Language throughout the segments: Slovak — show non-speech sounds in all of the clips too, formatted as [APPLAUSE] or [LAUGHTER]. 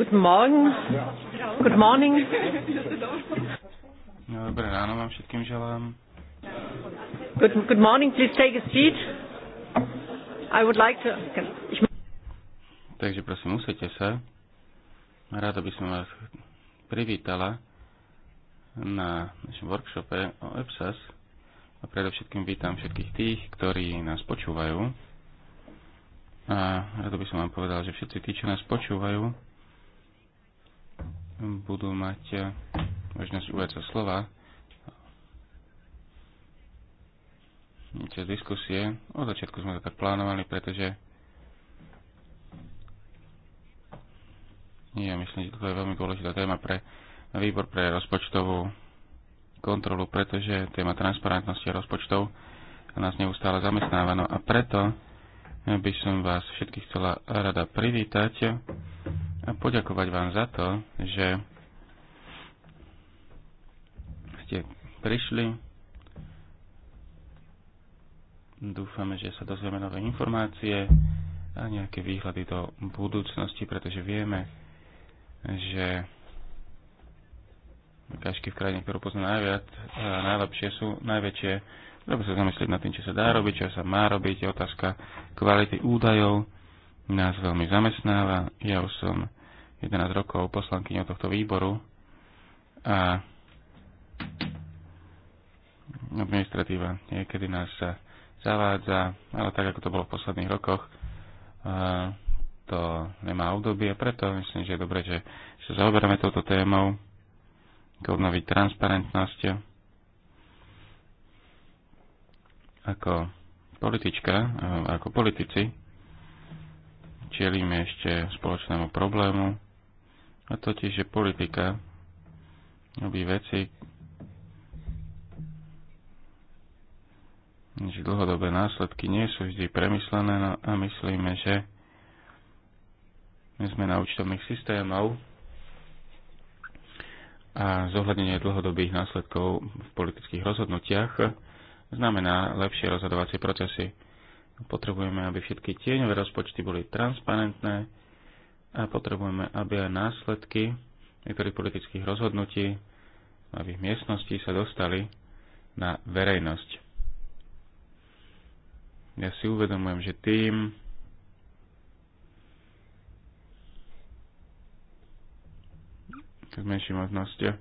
Guten Morgen. Good morning. Dobré ráno vám všetkým želám. Good, good morning, please take a seat. I would like to... Takže prosím, usiete sa. Ráda by som vás privítala na našom workshope o EPSAS a predovšetkým vítam všetkých tých, ktorí nás počúvajú. A rado by som vám povedal, že všetci tí, čo nás počúvajú, budú mať eh, možnosť uvať sa slova cez diskusie. Od začiatku sme to tak plánovali, pretože ja myslím, že toto je veľmi dôležitá téma pre výbor pre rozpočtovú kontrolu, pretože téma transparentnosti rozpočtov nás neustále zamestnávano. a preto by som vás všetkých chcela rada privítať a poďakovať vám za to, že ste prišli. Dúfame, že sa dozvieme nové informácie a nejaké výhľady do budúcnosti, pretože vieme, že kažky v krajine, ktorú pozná najviac, a najlepšie sú najväčšie. Treba sa zamyslieť nad tým, čo sa dá robiť, čo sa má robiť, je otázka kvality údajov, nás veľmi zamestnáva. Ja už som 11 rokov poslankyňou tohto výboru a administratíva niekedy nás zavádza, ale tak ako to bolo v posledných rokoch, to nemá obdobie, preto myslím, že je dobré, že sa zaoberáme touto témou, ako obnoviť transparentnosť. Ako politička, ako politici, čelíme ešte spoločnému problému, a totiž, že politika robí veci, že dlhodobé následky nie sú vždy premyslené no a myslíme, že my sme na účtovných systémov a zohľadnenie dlhodobých následkov v politických rozhodnutiach znamená lepšie rozhodovacie procesy. Potrebujeme, aby všetky tieňové rozpočty boli transparentné a potrebujeme, aby aj následky niektorých politických rozhodnutí aby ich miestnosti sa dostali na verejnosť. Ja si uvedomujem, že tým, menšej možnosti, eh,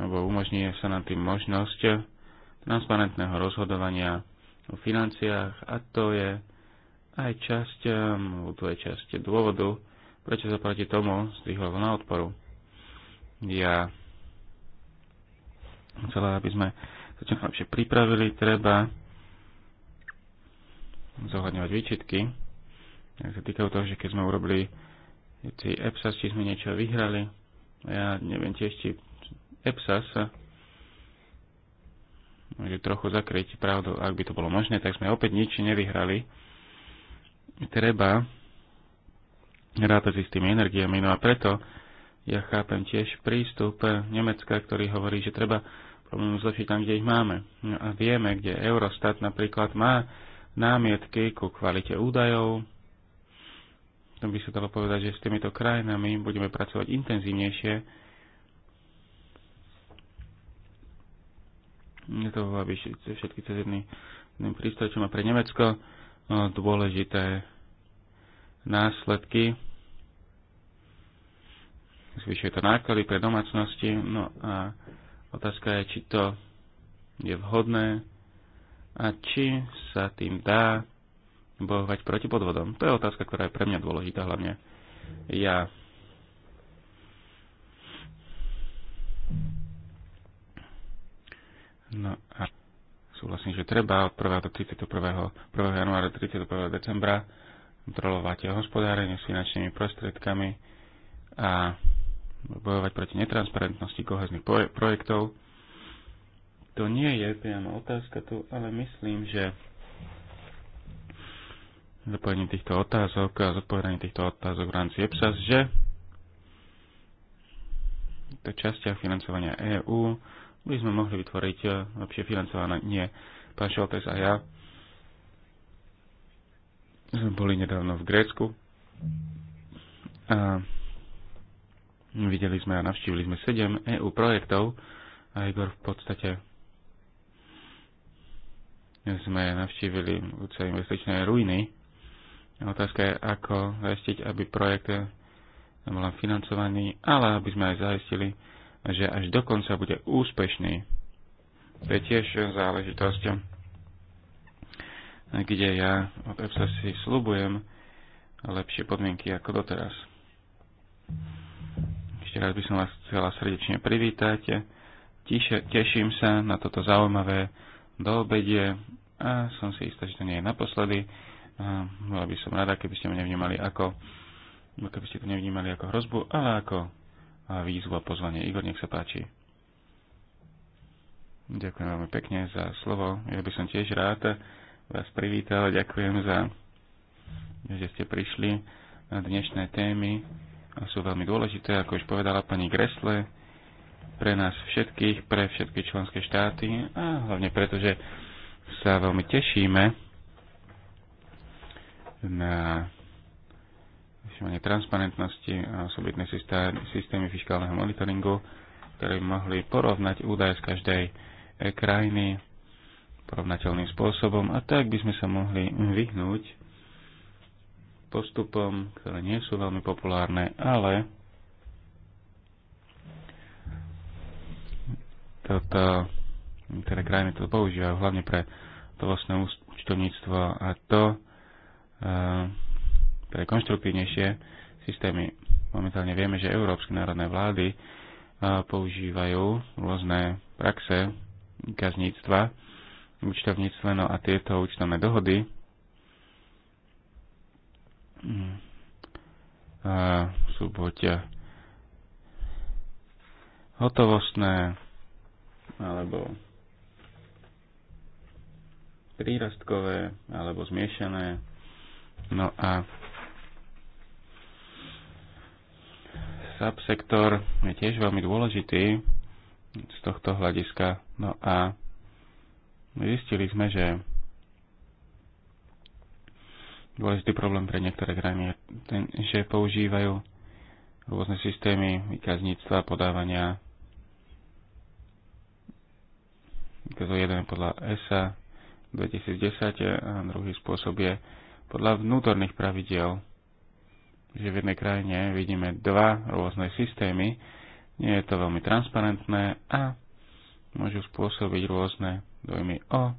alebo umožní sa nám tým možnosť transparentného rozhodovania o financiách a to je aj časť, um, to je časť dôvodu, prečo sa proti tomu zdvihol na odporu. Ja chcela, aby sme sa čo lepšie pripravili, treba zohľadňovať výčitky. Ja sa týkajú toho, že keď sme urobili EPSAS, či sme niečo vyhrali, ja neviem tiež, či EPSAS trochu zakryť pravdu. Ak by to bolo možné, tak sme opäť nič nevyhrali. Treba rátať s tými energiami. No a preto ja chápem tiež prístup Nemecka, ktorý hovorí, že treba problémy zlepšiť tam, kde ich máme. No a vieme, kde Eurostat napríklad má námietky ku kvalite údajov. To by sa dalo povedať, že s týmito krajinami budeme pracovať intenzívnejšie, Je to aby všetky cez jedný, jedný prístroj, čo má pre Nemecko dôležité následky. Zvyšuje to náklady pre domácnosti. No a otázka je, či to je vhodné a či sa tým dá bojovať proti podvodom. To je otázka, ktorá je pre mňa dôležitá hlavne. Ja No a súhlasím, že treba od 1. do 31. 1. januára 31. decembra kontrolovať hospodárenie s finančnými prostriedkami a bojovať proti netransparentnosti kohezných projektov. To nie je priama otázka tu, ale myslím, že zapojenie týchto otázok a zapovedanie týchto otázok v rámci EPSAS, že to časťa financovania EÚ by sme mohli vytvoriť e, lepšie financované nie. Pán Šoltes a ja sme boli nedávno v Grécku a videli sme a navštívili sme 7 EU projektov a Igor v podstate sme navštívili vúce investičné ruiny. Otázka je, ako zaistiť, aby projekt bol financovaný, ale aby sme aj zaistili že až do konca bude úspešný. To je tiež záležitosť, kde ja od EPSA si slubujem lepšie podmienky ako doteraz. Ešte raz by som vás chcela srdečne privítať. Tíše, teším sa na toto zaujímavé do obedie a som si istá, že to nie je naposledy. bola by som rada, keby ste ma nevnímali ako keby ste to nevnímali ako hrozbu, ale ako výzvu a pozvanie. Igor, nech sa páči. Ďakujem veľmi pekne za slovo. Ja by som tiež rád vás privítal. Ďakujem za, že ste prišli. na Dnešné témy sú veľmi dôležité, ako už povedala pani Gresle, pre nás všetkých, pre všetky členské štáty a hlavne preto, že sa veľmi tešíme na zvyšovanie transparentnosti a osobitné systémy fiskálneho monitoringu, ktoré by mohli porovnať údaje z každej e, krajiny porovnateľným spôsobom a tak by sme sa mohli vyhnúť postupom, ktoré nie sú veľmi populárne, ale toto, niektoré krajiny to používajú hlavne pre to vlastné účtovníctvo a to e, teda konštruktívnejšie systémy. Momentálne vieme, že európske národné vlády používajú rôzne praxe kazníctva, účtovníctve, no a tieto účtovné dohody mm, sú buď hotovostné alebo prírastkové alebo zmiešané. No a Subsektor je tiež veľmi dôležitý z tohto hľadiska. No a zistili sme, že dôležitý problém pre niektoré krajiny je ten, že používajú rôzne systémy výkazníctva, podávania výkazov jeden podľa ESA 2010 a druhý spôsob je podľa vnútorných pravidiel že v jednej krajine vidíme dva rôzne systémy, nie je to veľmi transparentné a môžu spôsobiť rôzne dojmy o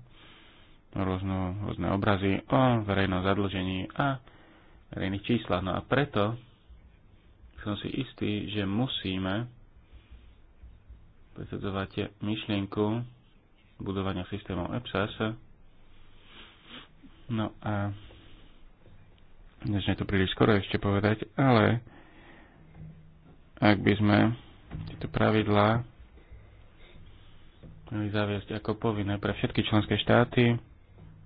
rôzne, rôzne obrazy o verejnom zadlžení a verejných číslach. No a preto som si istý, že musíme presadzovať myšlienku budovania systémov EPSAS. No a dnes je to príliš skoro ešte povedať, ale ak by sme tieto pravidlá mali zaviesť ako povinné pre všetky členské štáty,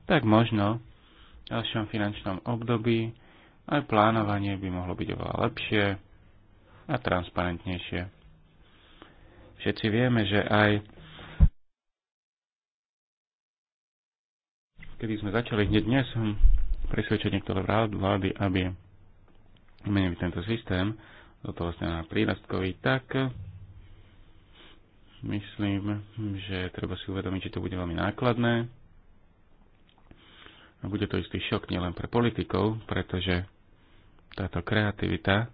tak možno v ďalšom finančnom období aj plánovanie by mohlo byť oveľa lepšie a transparentnejšie. Všetci vieme, že aj kedy sme začali hneď dnes presvedčiť niektoré vlády, aby menili tento systém, toto vlastne na prírastkový, tak myslím, že treba si uvedomiť, že to bude veľmi nákladné. A bude to istý šok nielen pre politikov, pretože táto kreativita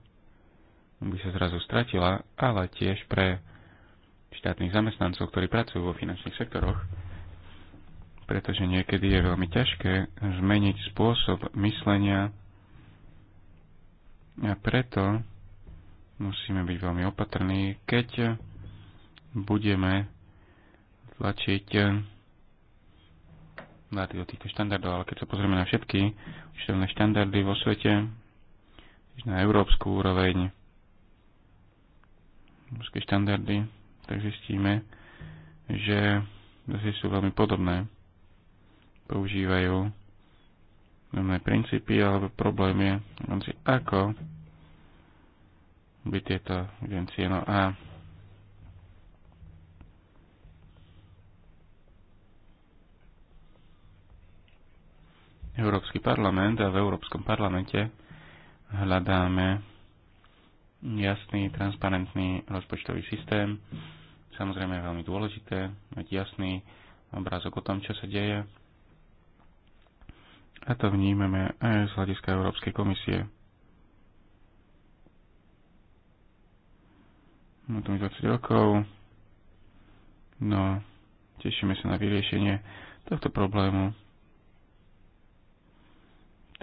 by sa zrazu stratila, ale tiež pre štátnych zamestnancov, ktorí pracujú vo finančných sektoroch, pretože niekedy je veľmi ťažké zmeniť spôsob myslenia a preto musíme byť veľmi opatrní, keď budeme tlačiť na do týchto štandardov, ale keď sa pozrieme na všetky učiteľné štandardy vo svete, na európsku úroveň, európske štandardy, tak zistíme, že zase sú veľmi podobné používajú rôzne princípy alebo problémy, ako by tieto agencie. No a Európsky parlament a v Európskom parlamente hľadáme jasný, transparentný rozpočtový systém. Samozrejme je veľmi dôležité mať jasný obrázok o tom, čo sa deje a to vnímame aj z hľadiska Európskej komisie. No to mi 20 rokov. No, tešíme sa na vyriešenie tohto problému.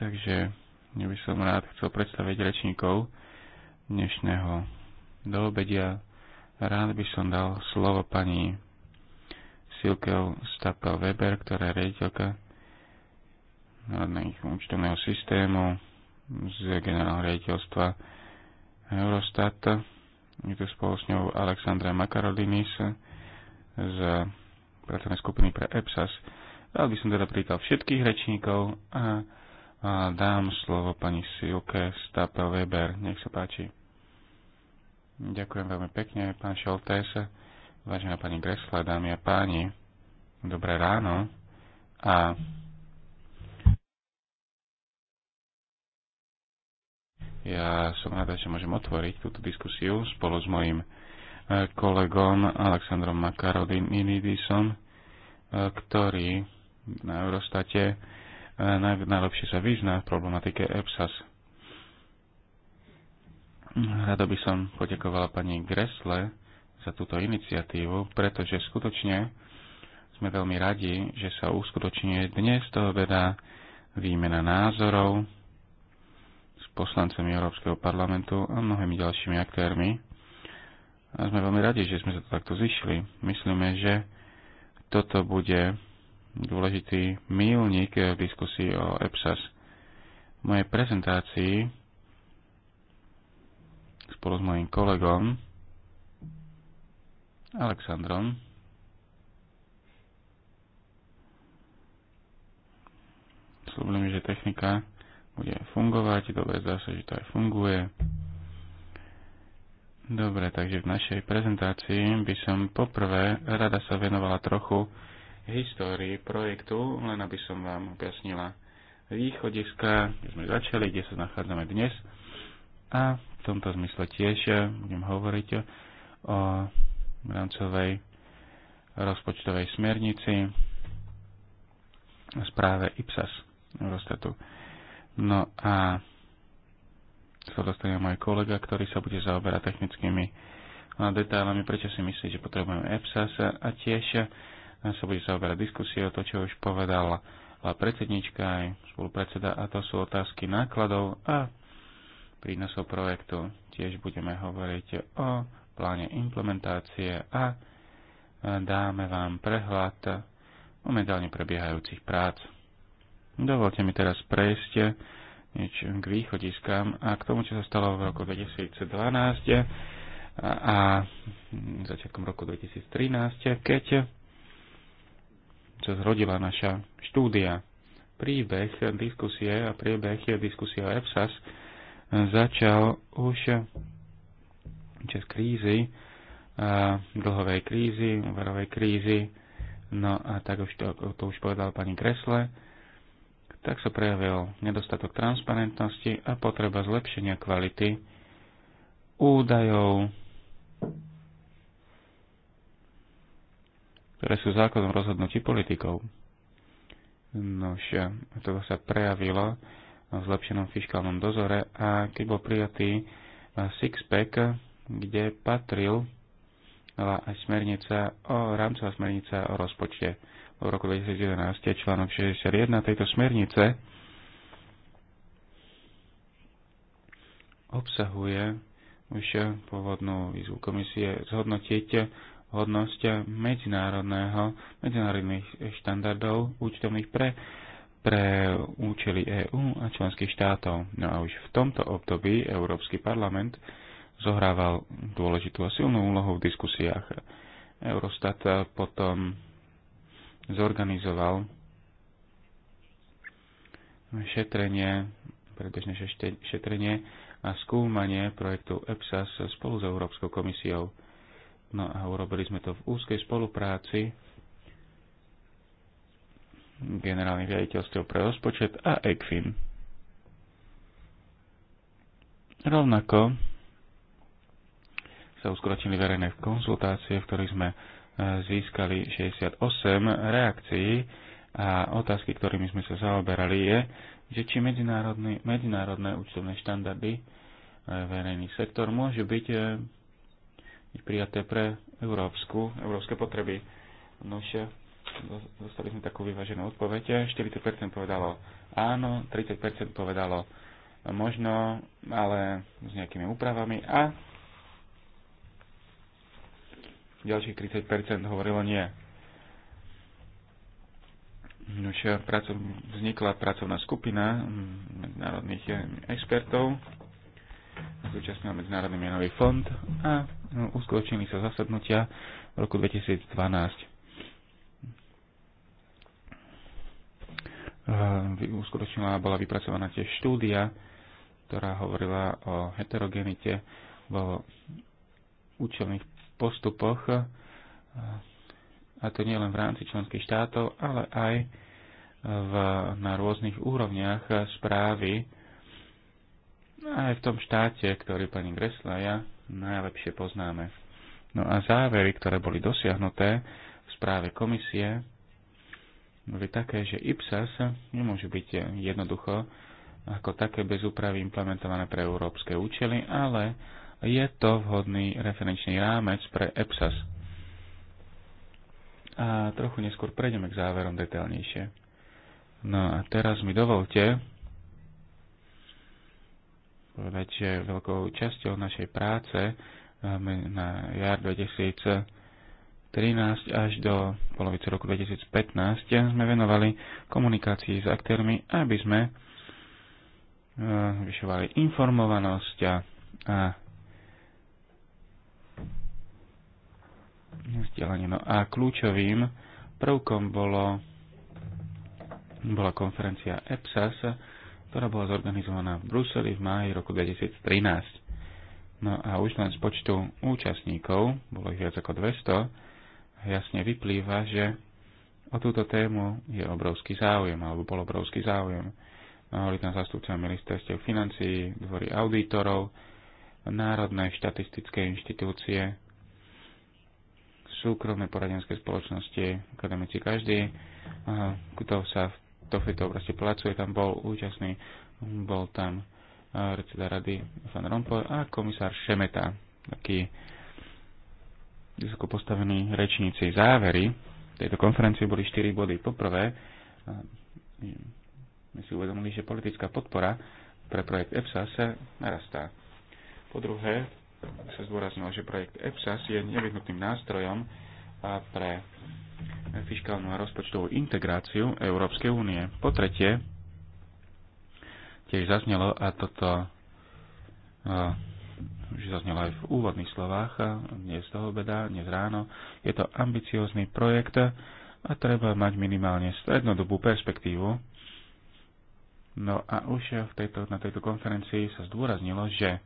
Takže ja by som rád chcel predstaviť rečníkov dnešného doobedia. Rád by som dal slovo pani Silke Stapel Weber, ktorá je riaditeľka národných účtovného systému z generálneho riaditeľstva Eurostat. Je tu spolu s ňou Alexandra Makarodinis z pracovnej skupiny pre EPSAS. Dal by som teda prítal všetkých rečníkov a, a dám slovo pani Silke Stapel Weber. Nech sa páči. Ďakujem veľmi pekne, pán Šoltés. Vážená pani Gresla, dámy a páni, dobré ráno. A Ja som rád, že môžem otvoriť túto diskusiu spolu s mojim e, kolegom Aleksandrom Makarodinidisom, e, ktorý na Eurostate e, najlepšie sa vyzná v problematike EPSAS. Rado by som poďakovala pani Gresle za túto iniciatívu, pretože skutočne sme veľmi radi, že sa uskutočňuje dnes toho obeda výmena názorov, poslancami Európskeho parlamentu a mnohými ďalšími aktérmi. A sme veľmi radi, že sme sa to takto zišli. Myslíme, že toto bude dôležitý milník v diskusii o EPSAS. V mojej prezentácii spolu s mojim kolegom Aleksandrom slúbim, že technika bude fungovať. Dobre, zdá sa, že to aj funguje. Dobre, takže v našej prezentácii by som poprvé rada sa venovala trochu histórii projektu, len aby som vám objasnila východiska, kde sme začali, kde sa nachádzame dnes. A v tomto zmysle tiež eh, budem hovoriť o rámcovej rozpočtovej smernici a správe IPSAS Eurostatu. No a sa dostane môj kolega, ktorý sa bude zaoberať technickými no, detailami, prečo si myslí, že potrebujeme EPSAS a tiež e, sa bude zaoberať diskusiou to, čo už povedala predsednička aj spolupredseda a to sú otázky nákladov a prínosov projektu. Tiež budeme hovoriť o pláne implementácie a e, dáme vám prehľad momentálne prebiehajúcich prác. Dovolte mi teraz prejsť niečo k východiskám a k tomu, čo sa stalo v roku 2012 a začiatkom roku 2013, keď sa zrodila naša štúdia. Príbeh diskusie a priebeh diskusie o EFSAS začal už čas krízy, dlhovej krízy, verovej krízy, no a tak už to, to už povedal pani Kresle, tak sa prejavil nedostatok transparentnosti a potreba zlepšenia kvality údajov, ktoré sú základom rozhodnutí politikov. a to sa prejavilo v zlepšenom fiskálnom dozore a keď bol prijatý Sixpack, kde patril aj smernica o rámcová smernica o rozpočte v roku 2011 je článok 61 tejto smernice obsahuje už pôvodnú výzvu komisie zhodnotiť hodnosť medzinárodného, medzinárodných štandardov účtovných pre, pre účely EÚ a členských štátov. No a už v tomto období Európsky parlament zohrával dôležitú a silnú úlohu v diskusiách. Eurostat potom zorganizoval šetrenie, predbežné šetrenie a skúmanie projektu EPSAS spolu s Európskou komisiou. No a urobili sme to v úzkej spolupráci generálnych riaditeľstiev pre rozpočet a ECFIN. Rovnako sa uskročili verejné konzultácie, v ktorých sme získali 68 reakcií a otázky, ktorými sme sa zaoberali, je, že či medzinárodné účtovné štandardy e, verejný sektor môže byť e, prijaté pre európsku, európske potreby. Nož, e, dostali sme takú vyváženú odpoveď. 40% povedalo áno, 30% povedalo možno, ale s nejakými úpravami a ďalších 30 hovorilo nie. Už eh, pracov, vznikla pracovná skupina mm, národných eh, expertov, zúčastnil Medzinárodný menový fond a eh, uskutočnili sa zasadnutia v roku 2012. Uskutočnila bola vypracovaná tiež štúdia, ktorá hovorila o heterogenite vo účelných postupoch, eh, a to nie len v rámci členských štátov, ale aj eh, v, na rôznych úrovniach eh, správy, no aj v tom štáte, ktorý pani Gresla a ja najlepšie poznáme. No a závery, ktoré boli dosiahnuté v správe komisie, boli také, že IPSAS nemôžu byť jednoducho ako také bez úpravy implementované pre európske účely, ale je to vhodný referenčný rámec pre EPSAS. A trochu neskôr prejdeme k záverom detailnejšie. No a teraz mi dovolte povedať, že veľkou časťou našej práce na jar 2013 až do polovice roku 2015 sme venovali komunikácii s aktérmi, aby sme eh, vyšovali informovanosť a vzdelanie. No a kľúčovým prvkom bolo, bola konferencia EPSAS, ktorá bola zorganizovaná v Bruseli v máji roku 2013. No a už len z počtu účastníkov, bolo ich viac ako 200, jasne vyplýva, že o túto tému je obrovský záujem, alebo bol obrovský záujem. Mali no, tam zastupcov ministerstiev financií, dvory auditorov, národné štatistické inštitúcie, súkromné poradenské spoločnosti, akademici každý, kto sa v tohto oblasti placuje, tam bol účastný, bol tam predseda rady Van Rompuy a komisár Šemeta, taký vysoko postavení rečníci. Závery tejto konferencie boli 4 body. Poprvé, my si uvedomili, že politická podpora pre projekt EFSA sa narastá. Po druhé, sa zdôraznilo, že projekt EPSAS je nevyhnutným nástrojom pre fiskálnu a rozpočtovú integráciu Európskej únie. Po tretie, tiež zaznelo, a toto už zaznelo aj v úvodných slovách, nie z toho obeda, dnes ráno, je to ambiciózny projekt a treba mať minimálne strednodobú perspektívu. No a už v tejto, na tejto konferencii sa zdôraznilo, že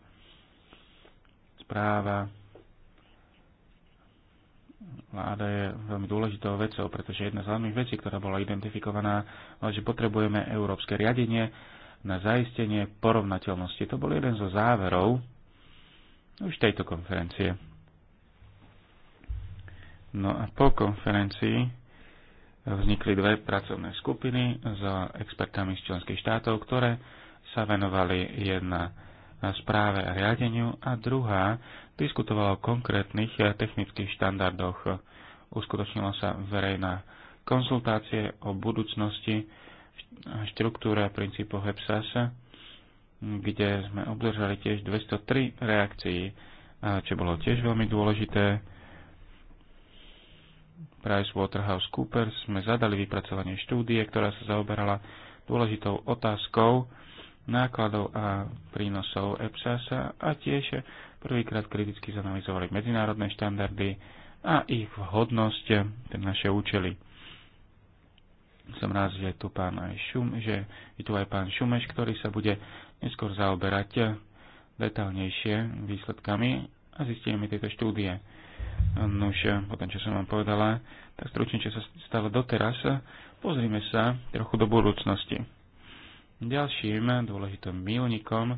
správa vláda je veľmi dôležitou vecou, pretože jedna z hlavných vecí, ktorá bola identifikovaná, bola, že potrebujeme európske riadenie na zaistenie porovnateľnosti. To bol jeden zo záverov už tejto konferencie. No a po konferencii vznikli dve pracovné skupiny s expertami z členských štátov, ktoré sa venovali jedna správe a riadeniu a druhá diskutovala o konkrétnych eh, technických štandardoch. Uskutočnila sa verejná konzultácie o budúcnosti štruktúre a princípu HEPSAS, kde sme obdržali tiež 203 reakcií, eh, čo bolo tiež veľmi dôležité. PricewaterhouseCoopers sme zadali vypracovanie štúdie, ktorá sa zaoberala dôležitou otázkou nákladov a prínosov EPSAS a tiež prvýkrát kriticky zanalizovali medzinárodné štandardy a ich vhodnosť pre naše účely. Som rád, že je tu pán aj Šum, že je tu aj pán Šumeš, ktorý sa bude neskôr zaoberať detálnejšie výsledkami a zistíme tieto štúdie. už po tom, čo som vám povedala, tak stručne, čo sa stalo doteraz, pozrime sa trochu do budúcnosti Ďalším dôležitým milníkom, e,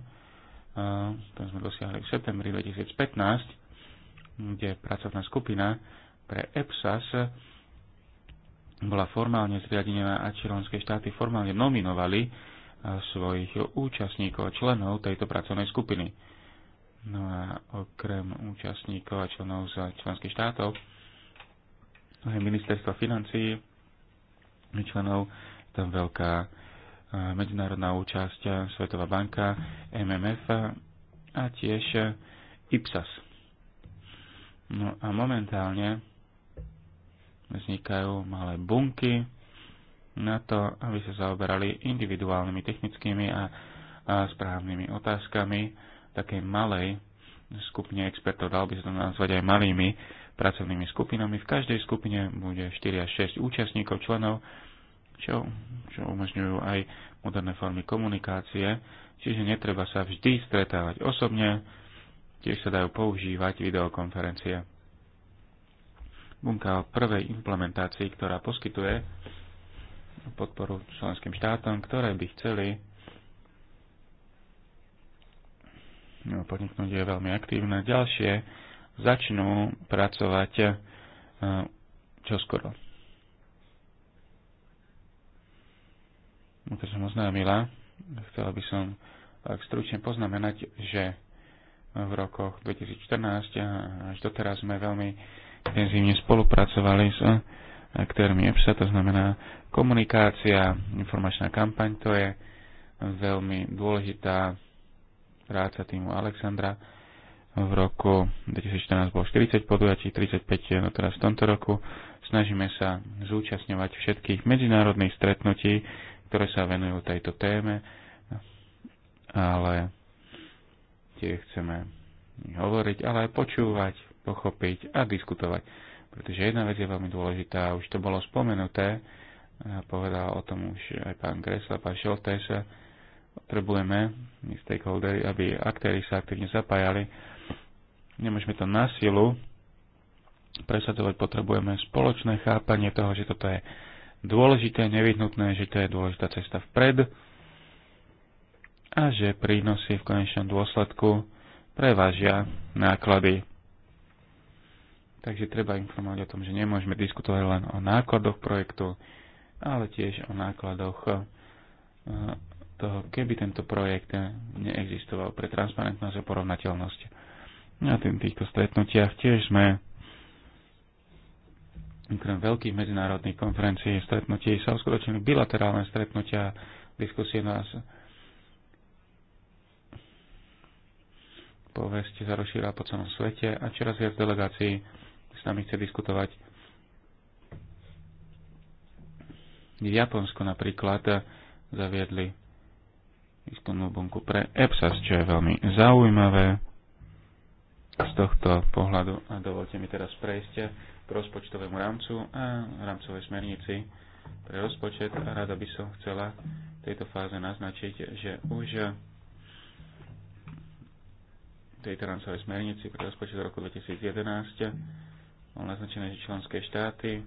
ktorý sme dosiahli v septembri 2015, kde pracovná skupina pre EPSAS bola formálne zriadená a čilonské štáty formálne nominovali e, svojich účastníkov a členov tejto pracovnej skupiny. No a okrem účastníkov a členov z členských štátov, aj ministerstva financí, členov tam veľká medzinárodná účasť Svetová banka, MMF a tiež IPSAS. No a momentálne vznikajú malé bunky na to, aby sa zaoberali individuálnymi technickými a, a správnymi otázkami takej malej skupine expertov, dal by sa to nazvať aj malými pracovnými skupinami. V každej skupine bude 4 až 6 účastníkov, členov, čo, čo umožňujú aj moderné formy komunikácie, čiže netreba sa vždy stretávať osobne, tiež sa dajú používať videokonferencie. Bunka o prvej implementácii, ktorá poskytuje podporu členským štátom, ktoré by chceli no, podniknúť je veľmi aktívne. Ďalšie začnú pracovať eh, čoskoro. No, to som milá, chcela by som tak stručne poznamenať, že v rokoch 2014 až doteraz sme veľmi intenzívne spolupracovali s aktérmi EPSA, to znamená komunikácia, informačná kampaň, to je veľmi dôležitá práca týmu Alexandra. V roku 2014 bolo 40 podujatí, 35 no teraz v tomto roku. Snažíme sa zúčastňovať všetkých medzinárodných stretnutí ktoré sa venujú tejto téme, ale tie chceme hovoriť, ale aj počúvať, pochopiť a diskutovať. Pretože jedna vec je veľmi dôležitá, už to bolo spomenuté, povedal o tom už aj pán Gresa, pán Šoltese, potrebujeme stakeholdery, aby aktéry sa aktívne zapájali. Nemôžeme to na silu presadzovať, potrebujeme spoločné chápanie toho, že toto je dôležité, nevyhnutné, že to je dôležitá cesta vpred a že prínosy v konečnom dôsledku prevážia náklady. Takže treba informovať o tom, že nemôžeme diskutovať len o nákladoch projektu, ale tiež o nákladoch eh, toho, keby tento projekt neexistoval pre transparentnosť a porovnateľnosť. Na týchto stretnutiach tiež sme okrem veľkých medzinárodných konferencií, stretnutí sa uskutočnili bilaterálne stretnutia, diskusie nás povesť sa rozšírila po celom svete a čoraz viac delegácií s nami chce diskutovať. V Japonsku napríklad zaviedli výskumnú bunku pre EPSAS, čo je veľmi zaujímavé z tohto pohľadu. A dovolte mi teraz prejsť k rozpočtovému rámcu a rámcovej smernici pre rozpočet. Rada by som chcela v tejto fáze naznačiť, že už v tejto rámcovej smernici pre rozpočet roku 2011 bol naznačené, že členské štáty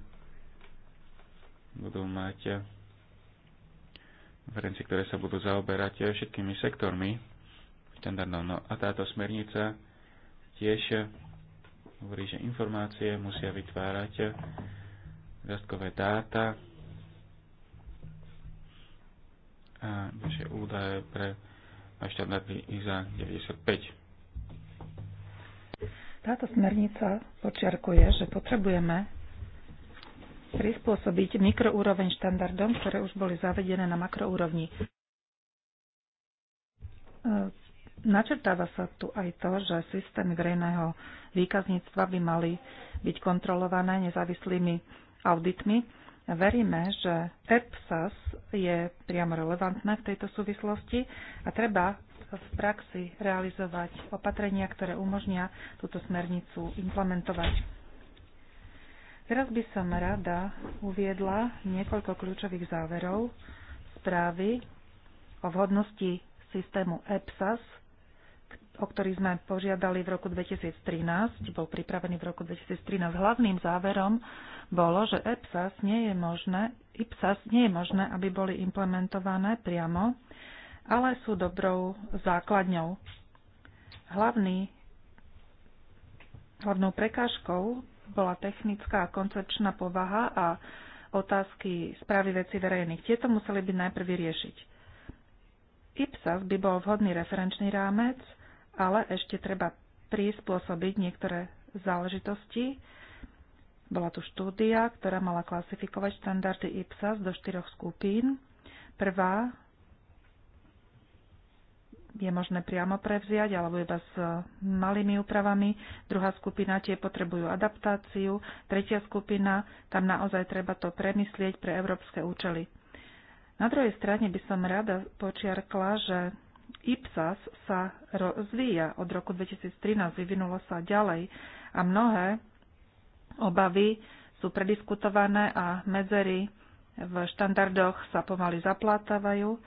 budú mať konferencie, ktoré sa budú zaoberať všetkými sektormi No a táto smernica tiež hovorí, že informácie musia vytvárať rastové dáta a vaše údaje pre štandardy ISA 95. Táto smernica počiarkuje, že potrebujeme prispôsobiť mikroúroveň štandardom, ktoré už boli zavedené na makroúrovni. Načrtáva sa tu aj to, že systémy verejného výkazníctva by mali byť kontrolované nezávislými auditmi. Veríme, že EPSAS je priamo relevantné v tejto súvislosti a treba v praxi realizovať opatrenia, ktoré umožnia túto smernicu implementovať. Teraz by som rada uviedla niekoľko kľúčových záverov správy o vhodnosti systému EPSAS o ktorý sme požiadali v roku 2013, bol pripravený v roku 2013. Hlavným záverom bolo, že EPSAS nie je možné, IPSAS nie je možné, aby boli implementované priamo, ale sú dobrou základňou. Hlavný, hlavnou prekážkou bola technická a koncepčná povaha a otázky správy veci verejných. Tieto museli byť najprv vyriešiť. IPSAS by bol vhodný referenčný rámec, ale ešte treba prispôsobiť niektoré záležitosti. Bola tu štúdia, ktorá mala klasifikovať štandardy IPSAS do štyroch skupín. Prvá je možné priamo prevziať alebo iba s e, malými úpravami. Druhá skupina tie potrebujú adaptáciu. Tretia skupina, tam naozaj treba to premyslieť pre európske účely. Na druhej strane by som rada počiarkla, že IPSAS sa rozvíja od roku 2013, vyvinulo sa ďalej a mnohé obavy sú prediskutované a medzery v štandardoch sa pomaly zaplátavajú.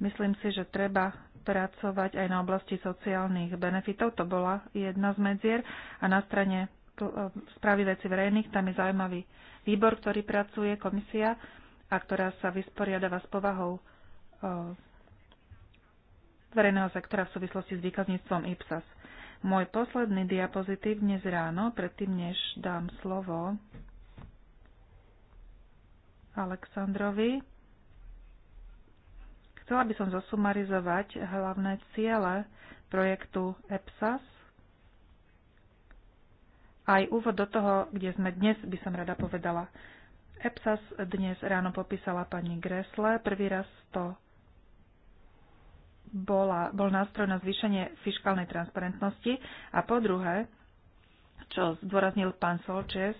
Myslím si, že treba pracovať aj na oblasti sociálnych benefitov. To bola jedna z medzier. A na strane e, správy veci verejných, tam je zaujímavý výbor, ktorý pracuje, komisia, a ktorá sa vysporiadava s povahou e, verejného sektora v súvislosti s výkazníctvom IPSAS. Môj posledný diapozitív dnes ráno, predtým než dám slovo Aleksandrovi. Chcela by som zosumarizovať hlavné ciele projektu EPSAS aj úvod do toho, kde sme dnes, by som rada povedala. EPSAS dnes ráno popísala pani Gresle, prvý raz to bola, bol nástroj na zvýšenie fiskálnej transparentnosti a po druhé, čo zdôraznil pán Solčes,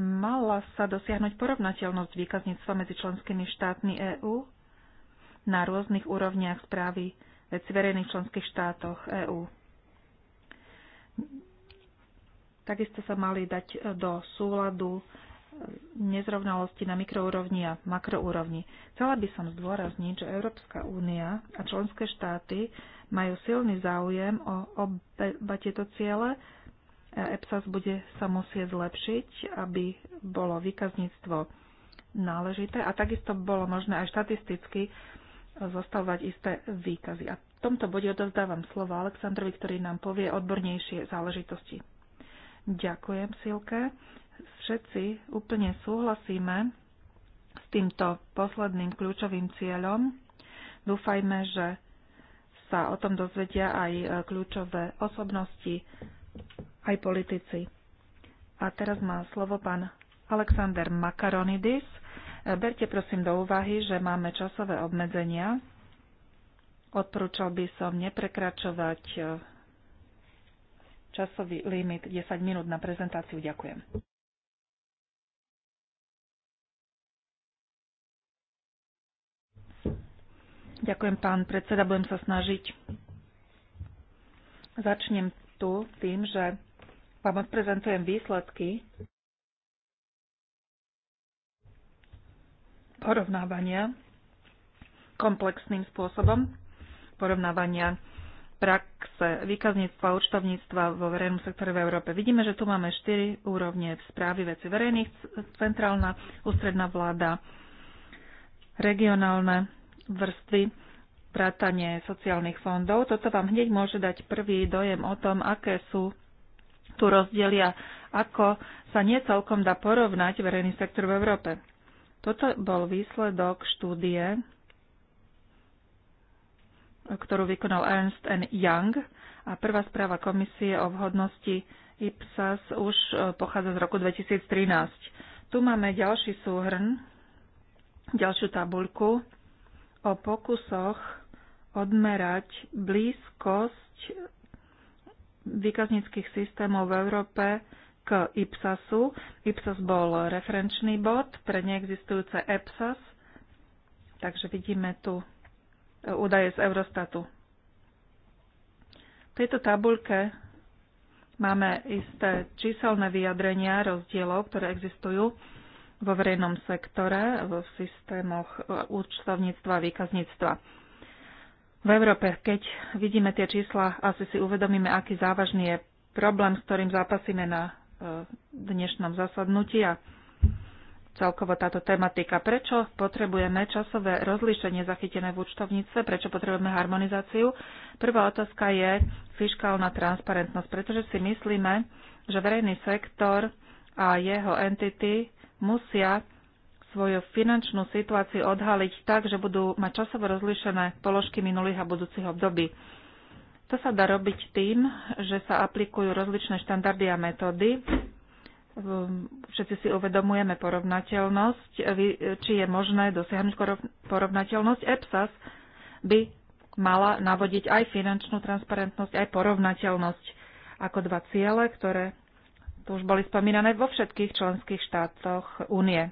mala sa dosiahnuť porovnateľnosť výkazníctva medzi členskými štátmi EÚ na rôznych úrovniach správy veci verejných členských štátoch EÚ. Takisto sa mali dať do súladu nezrovnalosti na mikroúrovni a makroúrovni. Chcela by som zdôrazniť, že Európska únia a členské štáty majú silný záujem o oba tieto ciele. EPSAS bude sa musieť zlepšiť, aby bolo výkazníctvo náležité a takisto bolo možné aj štatisticky zostavovať isté výkazy. A v tomto bode odovzdávam slovo Aleksandrovi, ktorý nám povie odbornejšie záležitosti. Ďakujem, Silke všetci úplne súhlasíme s týmto posledným kľúčovým cieľom. Dúfajme, že sa o tom dozvedia aj e, kľúčové osobnosti, aj politici. A teraz má slovo pán Alexander Makaronidis. E, berte prosím do úvahy, že máme časové obmedzenia. Odporúčal by som neprekračovať e, časový limit 10 minút na prezentáciu. Ďakujem. Ďakujem, pán predseda. Budem sa snažiť. Začnem tu tým, že vám odprezentujem výsledky porovnávania komplexným spôsobom, porovnávania praxe výkazníctva a účtovníctva vo verejnom sektore v Európe. Vidíme, že tu máme štyri úrovne správy veci verejných, centrálna, ústredná vláda, regionálne vrstvy vrátanie sociálnych fondov. Toto vám hneď môže dať prvý dojem o tom, aké sú tu a ako sa nie celkom dá porovnať verejný sektor v Európe. Toto bol výsledok štúdie, ktorú vykonal Ernst Young a prvá správa komisie o vhodnosti IPSAS už e, pochádza z roku 2013. Tu máme ďalší súhrn, ďalšiu tabuľku, o pokusoch odmerať blízkosť výkazníckých systémov v Európe k IPSASu. IPSAS bol referenčný bod pre neexistujúce EPSAS, takže vidíme tu e, údaje z Eurostatu. V tejto tabuľke máme isté číselné vyjadrenia rozdielov, ktoré existujú vo verejnom sektore, v systémoch e, účtovníctva a výkazníctva. V Európe, keď vidíme tie čísla, asi si uvedomíme, aký závažný je problém, s ktorým zápasíme na e, dnešnom zasadnutí a celkovo táto tematika. Prečo potrebujeme časové rozlíšenie zachytené v účtovníctve? Prečo potrebujeme harmonizáciu? Prvá otázka je fiskálna transparentnosť, pretože si myslíme, že verejný sektor a jeho entity musia svoju finančnú situáciu odhaliť tak, že budú mať časovo rozlišené položky minulých a budúcich období. To sa dá robiť tým, že sa aplikujú rozličné štandardy a metódy. Ehm, všetci si uvedomujeme porovnateľnosť, e, či je možné dosiahnuť porovnateľnosť. EPSAS by mala navodiť aj finančnú transparentnosť, aj porovnateľnosť ako dva ciele, ktoré tu už boli spomínané vo všetkých členských štátoch únie.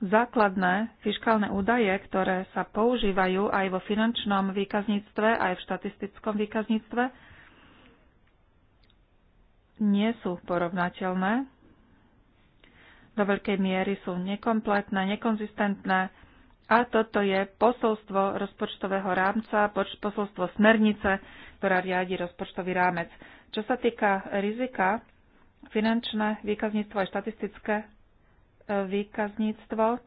Základné fiskálne údaje, ktoré sa používajú aj vo finančnom výkazníctve, aj v štatistickom výkazníctve, nie sú porovnateľné. Do veľkej miery sú nekompletné, nekonzistentné a toto je posolstvo rozpočtového rámca, posolstvo smernice, ktorá riadi rozpočtový rámec. Čo sa týka rizika, finančné výkazníctvo a štatistické e, výkazníctvo e,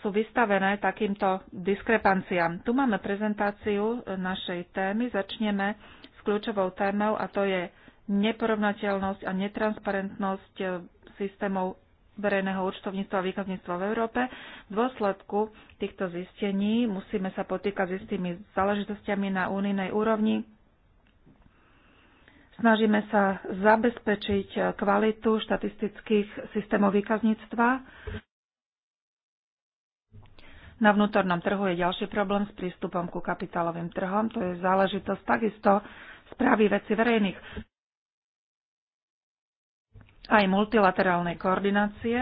sú vystavené takýmto diskrepanciám. Tu máme prezentáciu e, našej témy. Začneme s kľúčovou témou a to je neporovnateľnosť a netransparentnosť systémov verejného účtovníctva a výkazníctva v Európe. V dôsledku týchto zistení musíme sa potýkať s istými záležitostiami na únijnej úrovni, Snažíme sa zabezpečiť kvalitu štatistických systémov výkazníctva. Na vnútornom trhu je ďalší problém s prístupom ku kapitálovým trhom. To je záležitosť takisto správy veci verejných aj multilaterálnej koordinácie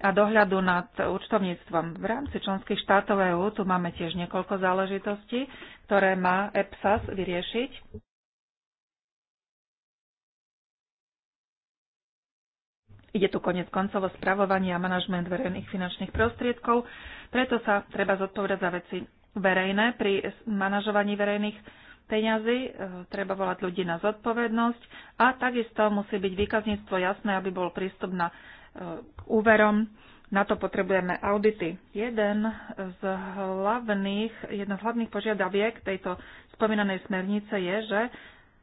a dohľadu nad účtovníctvom. V rámci členských štátov EÚ tu máme tiež niekoľko záležitostí, ktoré má EPSAS vyriešiť. Ide tu konec koncov o spravovanie a manažment verejných finančných prostriedkov, preto sa treba zodpovedať za veci verejné. Pri manažovaní verejných peňazí e, treba volať ľudí na zodpovednosť a takisto musí byť výkazníctvo jasné, aby bol prístup na, k e, úverom. Na to potrebujeme audity. Jeden z hlavných, jedna z hlavných požiadaviek tejto spomínanej smernice je, že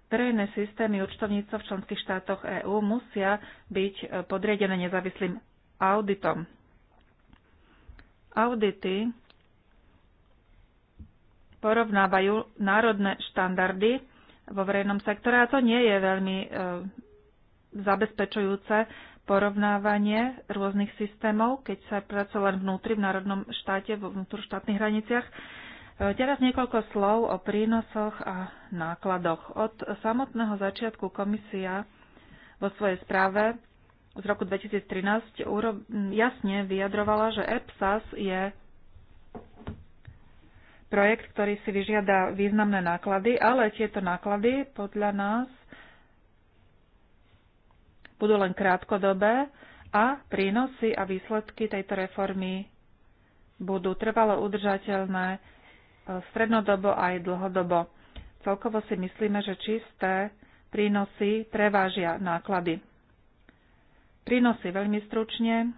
Verejné systémy účtovníctva v členských štátoch EÚ musia byť e, podriadené nezávislým auditom. Audity porovnávajú národné štandardy vo verejnom sektore a to nie je veľmi e, zabezpečujúce porovnávanie rôznych systémov, keď sa pracuje len vnútri v národnom štáte, vo vnútroštátnych hraniciach. E, teraz niekoľko slov o prínosoch a nákladoch. Od samotného začiatku komisia vo svojej správe z roku 2013 jasne vyjadrovala, že EPSAS je projekt, ktorý si vyžiada významné náklady, ale tieto náklady podľa nás budú len krátkodobé a prínosy a výsledky tejto reformy budú trvalo udržateľné strednodobo aj dlhodobo. Celkovo si myslíme, že čisté prínosy prevážia náklady. Prínosy veľmi stručne.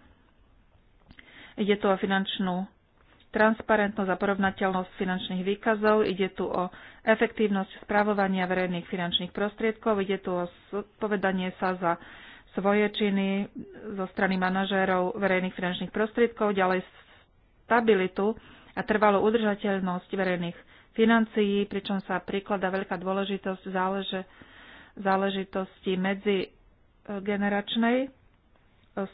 Ide tu o finančnú transparentnosť a porovnateľnosť finančných výkazov, ide tu o efektívnosť správovania verejných finančných prostriedkov, ide tu o povedanie sa za svoje činy zo strany manažérov verejných finančných prostriedkov, ďalej stabilitu a trvalú udržateľnosť verejných financií, pričom sa prikladá veľká dôležitosť záleže, záležitosti medzigeneračnej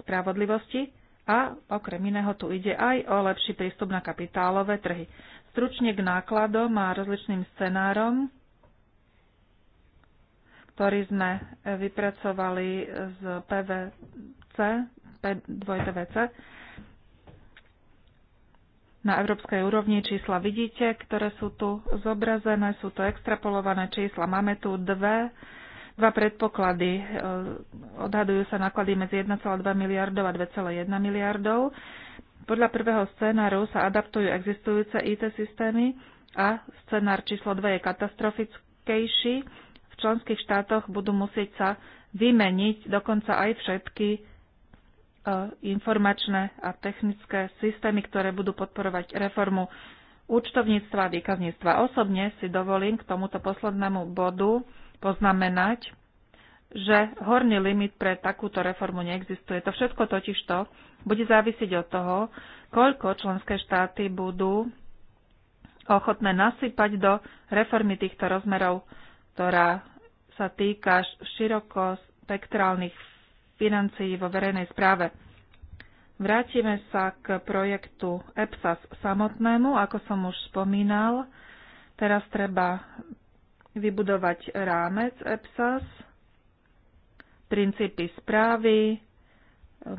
spravodlivosti a okrem iného tu ide aj o lepší prístup na kapitálové trhy. Stručne k nákladom a rozličným scenárom, ktorý sme vypracovali z PVC, P2PVC, na európskej úrovni čísla vidíte, ktoré sú tu zobrazené, sú to extrapolované čísla. Máme tu dve, dva predpoklady. E, odhadujú sa náklady medzi 1,2 miliardov a 2,1 miliardov. Podľa prvého scénáru sa adaptujú existujúce IT systémy a scenár číslo 2 je katastrofickejší. V členských štátoch budú musieť sa vymeniť dokonca aj všetky informačné a technické systémy, ktoré budú podporovať reformu účtovníctva a výkazníctva. Osobne si dovolím k tomuto poslednému bodu poznamenať, že horný limit pre takúto reformu neexistuje. To všetko totižto bude závisiť od toho, koľko členské štáty budú ochotné nasypať do reformy týchto rozmerov, ktorá sa týka široko spektrálnych financií vo verejnej správe. Vrátime sa k projektu EPSAS samotnému. Ako som už spomínal, teraz treba vybudovať rámec EPSAS, princípy správy,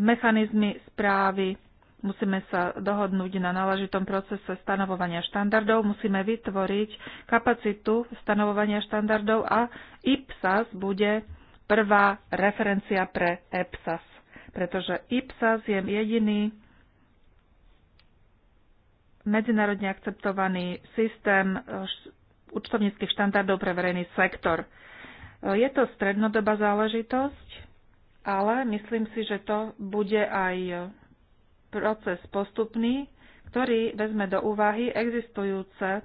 mechanizmy správy. Musíme sa dohodnúť na náležitom procese stanovovania štandardov, musíme vytvoriť kapacitu stanovovania štandardov a IPSAS bude prvá referencia pre EPSAS, pretože IPSAS je jediný medzinárodne akceptovaný systém eh, účtovníckých štandardov pre verejný sektor. Eh, je to strednodobá záležitosť, ale myslím si, že to bude aj eh, proces postupný, ktorý vezme do úvahy existujúce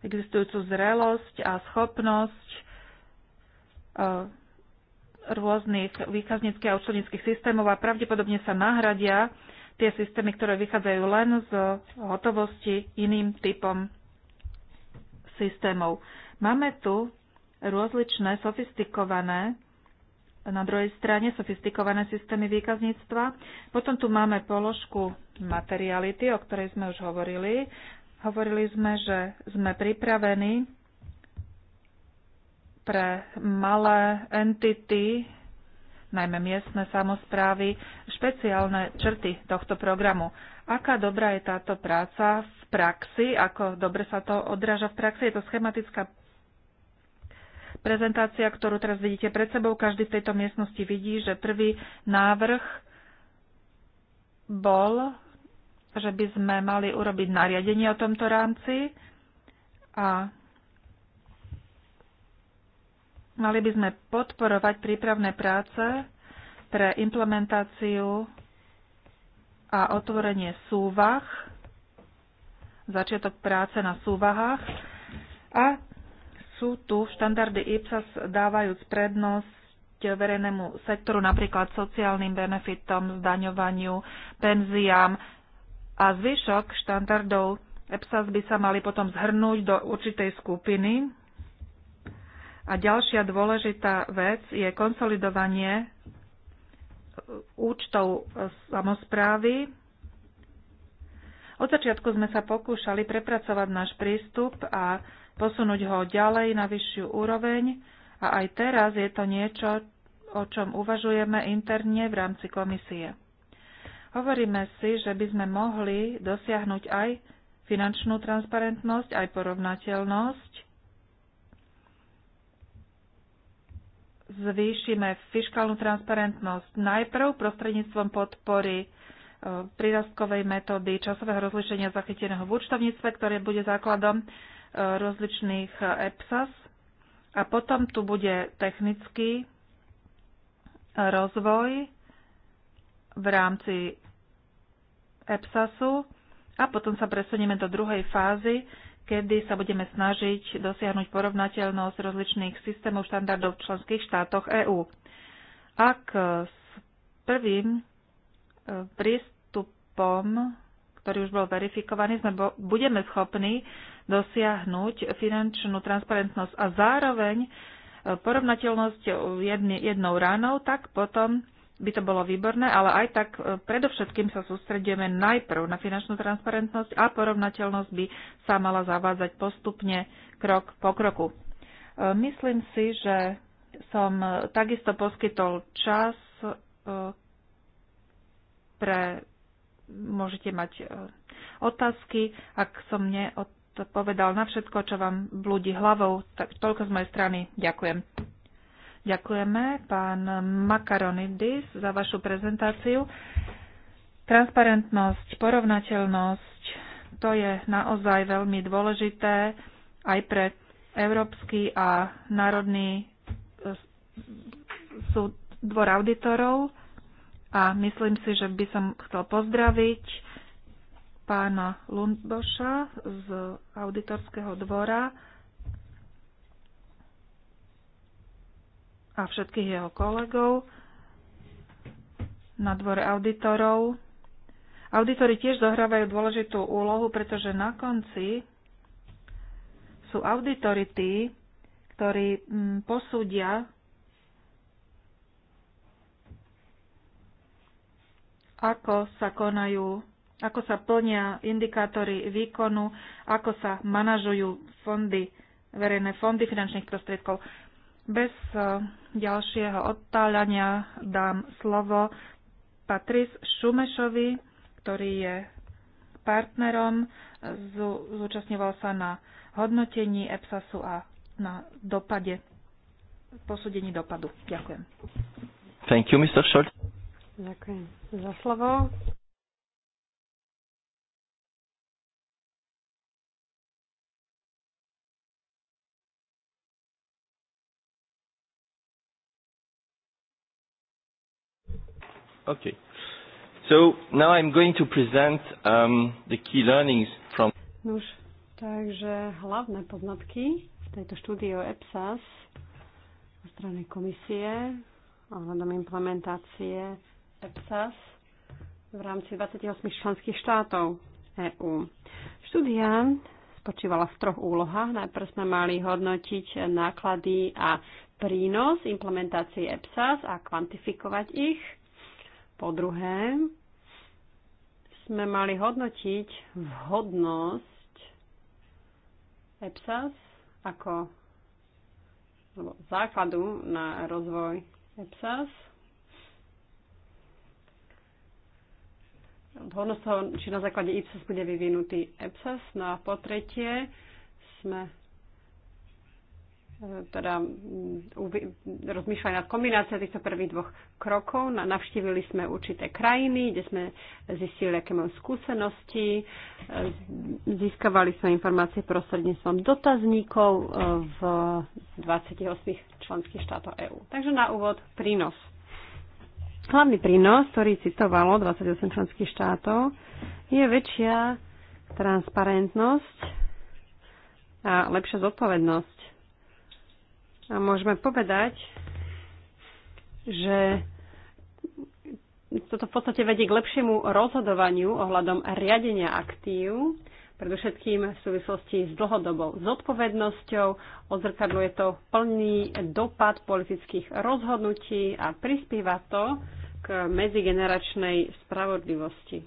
existujúcu zrelosť a schopnosť e, rôznych výkazníckých a účtovníckých systémov a pravdepodobne sa nahradia tie systémy, ktoré vychádzajú len z hotovosti iným typom systémov. Máme tu rôzličné sofistikované, na druhej strane sofistikované systémy výkazníctva. Potom tu máme položku materiality, o ktorej sme už hovorili, Hovorili sme, že sme pripravení pre malé entity, najmä miestne samozprávy, špeciálne črty tohto programu. Aká dobrá je táto práca v praxi? Ako dobre sa to odráža v praxi? Je to schematická prezentácia, ktorú teraz vidíte pred sebou. Každý v tejto miestnosti vidí, že prvý návrh bol že by sme mali urobiť nariadenie o tomto rámci a mali by sme podporovať prípravné práce pre implementáciu a otvorenie súvah, začiatok práce na súvahách a sú tu štandardy IPSAS dávajúc prednosť verejnému sektoru, napríklad sociálnym benefitom, zdaňovaniu, penziám, a zvyšok štandardov EPSAS by sa mali potom zhrnúť do určitej skupiny. A ďalšia dôležitá vec je konsolidovanie účtov samozprávy. Od začiatku sme sa pokúšali prepracovať náš prístup a posunúť ho ďalej na vyššiu úroveň a aj teraz je to niečo, o čom uvažujeme interne v rámci komisie. Hovoríme si, že by sme mohli dosiahnuť aj finančnú transparentnosť, aj porovnateľnosť. Zvýšime fiskálnu transparentnosť najprv prostredníctvom podpory e, prírastkovej metódy časového rozlišenia zachyteného v účtovníctve, ktoré bude základom e, rozličných e, EPSAS. A potom tu bude technický rozvoj v rámci EPSASu a potom sa presunieme do druhej fázy, kedy sa budeme snažiť dosiahnuť porovnateľnosť rozličných systémov štandardov v členských štátoch EÚ. Ak s prvým e, prístupom, ktorý už bol verifikovaný, sme budeme schopní dosiahnuť finančnú transparentnosť a zároveň e, porovnateľnosť jednou ránou, tak potom by to bolo výborné, ale aj tak e, predovšetkým sa sústredíme najprv na finančnú transparentnosť a porovnateľnosť by sa mala zavádzať postupne krok po kroku. E, myslím si, že som e, takisto poskytol čas pre môžete mať otázky. Ak som neodpovedal na všetko, čo vám blúdi hlavou, tak toľko z mojej strany. Ďakujem. Ďakujeme, pán Makaronidis, za vašu prezentáciu. Transparentnosť, porovnateľnosť, to je naozaj veľmi dôležité aj pre Európsky a Národný e, súd dvor auditorov a myslím si, že by som chcel pozdraviť pána Lundboša z auditorského dvora a všetkých jeho kolegov na dvore auditorov. Auditory tiež zohrávajú dôležitú úlohu, pretože na konci sú auditory tí, ktorí mm, posúdia, ako sa konajú, ako sa plnia indikátory výkonu, ako sa manažujú fondy, verejné fondy finančných prostriedkov. Bez eh, ďalšieho odtáľania dám slovo Patrice Šumešovi, ktorý je partnerom, zúčastňoval sa na hodnotení EPSASu a na dopade, posúdení dopadu. Ďakujem. Thank you, Mr. Ďakujem za slovo. Okay. So now I'm going to present um, the key learnings from... Nuž, takže hlavné poznatky v tejto štúdii o EPSAS zo strany komisie ohľadom implementácie EPSAS v rámci 28 členských štátov EÚ. Štúdia spočívala v troch úlohách. Najprv sme mali hodnotiť náklady a prínos implementácie EPSAS a kvantifikovať ich. Po druhé, sme mali hodnotiť vhodnosť EPSAS ako alebo základu na rozvoj EPSAS. Vhodnosť toho, či na základe IPSAS bude vyvinutý EPSAS. No a po tretie sme teda mm, rozmýšľali nad kombináciou týchto prvých dvoch krokov. Navštívili sme určité krajiny, kde sme zistili, aké majú skúsenosti. Získavali sme informácie prostredníctvom dotazníkov e, v 28 členských štátoch EÚ. Takže na úvod prínos. Hlavný prínos, ktorý citovalo 28 členských štátov, je väčšia transparentnosť a lepšia zodpovednosť a môžeme povedať, že toto v podstate vedie k lepšiemu rozhodovaniu ohľadom riadenia aktív, predovšetkým v súvislosti s dlhodobou zodpovednosťou. Odzrkadluje to plný dopad politických rozhodnutí a prispieva to k medzigeneračnej spravodlivosti.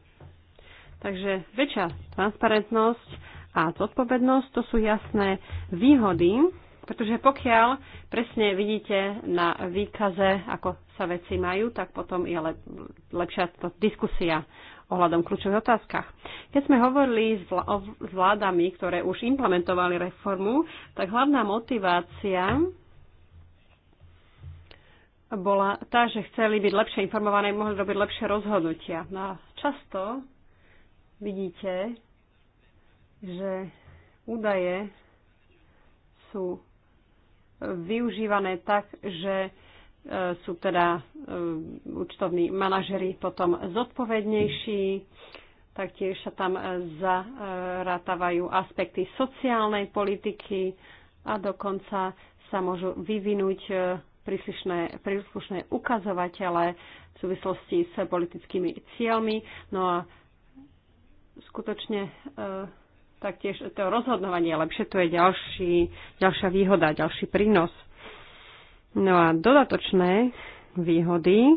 Takže väčšia transparentnosť a zodpovednosť to sú jasné výhody pretože pokiaľ presne vidíte na výkaze, ako sa veci majú, tak potom je lep, lepšia to diskusia ohľadom kľúčových otázkach. Keď sme hovorili s, vl- s vládami, ktoré už implementovali reformu, tak hlavná motivácia bola tá, že chceli byť lepšie informované, mohli robiť lepšie rozhodnutia. No a často vidíte, že údaje sú využívané tak, že e, sú teda e, účtovní manažeri potom zodpovednejší, taktiež sa tam e, zarátavajú aspekty sociálnej politiky a dokonca sa môžu vyvinúť príslušné, príslušné ukazovatele v súvislosti s politickými cieľmi. No a skutočne taktiež to rozhodnovanie lepšie, to je ďalší, ďalšia výhoda, ďalší prínos. No a dodatočné výhody.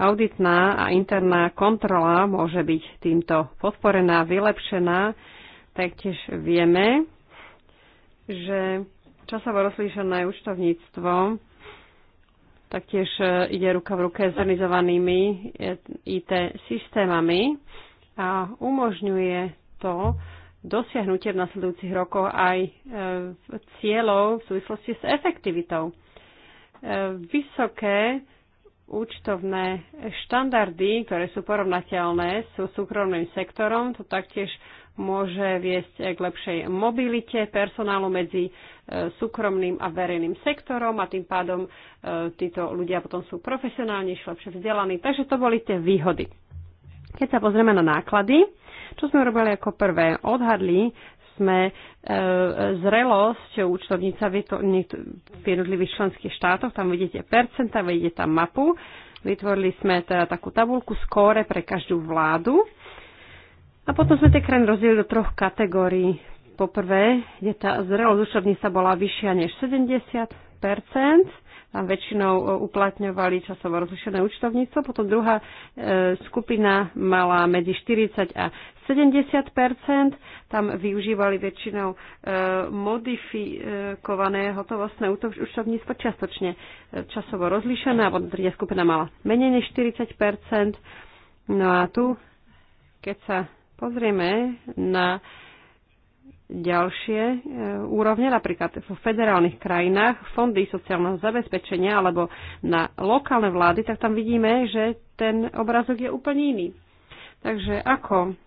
Auditná a interná kontrola môže byť týmto podporená, vylepšená. Taktiež vieme, že časovo rozlíšené účtovníctvo taktiež e, ide ruka v ruke s organizovanými e, IT systémami a umožňuje to, dosiahnutie v nasledujúcich rokoch aj e, cieľov v súvislosti s efektivitou. E, vysoké účtovné štandardy, ktoré sú porovnateľné s súkromným sektorom, to taktiež môže viesť k lepšej mobilite personálu medzi e, súkromným a verejným sektorom a tým pádom títo ľudia potom sú profesionálnejšie, lepšie vzdelaní. Takže to boli tie výhody. Keď sa pozrieme na náklady, čo sme robili ako prvé? Odhadli sme e, zrelosť účtovníca v jednotlivých členských štátoch. Tam vidíte percenta, vidíte tam mapu. Vytvorili sme teda takú tabulku skóre pre každú vládu. A potom sme tie krajiny rozdielili do troch kategórií. Poprvé, kde tá zrelosť účtovníca bola vyššia než 70 tam väčšinou e, uplatňovali časovo rozlišené účtovníctvo. Potom druhá e, skupina mala medzi 40 a 70 tam využívali väčšinou e, modifikované hotovostné účtovníctvo čiastočne časovo rozlišené, a potom tretia skupina mala menej než 40 No a tu, keď sa pozrieme na ďalšie e, úrovne, napríklad vo federálnych krajinách, fondy sociálneho zabezpečenia alebo na lokálne vlády, tak tam vidíme, že ten obrazok je úplne iný. Takže ako?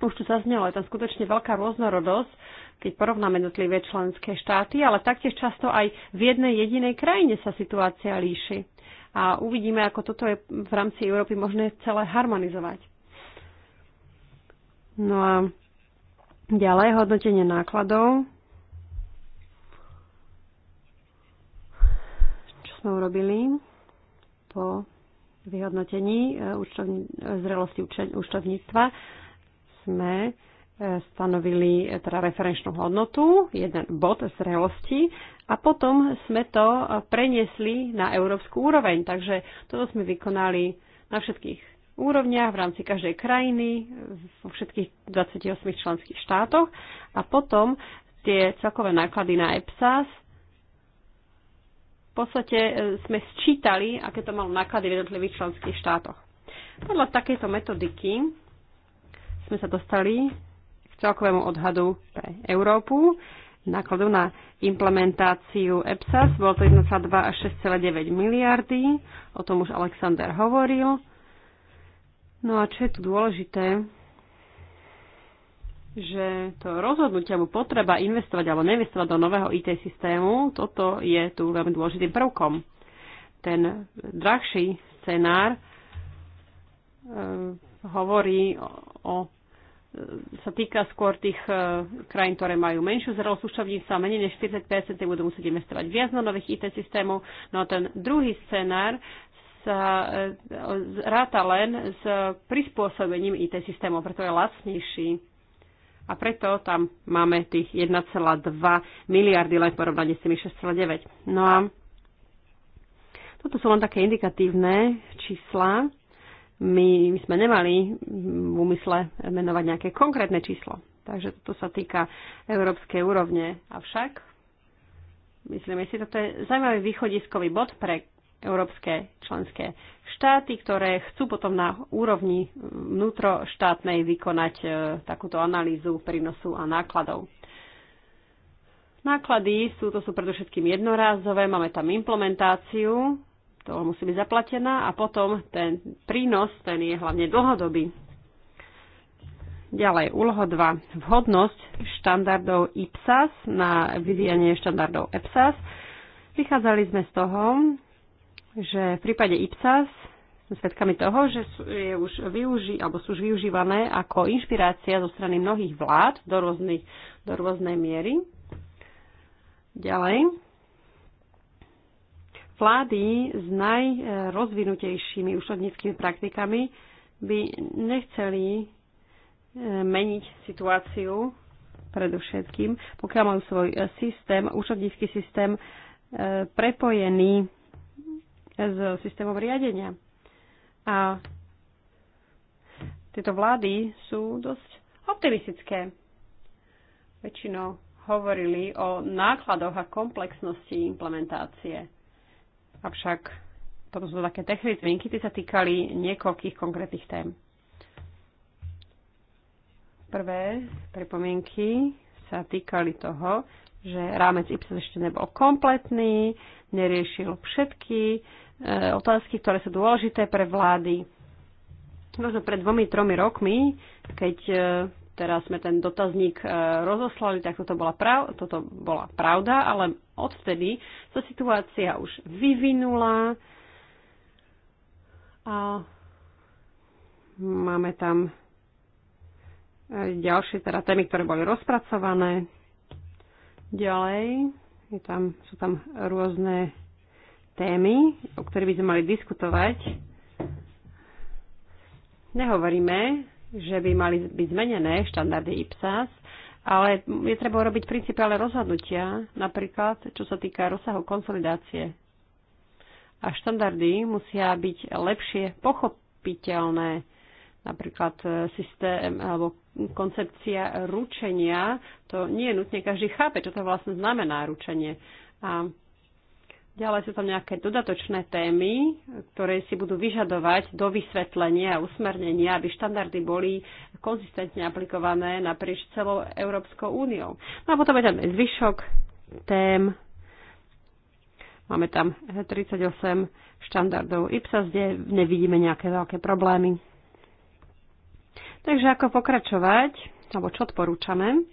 Už tu zaznelo, je tam skutočne veľká rôznorodosť, keď porovnáme jednotlivé členské štáty, ale taktiež často aj v jednej jedinej krajine sa situácia líši. A uvidíme, ako toto je v rámci Európy možné celé harmonizovať. No a Ďalej hodnotenie nákladov. Čo sme urobili po vyhodnotení e, e, zrelosti účtovníctva sme e, stanovili teda referenčnú hodnotu, jeden bod zrelosti a potom sme to preniesli na európsku úroveň. Takže toto sme vykonali na všetkých úrovniach v rámci každej krajiny, vo všetkých 28 členských štátoch a potom tie celkové náklady na EPSAS v podstate e, sme sčítali, aké to malo náklady v jednotlivých členských štátoch. Podľa takejto metodiky sme sa dostali k celkovému odhadu pre Európu nákladu na implementáciu EPSAS. Bolo to 1,2 až 6,9 miliardy, o tom už Alexander hovoril. No a čo je tu dôležité, že to rozhodnutie alebo potreba investovať alebo neinvestovať do nového IT systému, toto je tu veľmi dôležitým prvkom. Ten drahší scenár e, hovorí o, o e, sa týka skôr tých e, krajín, ktoré majú menšiu zrelosť súčovníctva, menej než 40 budú musieť investovať viac na nových IT systémov. No a ten druhý scenár sa e, ráta len s prispôsobením IT systémov, preto je lacnejší. A preto tam máme tých 1,2 miliardy len v porovnaní s tými 6,9. No a toto sú len také indikatívne čísla. My, my sme nemali v úmysle menovať nejaké konkrétne číslo. Takže toto sa týka európskej úrovne. Avšak, myslíme si, toto je zaujímavý východiskový bod pre európske členské štáty, ktoré chcú potom na úrovni vnútroštátnej vykonať e, takúto analýzu prínosu a nákladov. Náklady sú, to sú predovšetkým jednorázové, máme tam implementáciu, to musí byť zaplatená a potom ten prínos, ten je hlavne dlhodobý. Ďalej, úloha 2. Vhodnosť štandardov IPSAS na vyvíjanie štandardov EPSAS. Vychádzali sme z toho, že v prípade IPSAS sme svedkami toho, že sú, je už využi, alebo sú už využívané ako inšpirácia zo strany mnohých vlád do, rôznych, do rôznej miery. Ďalej. Vlády s najrozvinutejšími uškodníckými praktikami by nechceli e, meniť situáciu predovšetkým, pokiaľ majú svoj e, systém, účtovnícky systém e, prepojený s systémom riadenia. A tieto vlády sú dosť optimistické. Väčšinou hovorili o nákladoch a komplexnosti implementácie. Avšak toto sú také technické zmienky, tie sa týkali niekoľkých konkrétnych tém. Prvé pripomienky sa týkali toho, že rámec IPSES ešte nebol kompletný, neriešil všetky e, otázky, ktoré sú dôležité pre vlády. Možno pred dvomi, tromi rokmi, keď e, teraz sme ten dotazník e, rozoslali, tak toto bola, prav, toto bola pravda, ale odvtedy sa situácia už vyvinula a máme tam e, ďalšie teda témy, ktoré boli rozpracované Ďalej je tam, sú tam rôzne témy, o ktorých by sme mali diskutovať. Nehovoríme, že by mali byť zmenené štandardy IPSAS, ale je treba urobiť principiálne rozhodnutia, napríklad čo sa týka rozsahu konsolidácie. A štandardy musia byť lepšie pochopiteľné napríklad e, systém alebo koncepcia ručenia, to nie je nutne každý chápe, čo to vlastne znamená ručenie. A ďalej sú tam nejaké dodatočné témy, ktoré si budú vyžadovať do vysvetlenia a usmernenia, aby štandardy boli konzistentne aplikované naprieč celou Európskou úniou. No a potom je tam zvyšok tém, Máme tam 38 štandardov IPSAS, kde nevidíme nejaké veľké problémy. Takže ako pokračovať, alebo čo odporúčame?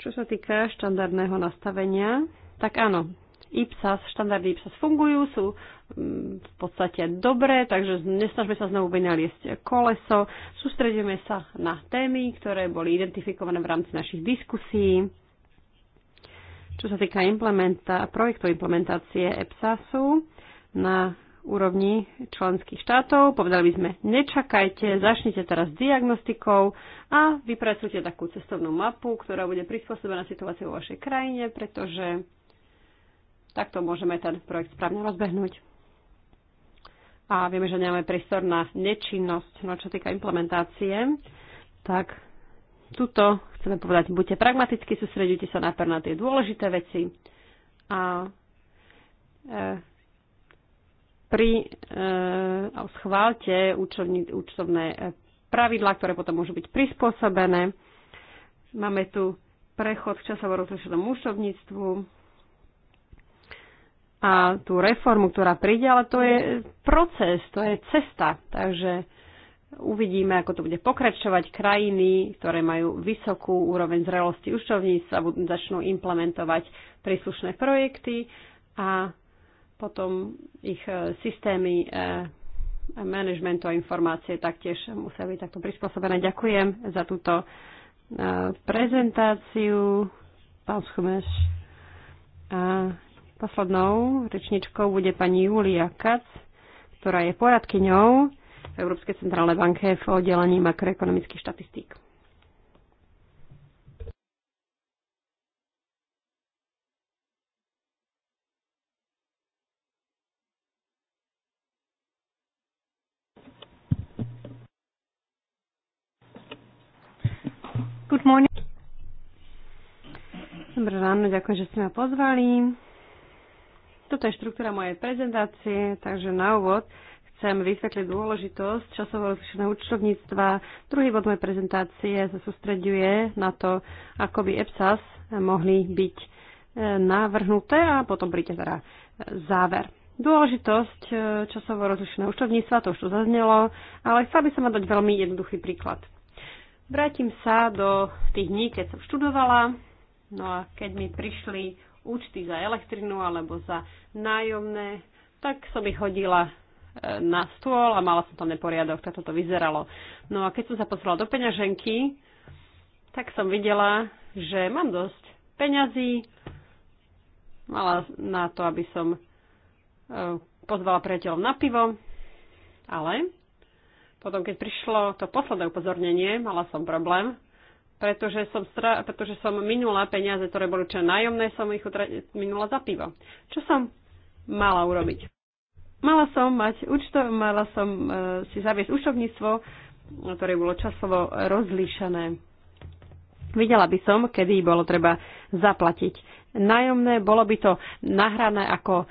Čo sa týka štandardného nastavenia, tak áno, IPSAS, štandardy IPSAS fungujú, sú mm, v podstate dobré, takže nesnažme sa znovu vynaliesť koleso, sústredíme sa na témy, ktoré boli identifikované v rámci našich diskusí. Čo sa týka implementa, projektu implementácie EPSASu, na úrovni členských štátov. Povedali by sme, nečakajte, začnite teraz s diagnostikou a vypracujte takú cestovnú mapu, ktorá bude prispôsobená situácii vo vašej krajine, pretože takto môžeme ten projekt správne rozbehnúť. A vieme, že nemáme priestor na nečinnosť, no čo týka implementácie, tak tuto chceme povedať, buďte pragmaticky, sústredujte sa najprv na tie dôležité veci a e, pri e, schválte účovní, účtovné e, pravidlá, ktoré potom môžu byť prispôsobené. Máme tu prechod k časovo rozlišenom účtovníctvu a tú reformu, ktorá príde, ale to je proces, to je cesta. Takže uvidíme, ako to bude pokračovať. Krajiny, ktoré majú vysokú úroveň zrelosti účtovníctva, začnú implementovať príslušné projekty a potom ich e, systémy e, manažmentu a informácie taktiež musia byť takto prispôsobené. Ďakujem za túto e, prezentáciu. Pán Schumeš. A poslednou rečničkou bude pani Julia Kac, ktorá je poradkyňou v Európskej centrálnej banke v oddelení makroekonomických štatistík. Dobré ráno, ďakujem, že ste ma pozvali. Toto je štruktúra mojej prezentácie, takže na úvod chcem vysvetliť dôležitosť časovo rozlišeného účtovníctva. Druhý bod mojej prezentácie sa sústreďuje na to, ako by EPSAS mohli byť e, navrhnuté a potom príde teda záver. Dôležitosť e, časovo rozlišeného účtovníctva, to už tu zaznelo, ale chcela by som vám dať veľmi jednoduchý príklad. Vrátim sa do tých dní, keď som študovala. No a keď mi prišli účty za elektrinu alebo za nájomné, tak som ich hodila e, na stôl a mala som tam neporiadok, tak toto vyzeralo. No a keď som sa pozrela do peňaženky, tak som videla, že mám dosť peňazí. Mala na to, aby som e, pozvala priateľov na pivo, ale potom, keď prišlo to posledné upozornenie, mala som problém, pretože som, stra- pretože som minula peniaze, ktoré boli čo nájomné, som ich minula za pivo. Čo som mala urobiť? Mala som mať účto, mala som e, si zaviesť účtovníctvo, ktoré bolo časovo rozlíšané. Videla by som, kedy bolo treba zaplatiť nájomné, bolo by to nahrané ako e,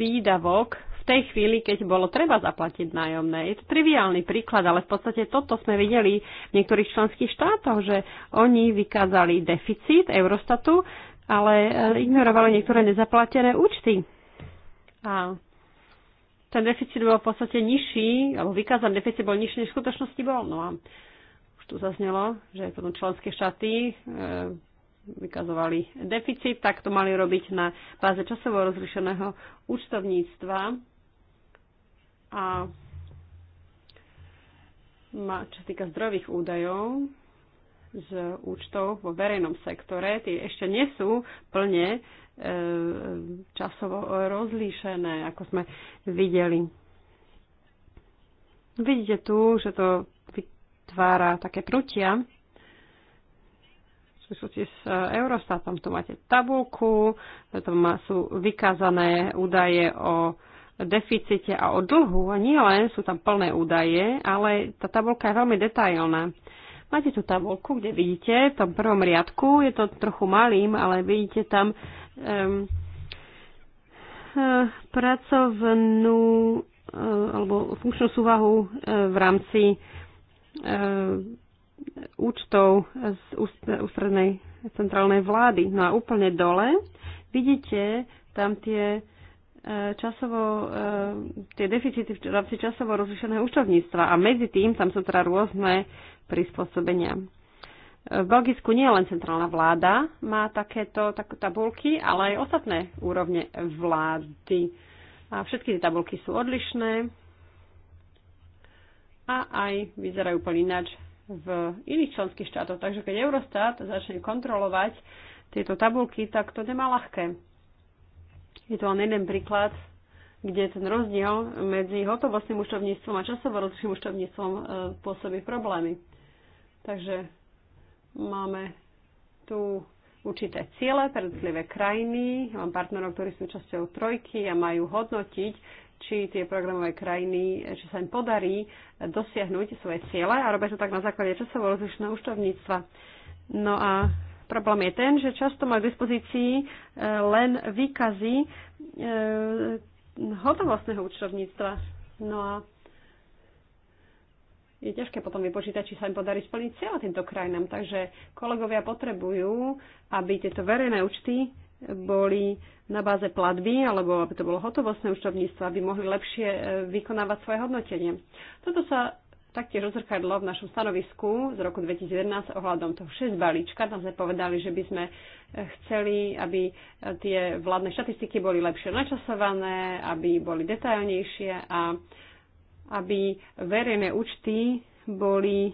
výdavok tej chvíli, keď bolo treba zaplatiť nájomné. Je to triviálny príklad, ale v podstate toto sme videli v niektorých členských štátoch, že oni vykázali deficit Eurostatu, ale e, ignorovali niektoré nezaplatené účty. A ten deficit bol v podstate nižší, alebo vykázaný deficit bol nižší, než v skutočnosti bol. No a už tu zaznelo, že potom členské štáty e, vykazovali deficit, tak to mali robiť na báze časovo rozlišeného účtovníctva. A čo sa týka zdrových údajov z účtov vo verejnom sektore, tie ešte nie sú plne e, časovo rozlíšené, ako sme videli. Vidíte tu, že to vytvára také prutia v tie s Eurostatom. Tu máte tabulku, tam sú vykázané údaje o deficite a o dlhu. A nie len sú tam plné údaje, ale tá tabulka je veľmi detailná. Máte tu tabulku, kde vidíte, v tom prvom riadku, je to trochu malým, ale vidíte tam um, pracovnú eh, alebo funkčnú súvahu eh, v rámci účtov z ústrednej centrálnej vlády. No a úplne dole vidíte tam tie E, časovo, e, tie deficity v rámci časovo rozlišeného účtovníctva a medzi tým tam sú teda rôzne prispôsobenia. E, v Belgicku nie len centrálna vláda má takéto tak, tabulky, ale aj ostatné úrovne vlády. A všetky tie tabulky sú odlišné a aj vyzerajú úplne ináč v iných členských štátoch. Takže keď Eurostat začne kontrolovať tieto tabulky, tak to nemá ľahké je to len jeden príklad, kde ten rozdiel medzi hotovostným účtovníctvom a časovarodčným účtovníctvom e, pôsobí problémy. Takže máme tu určité ciele pre jednotlivé krajiny. mám partnerov, ktorí sú časťou trojky a majú hodnotiť, či tie programové krajiny, e, či sa im podarí e, dosiahnuť svoje ciele a robia to tak na základe časovo rozlišného účtovníctva. No a Problém je ten, že často má k dispozícii e, len výkazy e, hotovostného účtovníctva. No a je ťažké potom vypočítať, či sa im podarí splniť cieľa týmto krajinám. Takže kolegovia potrebujú, aby tieto verejné účty boli na báze platby, alebo aby to bolo hotovostné účtovníctvo, aby mohli lepšie e, vykonávať svoje hodnotenie. Toto sa taktiež odzrkadlo v našom stanovisku z roku 2011 ohľadom toho 6 balíčka. Tam sme povedali, že by sme eh, chceli, aby eh, tie vládne štatistiky boli lepšie načasované, aby boli detailnejšie a aby verejné účty boli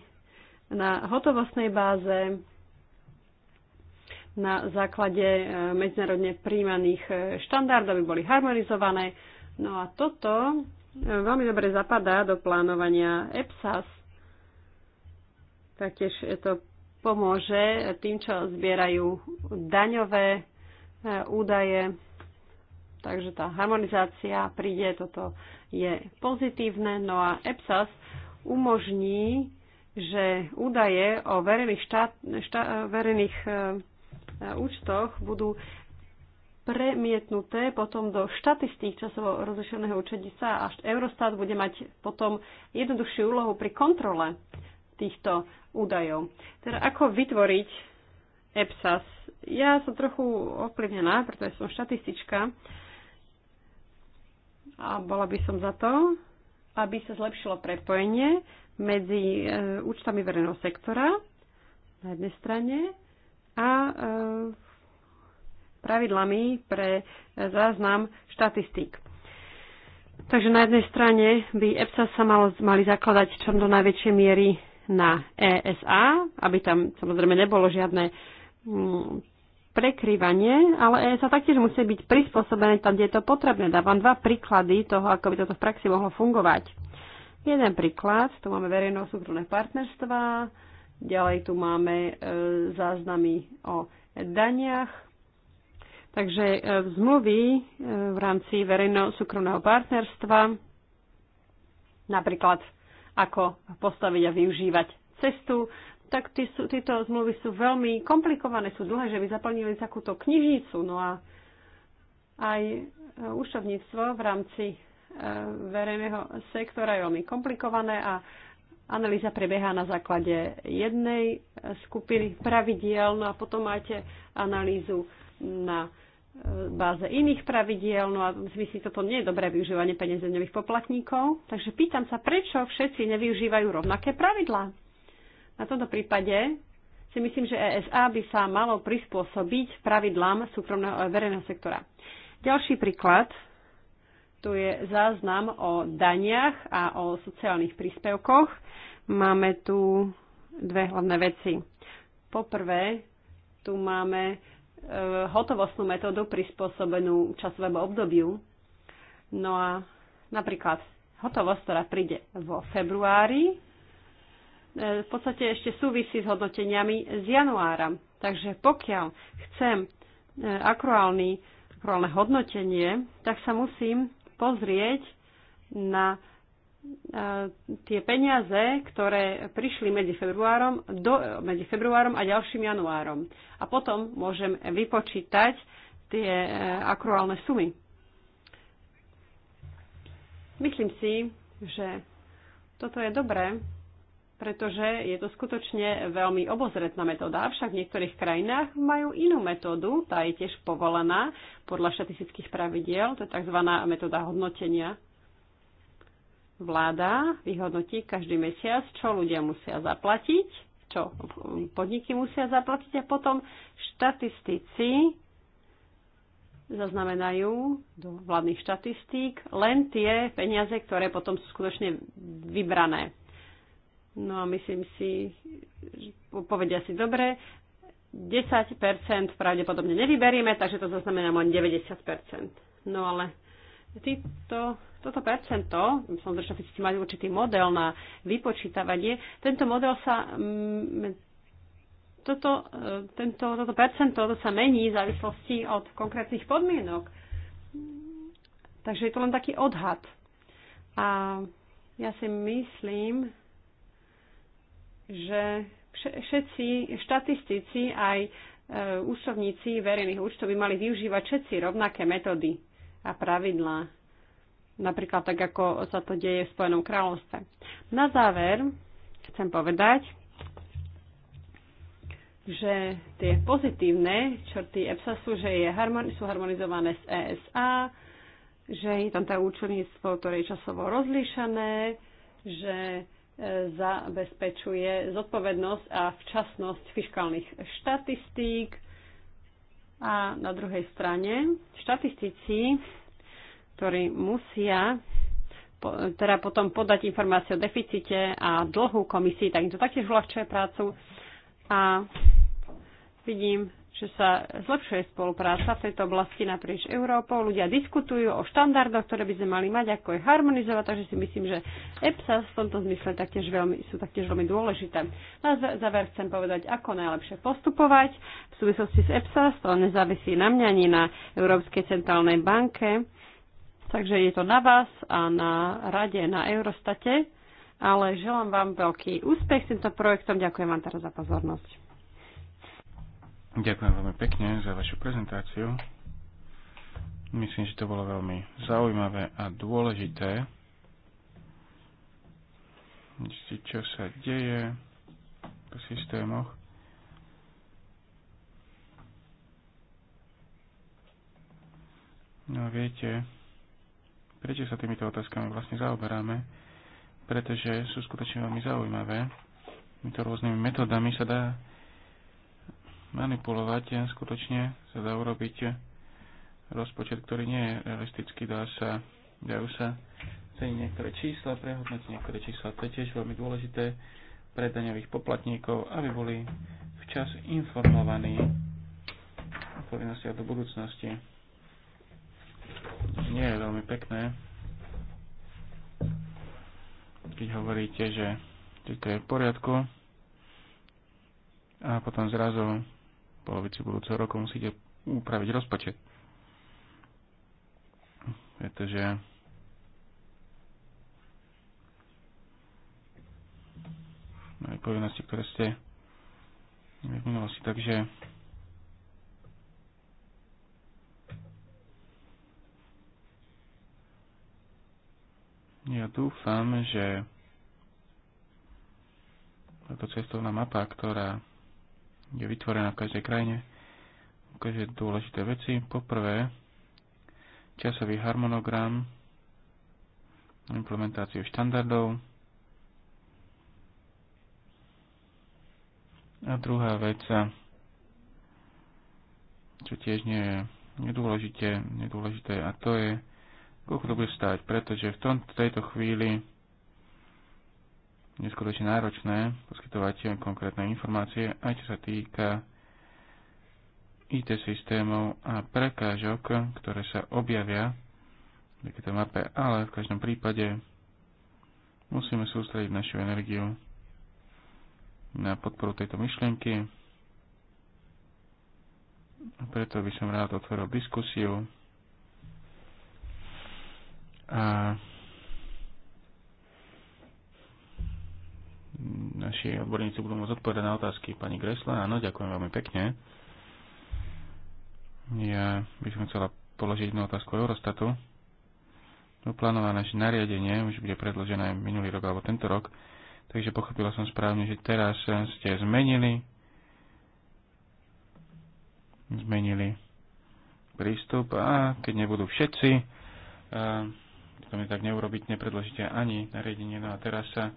na hotovostnej báze na základe eh, medzinárodne príjmaných štandardov, aby boli harmonizované. No a toto veľmi dobre zapadá do plánovania EPSAS. Taktiež to pomôže tým, čo zbierajú daňové e, údaje. Takže tá harmonizácia príde, toto je pozitívne. No a EPSAS umožní, že údaje o verejných, štát, štát, verejných e, účtoch budú premietnuté potom do štatistík časovo rozlišeného učedica a Eurostat bude mať potom jednoduchšiu úlohu pri kontrole týchto údajov. Teda ako vytvoriť EPSAS? Ja som trochu ovplyvnená, pretože som štatistička a bola by som za to, aby sa zlepšilo prepojenie medzi e, účtami verejného sektora na jednej strane a e, pravidlami pre e, záznam štatistík. Takže na jednej strane by EPSA sa malo, mali zakladať čo do najväčšej miery na ESA, aby tam samozrejme nebolo žiadne mm, prekryvanie, ale ESA taktiež musí byť prispôsobené tam, kde je to potrebné. Dávam dva príklady toho, ako by toto v praxi mohlo fungovať. Jeden príklad, tu máme verejno-súkromné partnerstva, ďalej tu máme e, záznamy o daniach Takže e, zmluvy e, v rámci verejno-súkromného partnerstva, napríklad ako postaviť a využívať cestu, tak tí sú, zmluvy sú veľmi komplikované, sú dlhé, že by zaplnili takúto knižnicu. No a aj e, účtovníctvo v rámci verejného sektora je veľmi komplikované a Analýza prebieha na základe jednej skupiny pravidiel, no a potom máte analýzu na báze iných pravidiel, no a myslím si, toto nie je dobré využívanie peniazeňových daňových poplatníkov. Takže pýtam sa, prečo všetci nevyužívajú rovnaké pravidlá. Na tomto prípade si myslím, že ESA by sa malo prispôsobiť pravidlám súkromného verejného sektora. Ďalší príklad, tu je záznam o daniach a o sociálnych príspevkoch. Máme tu dve hlavné veci. Poprvé, tu máme Eh, hotovostnú metódu prispôsobenú časovému obdobiu. No a napríklad hotovosť, ktorá príde vo februári, eh, v podstate ešte súvisí s hodnoteniami z januára. Takže pokiaľ chcem eh, akruálne hodnotenie, tak sa musím pozrieť na tie peniaze, ktoré prišli medzi februárom, do, medzi februárom a ďalším januárom. A potom môžem vypočítať tie e, akruálne sumy. Myslím si, že toto je dobré, pretože je to skutočne veľmi obozretná metóda. Avšak v niektorých krajinách majú inú metódu, tá je tiež povolená podľa štatistických pravidiel, to je tzv. metóda hodnotenia vláda vyhodnotí každý mesiac, čo ľudia musia zaplatiť, čo podniky musia zaplatiť a potom štatistici zaznamenajú do vládnych štatistík len tie peniaze, ktoré potom sú skutočne vybrané. No a myslím si, povedia si dobre, 10% pravdepodobne nevyberieme, takže to zaznamená len 90%. No ale Týto, toto percento, som si mali určitý model na vypočítavanie, tento model sa mm, toto, e, tento, toto percento to sa mení v závislosti od konkrétnych podmienok. Takže je to len taký odhad. A ja si myslím, že všetci štatistici aj e, účtovníci verejných účtov by mali využívať všetci rovnaké metódy a pravidlá. Napríklad tak, ako sa to deje v Spojenom kráľovstve. Na záver chcem povedať, že tie pozitívne črty EPSA sú, že je harmoni- sú harmonizované s ESA, že je tam tá účelníctvo, ktoré je časovo rozlíšané, že e, zabezpečuje zodpovednosť a včasnosť fiskálnych štatistík, a na druhej strane štatistici, ktorí musia teda potom podať informácie o deficite a dlhu komisii, tak im to taktiež uľahčuje prácu. A vidím že sa zlepšuje spolupráca v tejto oblasti naprieč Európou. Ľudia diskutujú o štandardoch, ktoré by sme mali mať, ako je harmonizovať, takže si myslím, že EPSA v tomto zmysle taktiež veľmi, sú taktiež veľmi dôležité. Na no záver chcem povedať, ako najlepšie postupovať v súvislosti s EPSA, to nezávisí na mňa ani na Európskej centrálnej banke. Takže je to na vás a na rade, na Eurostate, ale želám vám veľký úspech s týmto projektom. Ďakujem vám teraz za pozornosť. Ďakujem veľmi pekne za vašu prezentáciu. Myslím, že to bolo veľmi zaujímavé a dôležité. Myslím, čo sa deje v systémoch. No viete, prečo sa týmito otázkami vlastne zaoberáme? Pretože sú skutočne veľmi zaujímavé. My to rôznymi metodami sa dá manipulovať. Eh, skutočne sa dá urobiť rozpočet, ktorý nie je realistický. Dá sa, dajú sa ceniť niektoré čísla, prehodnotiť niektoré čísla. To je tiež veľmi dôležité pre daňových poplatníkov, aby boli včas informovaní o povinnostiach do budúcnosti. Nie je veľmi pekné, keď hovoríte, že to je v poriadku a potom zrazu polovici budúceho roku musíte upraviť rozpočet. Pretože aj povinnosti, ktoré ste v minulosti. Takže ja dúfam, že táto cestovná mapa, ktorá je vytvorená v každej krajine, ukáže dôležité veci. Poprvé, časový harmonogram, implementáciu štandardov. A druhá vec, čo tiež nie je nedôležité, nedôležité a to je, koľko to bude stáť, pretože v tom, tejto chvíli neskutočne náročné poskytovať konkrétne informácie, aj čo sa týka IT systémov a prekážok, ktoré sa objavia v takéto mape, ale v každom prípade musíme sústrediť našu energiu na podporu tejto myšlienky. Preto by som rád otvoril diskusiu a naši odborníci budú môcť odpovedať na otázky. Pani Gresla, áno, ďakujem veľmi pekne. Ja by som chcela položiť jednu otázku Eurostatu. Plánované nariadenie už bude predložené minulý rok alebo tento rok, takže pochopila som správne, že teraz ste zmenili zmenili prístup a keď nebudú všetci, to mi tak neurobiť, nepredložíte ani nariadenie. No a teraz sa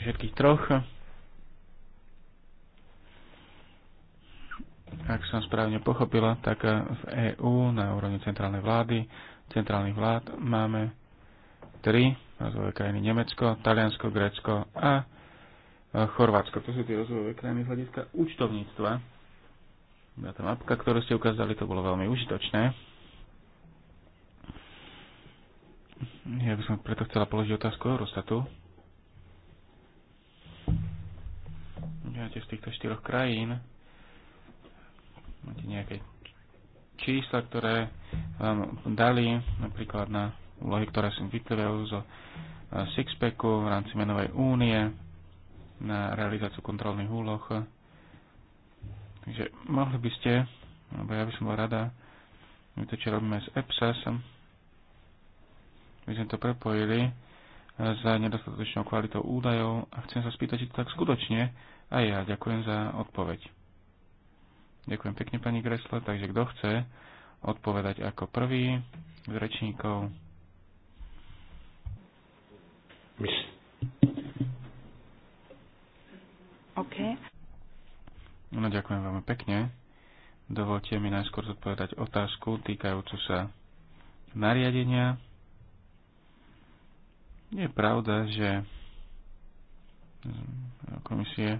všetkých troch. Ak som správne pochopila, tak v EÚ na úrovni centrálnej vlády, centrálnych vlád máme tri rozvojové krajiny Nemecko, Taliansko, Grécko a Chorvátsko. To sú tie rozvojové krajiny z hľadiska účtovníctva. Na tá mapka, ktorú ste ukázali, to bolo veľmi užitočné. Ja by som preto chcela položiť otázku Eurostatu z týchto štyroch krajín, máte nejaké čísla, ktoré vám dali, napríklad na úlohy, ktoré som vytvoril zo e, Sixpacku v rámci menovej únie na realizáciu kontrolných úloh. Takže mohli by ste, alebo ja by som bol rada, my to, čo robíme s EPSAS, my sme to prepojili e, za nedostatočnou kvalitou údajov a chcem sa spýtať, či to tak skutočne a ja ďakujem za odpoveď. Ďakujem pekne, pani Gresle. Takže kto chce odpovedať ako prvý z rečníkov? OK. No, ďakujem veľmi pekne. Dovolte mi najskôr zodpovedať otázku týkajúcu sa nariadenia. Je pravda, že komisie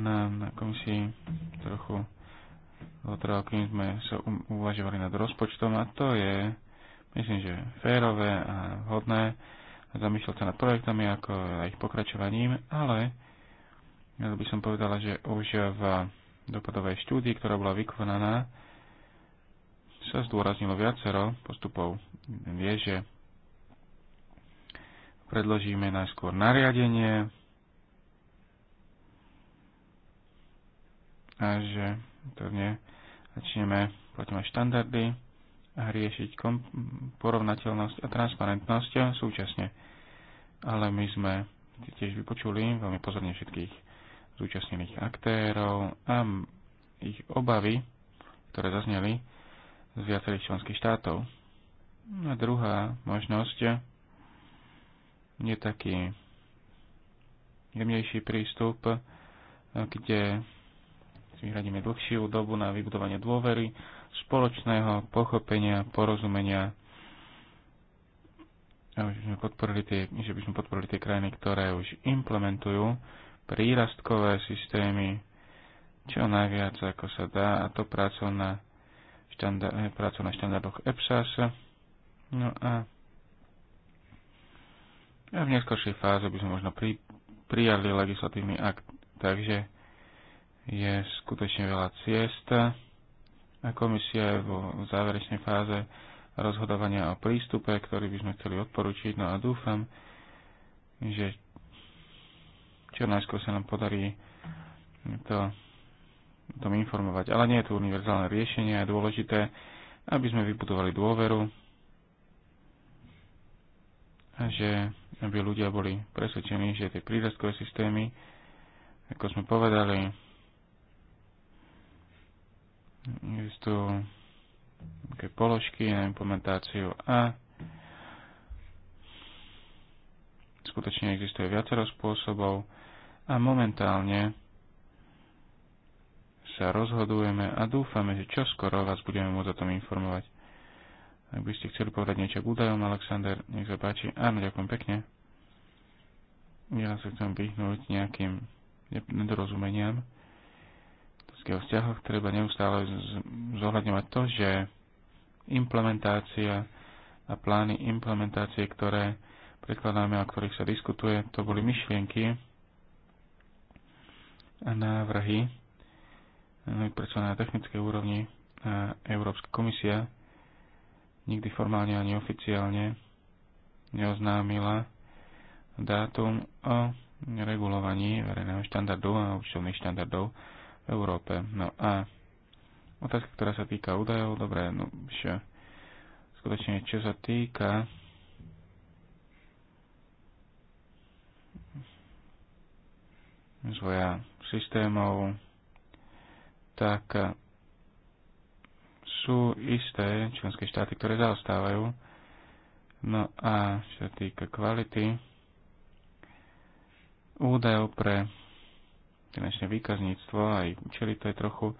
na, na komisii trochu otrval, kým sme sa um, uvažovali nad rozpočtom a to je, myslím, že férové a vhodné zamýšľať sa nad projektami ako aj ich pokračovaním, ale ja by som povedala, že už v dopadovej štúdii, ktorá bola vykonaná, sa zdôraznilo viacero postupov. Vie, že predložíme najskôr nariadenie, že to nie začneme aj štandardy a riešiť porovnateľnosť a transparentnosť súčasne. Ale my sme tiež vypočuli veľmi pozorne všetkých zúčastnených aktérov a ich obavy, ktoré zazneli z viacerých členských štátov. A druhá možnosť je taký jemnejší prístup, kde vyhradíme dlhšiu dobu na vybudovanie dôvery, spoločného pochopenia, porozumenia, a už sme podporili tie, že by sme podporili tie krajiny, ktoré už implementujú prírastkové systémy čo najviac, ako sa dá, a to prácou na, štandard, eh, prácou na štandardoch EPSAS. No a, a v neskôršej fáze by sme možno pri, prijali legislatívny akt. Takže je skutočne veľa ciest a komisia je vo záverečnej fáze rozhodovania o prístupe, ktorý by sme chceli odporučiť. No a dúfam, že čo najskôr sa nám podarí to, tom informovať. Ale nie je to univerzálne riešenie, je dôležité, aby sme vybudovali dôveru a že aby ľudia boli presvedčení, že tie prírastkové systémy, ako sme povedali, existujú také položky na implementáciu a skutočne existuje viacero spôsobov a momentálne sa rozhodujeme a dúfame, že čoskoro vás budeme môcť o tom informovať. Ak by ste chceli povedať niečo k údajom, Alexander, nech sa páči. Áno, ďakujem pekne. Ja sa chcem vyhnúť nejakým nedorozumeniam partnerských vzťahoch treba neustále zohľadňovať to, že implementácia a plány implementácie, ktoré predkladáme, a o ktorých sa diskutuje, to boli myšlienky a návrhy no prečo na technickej úrovni Európska komisia nikdy formálne ani oficiálne neoznámila dátum o regulovaní verejného štandardu a účtovných štandardov Európe. No a otázka, ktorá sa týka údajov, dobre, no že skutočne čo sa týka zvoja systémov, tak sú isté členské štáty, ktoré zaostávajú. No a čo sa týka kvality údajov pre finančné výkazníctvo a aj čili to je trochu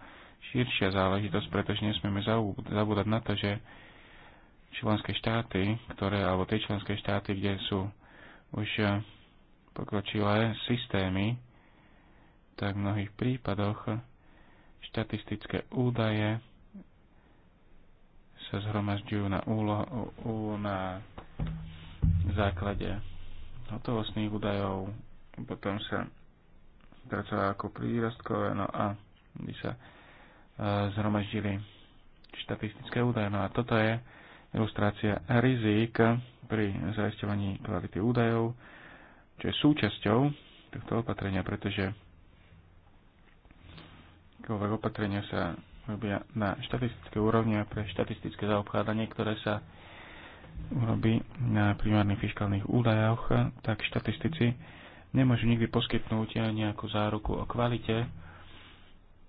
širšia záležitosť, pretože nesmieme zabúdať na to, že členské štáty, ktoré, alebo tie členské štáty, kde sú už eh, pokročilé systémy, tak v mnohých prípadoch štatistické údaje sa zhromažďujú na, úlo, úlo na základe hotovostných údajov, potom sa pracovala ako prírastkové, no a by sa e, zhromaždili štatistické údaje. No a toto je ilustrácia rizik pri zaisťovaní kvality údajov, čo je súčasťou tohto opatrenia, pretože akékoľvek opatrenia sa robia na štatistické úrovni a pre štatistické zaobchádanie, ktoré sa urobí na primárnych fiskálnych údajoch, tak štatistici nemôžu nikdy poskytnúť nejakú záruku o kvalite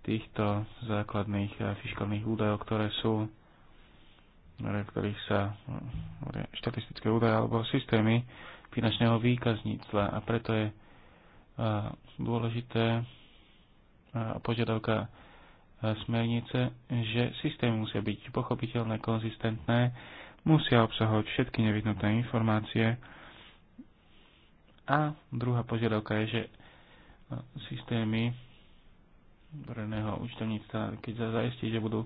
týchto základných eh, fiskálnych údajov, ktoré sú ktorých sa hm, štatistické údaje alebo systémy finančného výkazníctva a preto je eh, dôležité eh, požiadavka smernice, že systémy musia byť pochopiteľné, konzistentné, musia obsahovať všetky nevyhnutné informácie, a druhá požiadavka je, že no, systémy verejného účtovníctva, keď sa zaistí, že budú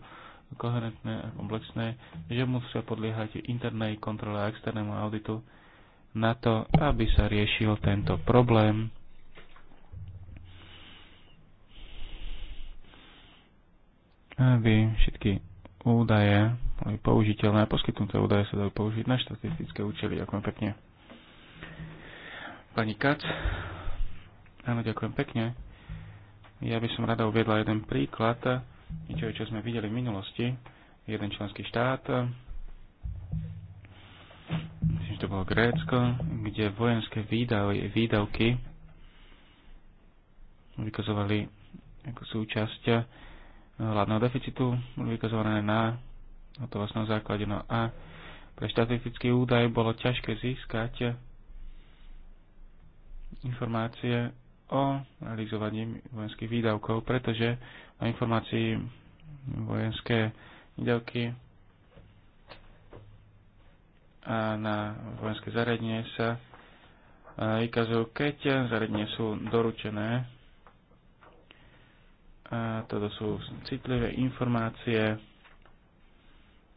koherentné a komplexné, že musia podliehať internej kontrole a externému auditu na to, aby sa riešil tento problém. Aby všetky údaje boli použiteľné a poskytnuté údaje sa dajú použiť na štatistické účely. Ďakujem pekne. Pani Kac. Áno, ďakujem pekne. Ja by som rada uviedla jeden príklad niečo, čo sme videli v minulosti. Jeden členský štát, myslím, že to bolo Grécko, kde vojenské výdavky, výdavky vykazovali ako súčasť hlavného deficitu, boli vykazované na hotovostnom základe. No a pre štatistický údaj bolo ťažké získať informácie o realizovaní vojenských výdavkov, pretože o informácii vojenské výdavky a na vojenské zariadenie sa e, vykazujú, keď zariadenie sú doručené. A toto sú citlivé informácie.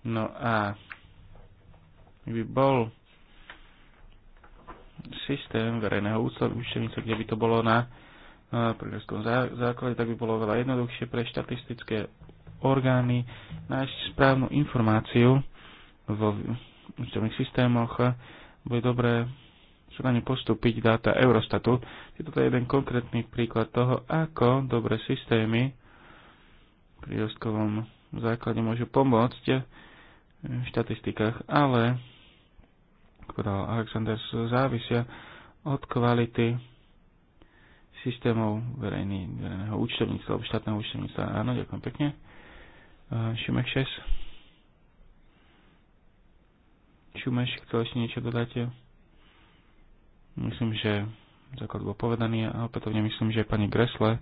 No a by bol systém verejného účtovníctva, kde by to bolo na prírodskom základe, tak by bolo veľa jednoduchšie pre štatistické orgány nájsť správnu informáciu vo účtovných systémoch. Bude dobré sa na ne postúpiť dáta Eurostatu. Je Toto jeden konkrétny príklad toho, ako dobré systémy v prírostkovom základe môžu pomôcť v štatistikách, ale povedal Alexander, závisia od kvality systémov verejný, verejného účtovníctva alebo štátneho účtovníctva. Áno, ďakujem pekne. Šumek 6. Šumeš, chcel ešte niečo dodáte? Myslím, že základ bol povedaný a opätovne myslím, že pani Gresle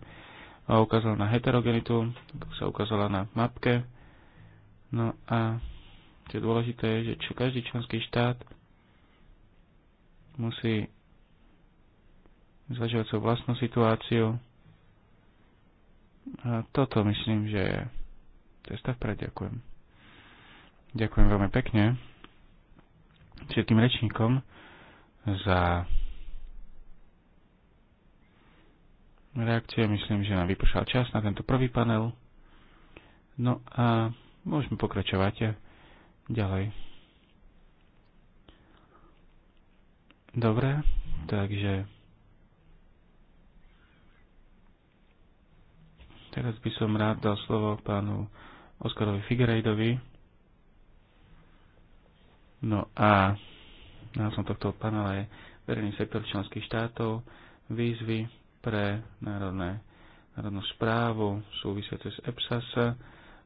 ukázala na heterogenitu, sa ukázala na mapke. No a čo je dôležité že čo každý členský štát musí zvažovať svoju vlastnú situáciu. A toto myslím, že je cesta vpred. Ďakujem. Ďakujem veľmi pekne všetkým rečníkom za reakcie. Myslím, že nám vypršal čas na tento prvý panel. No a môžeme pokračovať ďalej. Dobre, takže teraz by som rád dal slovo pánu Oskarovi Figerejdovi. No a som tohto panela je verejný sektor členských štátov, výzvy pre národné, národnú správu súvisiace s EPSAS,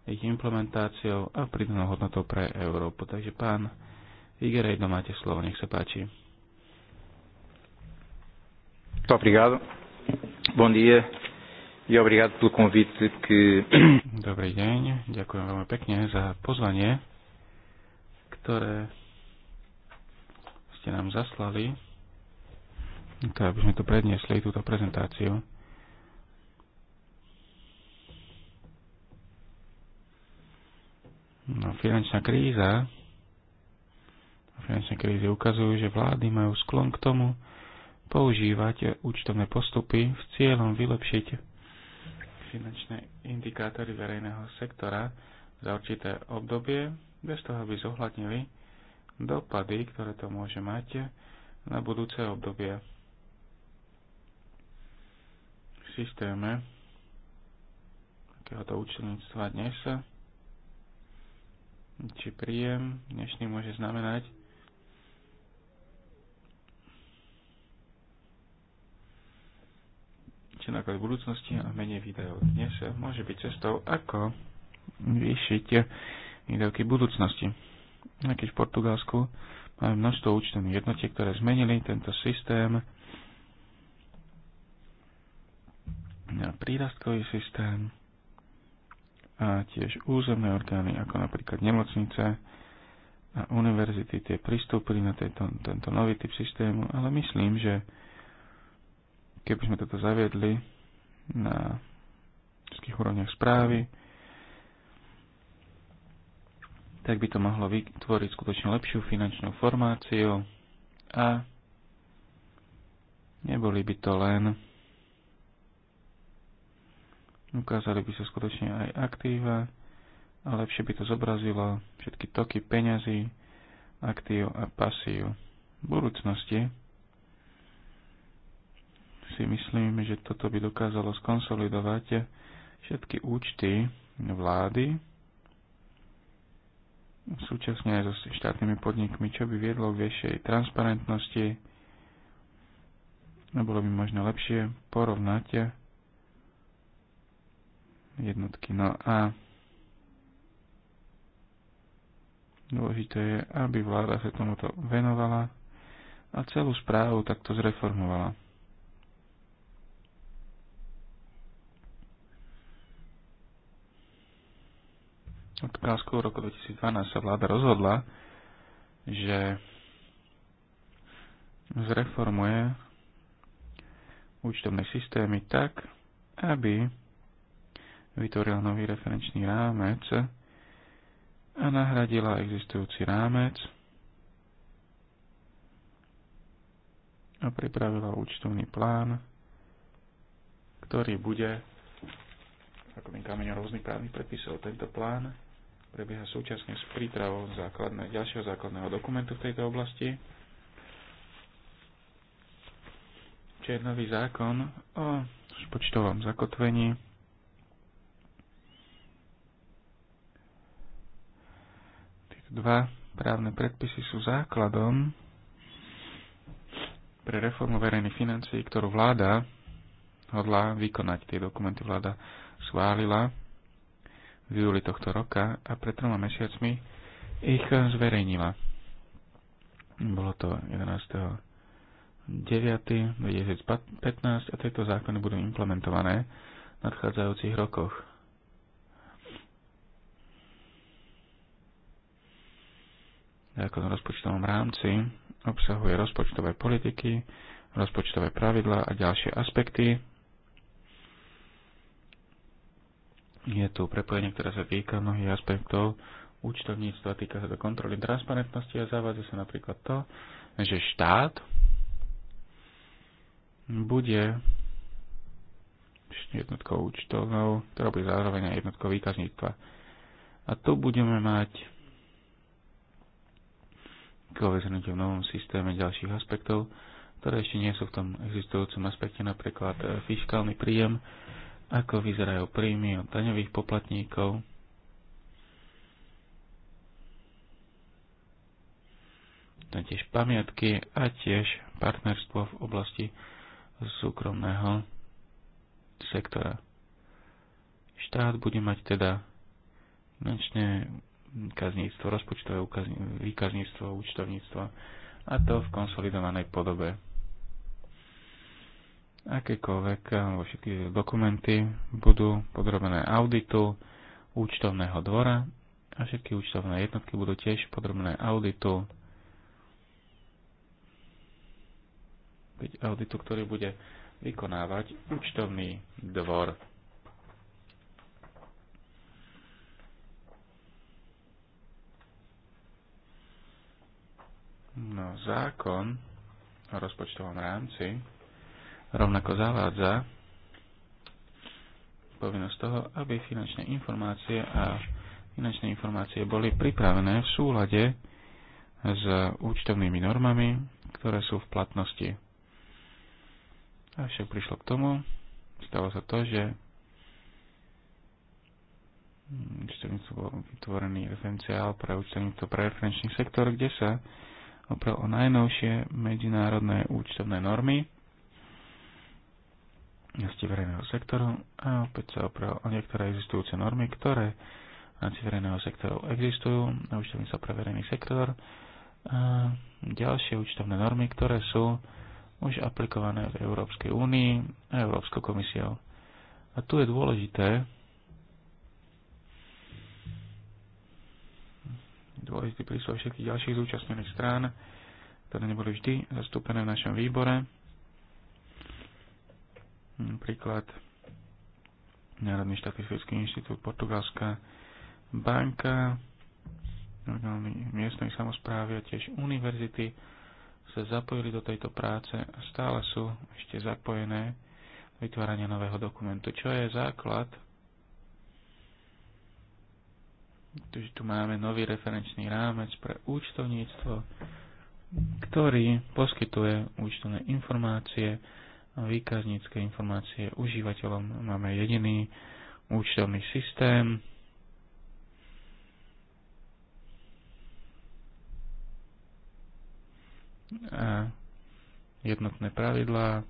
ich implementáciou a pridanou hodnotou pre Európu. Takže pán Figerejdo, máte slovo, nech sa páči. Muito obrigado. Bom dia e obrigado pelo convite que... [COUGHS] Dobrý deň, ďakujem veľmi pekne za pozvanie, ktoré ste nám zaslali, to aby sme tu predniesli túto prezentáciu. No, finančná kríza finančné krízy ukazujú, že vlády majú sklon k tomu, používať účtovné postupy v cieľom vylepšiť finančné indikátory verejného sektora za určité obdobie, bez toho, aby zohľadnili dopady, ktoré to môže mať na budúce obdobie. V systéme takéhoto účelníctva dnes či príjem dnešný môže znamenať znižiť náklady budúcnosti a menej výdajov dnes môže byť cestou, ako vyšiť výdavky budúcnosti. Keď v Portugalsku máme množstvo účtovných jednotiek, ktoré zmenili tento systém na prírastkový systém a tiež územné orgány, ako napríklad nemocnice a univerzity, tie pristúpili na tento, tento nový typ systému, ale myslím, že keby sme toto zaviedli na všetkých úrovniach správy, tak by to mohlo vytvoriť skutočne lepšiu finančnú formáciu a neboli by to len ukázali by sa skutočne aj aktíva a lepšie by to zobrazilo všetky toky peňazí, aktív a pasív. V budúcnosti si myslím, že toto by dokázalo skonsolidovať všetky účty vlády, súčasne aj so štátnymi podnikmi, čo by viedlo k väčšej transparentnosti a no, bolo by možno lepšie porovnať jednotky. No a dôležité je, aby vláda sa tomuto venovala a celú správu takto zreformovala. Portugalsku v roku 2012 sa vláda rozhodla, že zreformuje účtovné systémy tak, aby vytvorila nový referenčný rámec a nahradila existujúci rámec a pripravila účtovný plán, ktorý bude ako ten kameň rôznych právnych predpisov. Tento plán prebieha súčasne s prípravou základné, ďalšieho základného dokumentu v tejto oblasti, čo je nový zákon o spočtovom zakotvení Tieto dva právne predpisy sú základom pre reformu verejných financií, ktorú vláda hodlá vykonať. Tie dokumenty vláda schválila v júli tohto roka a pred troma mesiacmi ich zverejnila. Bolo to 11.9.2015 a tieto zákony budú implementované v nadchádzajúcich rokoch. Zákon o rozpočtovom rámci obsahuje rozpočtové politiky, rozpočtové pravidla a ďalšie aspekty je tu prepojenie, ktoré sa týka mnohých aspektov účtovníctva, týka sa to kontroly transparentnosti a zavádza sa napríklad to, že štát bude jednotkou účtovnou, ktorá bude zároveň aj jednotkou výkazníctva. A tu budeme mať koveznutie v novom systéme ďalších aspektov, ktoré ešte nie sú v tom existujúcom aspekte, napríklad eh, fiskálny príjem, ako vyzerajú príjmy od daňových poplatníkov. To tiež pamiatky a tiež partnerstvo v oblasti súkromného sektora. Štát bude mať teda finančné kazníctvo, rozpočtové výkazníctvo, účtovníctvo a to v konsolidovanej podobe akékoľvek alebo všetky dokumenty budú podrobené auditu účtovného dvora a všetky účtovné jednotky budú tiež podrobené auditu auditu, ktorý bude vykonávať účtovný dvor. No, zákon o rozpočtovom rámci rovnako zavádza povinnosť toho, aby finančné informácie a finančné informácie boli pripravené v súlade s účtovnými normami, ktoré sú v platnosti. Avšak prišlo k tomu, stalo sa to, že účtovníctvo bol vytvorený referenciál pre účtovníctvo pre referenčný sektor, kde sa oprel o najnovšie medzinárodné účtovné normy, činnosti verejného sektoru a opäť sa opravil o niektoré existujúce normy, ktoré v rámci verejného sektoru existujú, účtovní sa pre verejný sektor a ďalšie účtovné normy, ktoré sú už aplikované v Európskej únii a Európskou komisiou. A tu je dôležité, dôležitý príslov všetkých ďalších zúčastnených strán, ktoré neboli vždy zastúpené v našom výbore, Príklad Národný štatistický inštitút Portugalská banka, orgány miestnej samozprávy a tiež univerzity sa zapojili do tejto práce a stále sú ešte zapojené vytvárania nového dokumentu, čo je základ Takže tu máme nový referenčný rámec pre účtovníctvo, ktorý poskytuje účtovné informácie výkaznícke informácie užívateľom. Máme jediný účtovný systém. A jednotné pravidlá,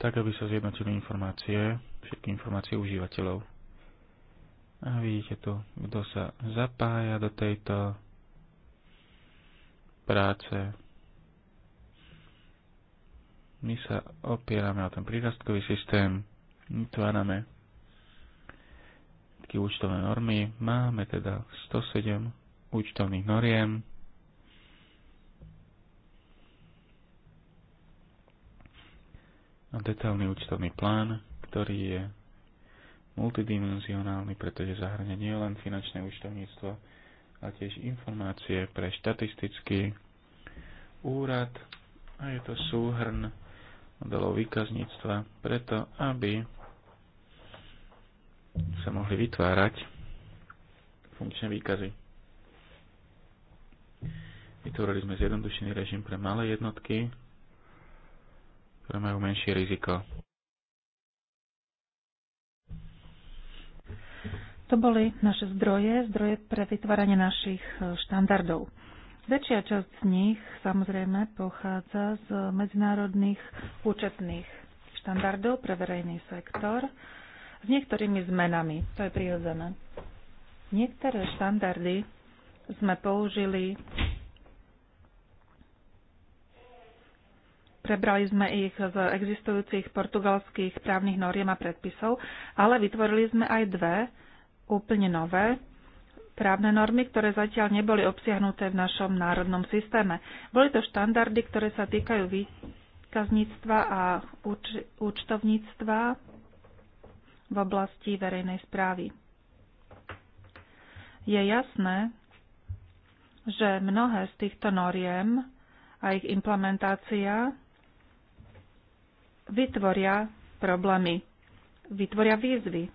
tak aby sa zjednotili informácie, všetky informácie užívateľov. A vidíte tu, kto sa zapája do tejto práce, my sa opierame o ten prírastkový systém, vytvárame všetky účtovné normy. Máme teda 107 účtovných noriem. A detailný účtovný plán, ktorý je multidimenzionálny, pretože zahrania nie len finančné účtovníctvo, ale tiež informácie pre štatistický úrad a je to súhrn modelov výkazníctva, preto aby sa mohli vytvárať funkčné výkazy. Vytvorili sme zjednodušený režim pre malé jednotky, ktoré majú menšie riziko. To boli naše zdroje, zdroje pre vytváranie našich štandardov. Väčšia časť z nich samozrejme pochádza z medzinárodných účetných štandardov pre verejný sektor s niektorými zmenami. To je prirodzené. Niektoré štandardy sme použili, prebrali sme ich z existujúcich portugalských právnych noriem a predpisov, ale vytvorili sme aj dve úplne nové, právne normy, ktoré zatiaľ neboli obsiahnuté v našom národnom systéme. Boli to štandardy, ktoré sa týkajú výkazníctva a úč- účtovníctva v oblasti verejnej správy. Je jasné, že mnohé z týchto noriem a ich implementácia vytvoria problémy, vytvoria výzvy.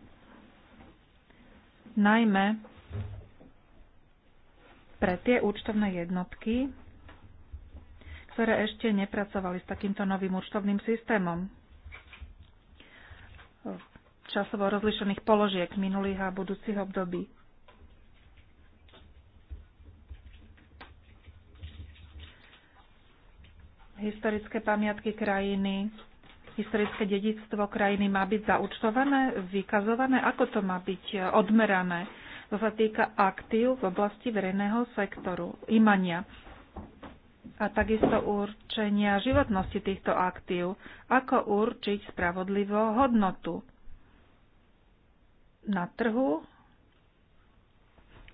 Najmä pre tie účtovné jednotky, ktoré ešte nepracovali s takýmto novým účtovným systémom časovo rozlišených položiek minulých a budúcich období. Historické pamiatky krajiny, historické dedictvo krajiny má byť zaúčtované, vykazované, ako to má byť odmerané čo sa týka aktív v oblasti verejného sektoru, imania a takisto určenia životnosti týchto aktív, ako určiť spravodlivo hodnotu na trhu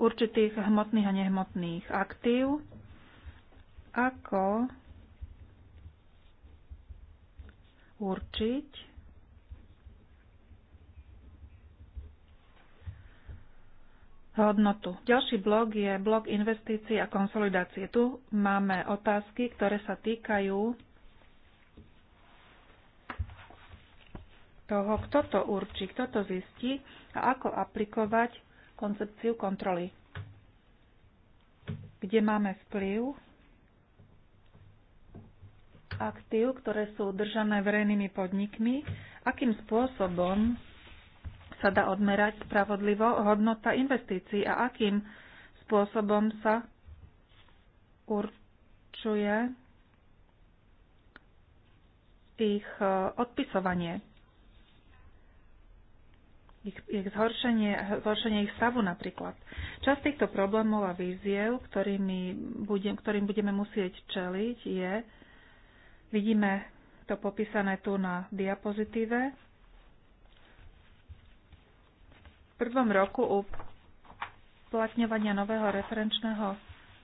určitých hmotných a nehmotných aktív, ako určiť hodnotu. Ďalší blok je blok investícií a konsolidácie. Tu máme otázky, ktoré sa týkajú toho, kto to určí, kto to zistí a ako aplikovať koncepciu kontroly. Kde máme vplyv aktív, ktoré sú držané verejnými podnikmi, akým spôsobom sa dá odmerať spravodlivo hodnota investícií a akým spôsobom sa určuje ich e, odpisovanie, ich, ich zhoršenie, zhoršenie ich stavu napríklad. Čas týchto problémov a víziev, ktorými budem, ktorým budeme musieť čeliť, je, vidíme to popísané tu na diapozitíve, prvom roku uplatňovania nového referenčného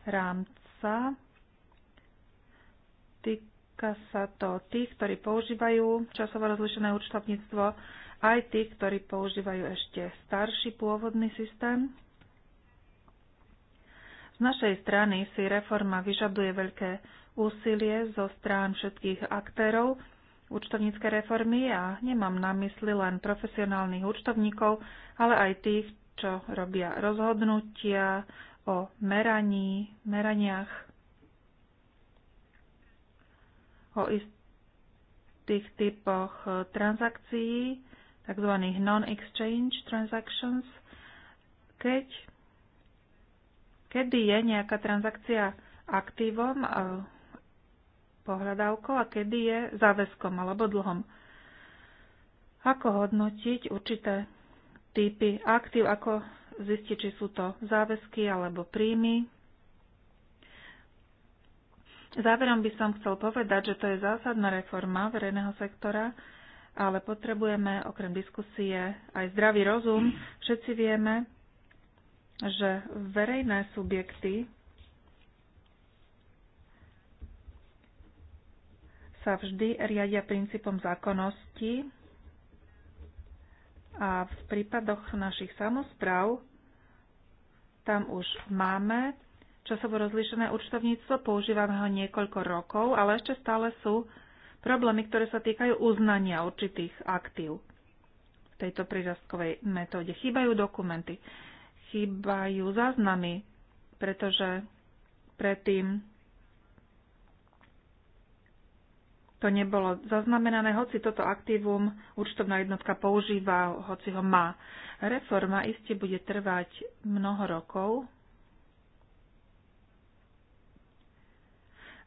rámca týka sa to tých, ktorí používajú časovo rozlišené účtovníctvo, aj tých, ktorí používajú ešte starší pôvodný systém. Z našej strany si reforma vyžaduje veľké úsilie zo strán všetkých aktérov, účtovnícke reformy a nemám na mysli len profesionálnych účtovníkov, ale aj tých, čo robia rozhodnutia o meraní, meraniach, o istých typoch e, transakcií, tzv. non-exchange transactions, keď, kedy je nejaká transakcia aktívom, e, pohľadávkou a kedy je záväzkom alebo dlhom. Ako hodnotiť určité typy aktív, ako zistiť, či sú to záväzky alebo príjmy. Záverom by som chcel povedať, že to je zásadná reforma verejného sektora, ale potrebujeme okrem diskusie aj zdravý rozum. Všetci vieme, že verejné subjekty sa vždy riadia princípom zákonnosti a v prípadoch našich samozpráv tam už máme časovo rozlíšené účtovníctvo, používame ho niekoľko rokov, ale ešte stále sú problémy, ktoré sa týkajú uznania určitých aktív v tejto prírazkovej metóde. Chýbajú dokumenty, chýbajú záznamy, pretože predtým to nebolo zaznamenané, hoci toto aktívum účtovná jednotka používa, hoci ho má. Reforma iste bude trvať mnoho rokov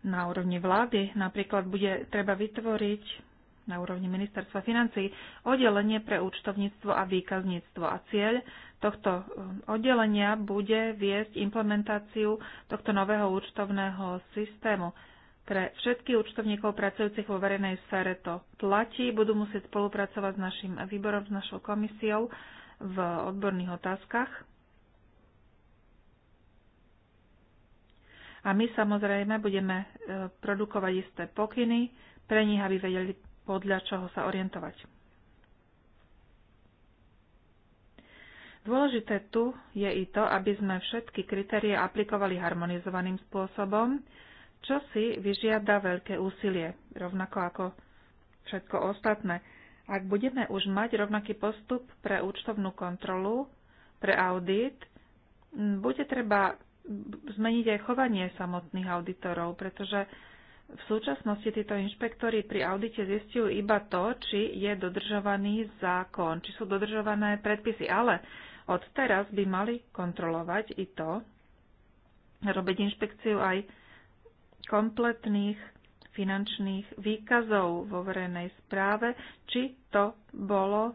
na úrovni vlády. Napríklad bude treba vytvoriť na úrovni ministerstva financí oddelenie pre účtovníctvo a výkazníctvo. A cieľ tohto um, oddelenia bude viesť implementáciu tohto nového účtovného systému. Pre všetkých účtovníkov pracujúcich vo verejnej sfére to platí. Budú musieť spolupracovať s našim výborom, s našou komisiou v odborných otázkach. A my samozrejme budeme e, produkovať isté pokyny pre nich, aby vedeli podľa čoho sa orientovať. Dôležité tu je i to, aby sme všetky kritérie aplikovali harmonizovaným spôsobom, čo si vyžiada veľké úsilie, rovnako ako všetko ostatné. Ak budeme už mať rovnaký postup pre účtovnú kontrolu, pre audit, bude treba zmeniť aj chovanie samotných auditorov, pretože v súčasnosti títo inšpektori pri audite zistujú iba to, či je dodržovaný zákon, či sú dodržované predpisy, ale od teraz by mali kontrolovať i to, robiť inšpekciu aj kompletných finančných výkazov vo verejnej správe, či to bolo e,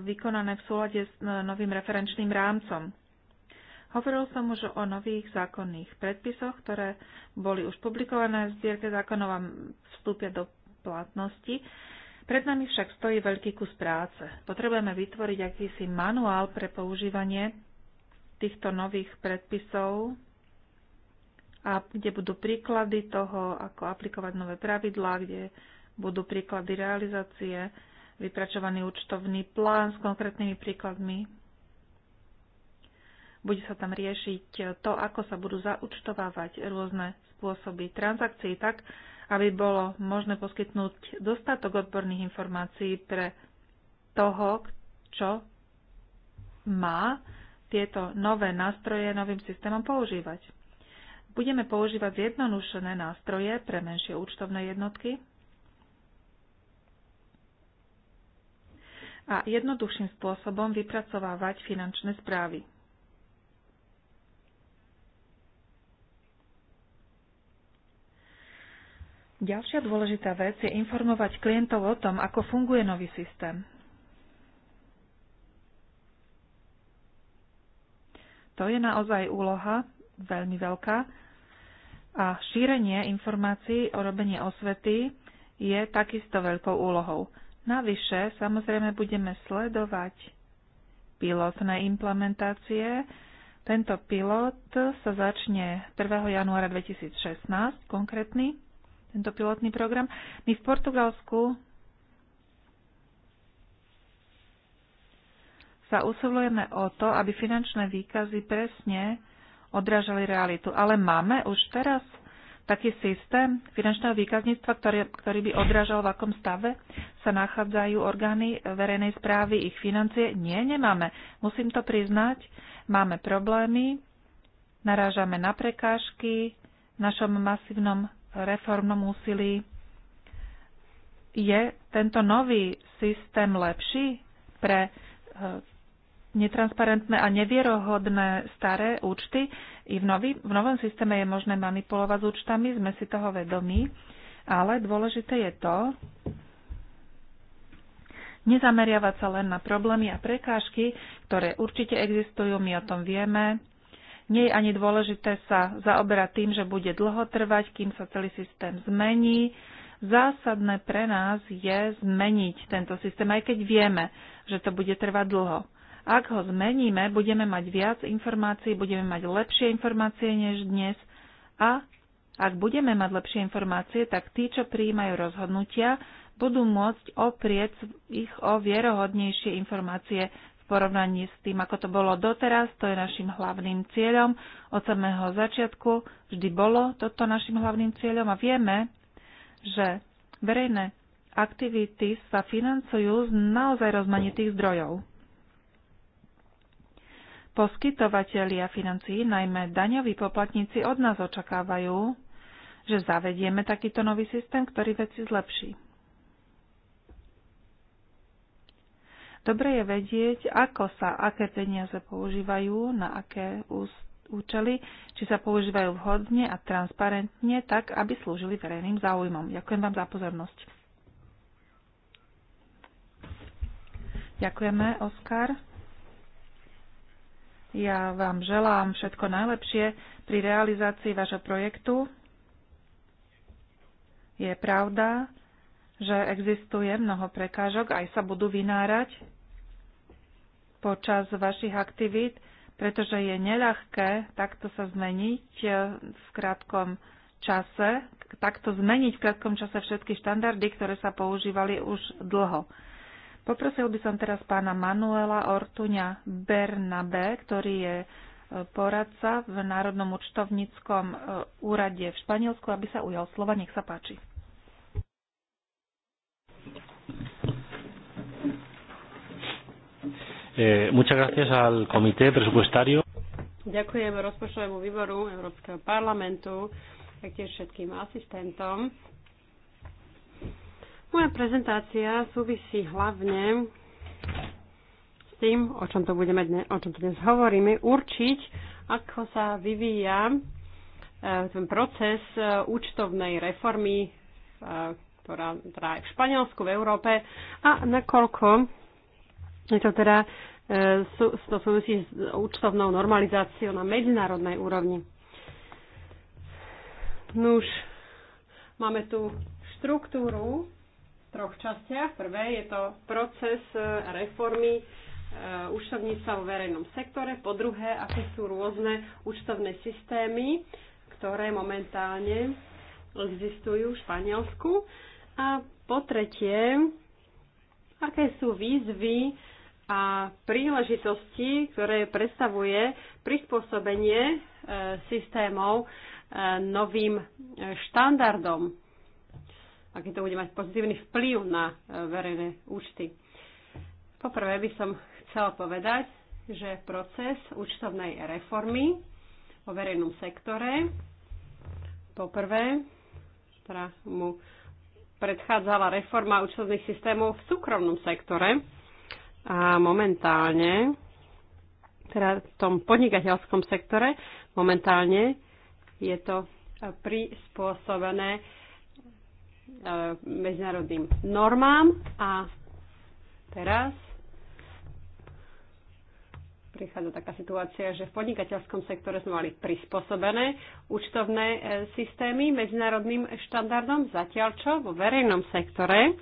vykonané v súlade s e, novým referenčným rámcom. Hovoril som už o nových zákonných predpisoch, ktoré boli už publikované v zbierke zákonov a vstúpia do platnosti. Pred nami však stojí veľký kus práce. Potrebujeme vytvoriť akýsi manuál pre používanie týchto nových predpisov a kde budú príklady toho, ako aplikovať nové pravidlá, kde budú príklady realizácie, vypračovaný účtovný plán s konkrétnymi príkladmi. Bude sa tam riešiť to, ako sa budú zaúčtovávať rôzne spôsoby transakcií tak, aby bolo možné poskytnúť dostatok odborných informácií pre toho, čo má tieto nové nástroje novým systémom používať. Budeme používať zjednodušené nástroje pre menšie účtovné jednotky a jednoduchším spôsobom vypracovávať finančné správy. Ďalšia dôležitá vec je informovať klientov o tom, ako funguje nový systém. To je naozaj úloha veľmi veľká, a šírenie informácií o robení osvety je takisto veľkou úlohou. Navyše, samozrejme, budeme sledovať pilotné implementácie. Tento pilot sa začne 1. januára 2016, konkrétny, tento pilotný program. My v Portugalsku sa usilujeme o to, aby finančné výkazy presne odrážali realitu. Ale máme už teraz taký systém finančného výkazníctva, ktorý, ktorý by odrážal, v akom stave sa nachádzajú orgány verejnej správy, ich financie. Nie, nemáme. Musím to priznať. Máme problémy, narážame na prekážky v našom masívnom reformnom úsilí. Je tento nový systém lepší pre eh, netransparentné a nevierohodné staré účty. I v, nový, v novom systéme je možné manipulovať s účtami, sme si toho vedomí, ale dôležité je to, nezameriavať sa len na problémy a prekážky, ktoré určite existujú, my o tom vieme. Nie je ani dôležité sa zaoberať tým, že bude dlho trvať, kým sa celý systém zmení. Zásadné pre nás je zmeniť tento systém, aj keď vieme, že to bude trvať dlho. Ak ho zmeníme, budeme mať viac informácií, budeme mať lepšie informácie než dnes a ak budeme mať lepšie informácie, tak tí, čo prijímajú rozhodnutia, budú môcť oprieť ich o vierohodnejšie informácie v porovnaní s tým, ako to bolo doteraz. To je našim hlavným cieľom. Od samého začiatku vždy bolo toto našim hlavným cieľom a vieme, že verejné aktivity sa financujú z naozaj rozmanitých zdrojov. Poskytovatelia financií, najmä daňoví poplatníci, od nás očakávajú, že zavedieme takýto nový systém, ktorý veci zlepší. Dobre je vedieť, ako sa aké peniaze používajú, na aké účely, či sa používajú vhodne a transparentne, tak, aby slúžili verejným záujmom. Ďakujem vám za pozornosť. Ďakujeme, Oskar. Ja vám želám všetko najlepšie pri realizácii vášho projektu. Je pravda, že existuje mnoho prekážok, aj sa budú vynárať počas vašich aktivít, pretože je neľahké takto sa zmeniť eh, v krátkom čase, takto zmeniť v krátkom čase všetky štandardy, ktoré sa používali už dlho. Poprosil by som teraz pána Manuela Ortuňa Bernabe, ktorý je e, poradca v Národnom účtovníckom e, úrade v Španielsku, aby sa ujal slova. Nech sa páči. Eh, Ďakujem rozpočtovému výboru Európskeho parlamentu, taktiež všetkým asistentom moja prezentácia súvisí hlavne s tým, o čom, to budeme dne, o čom tu dnes hovoríme, určiť, ako sa vyvíja e, ten proces e, účtovnej reformy, e, ktorá, ktorá teda je v Španielsku, v Európe a nakoľko je to teda to súvisí s účtovnou normalizáciou na medzinárodnej úrovni. Nuž, máme tu štruktúru troch častiach. Prvé je to proces e, reformy e, účtovníctva vo verejnom sektore. Po druhé, aké sú rôzne účtovné systémy, ktoré momentálne existujú v Španielsku. A po tretie, aké sú výzvy a príležitosti, ktoré predstavuje prispôsobenie e, systémov novým štandardom aký to bude mať pozitívny vplyv na e, verejné účty. Poprvé by som chcela povedať, že proces účtovnej reformy vo verejnom sektore poprvé, ktorá teda mu predchádzala reforma účtovných systémov v súkromnom sektore a momentálne, teda v tom podnikateľskom sektore, momentálne je to e, prispôsobené E, medzinárodným normám a teraz prichádza taká situácia, že v podnikateľskom sektore sme mali prispôsobené účtovné e, systémy medzinárodným štandardom, zatiaľ čo vo verejnom sektore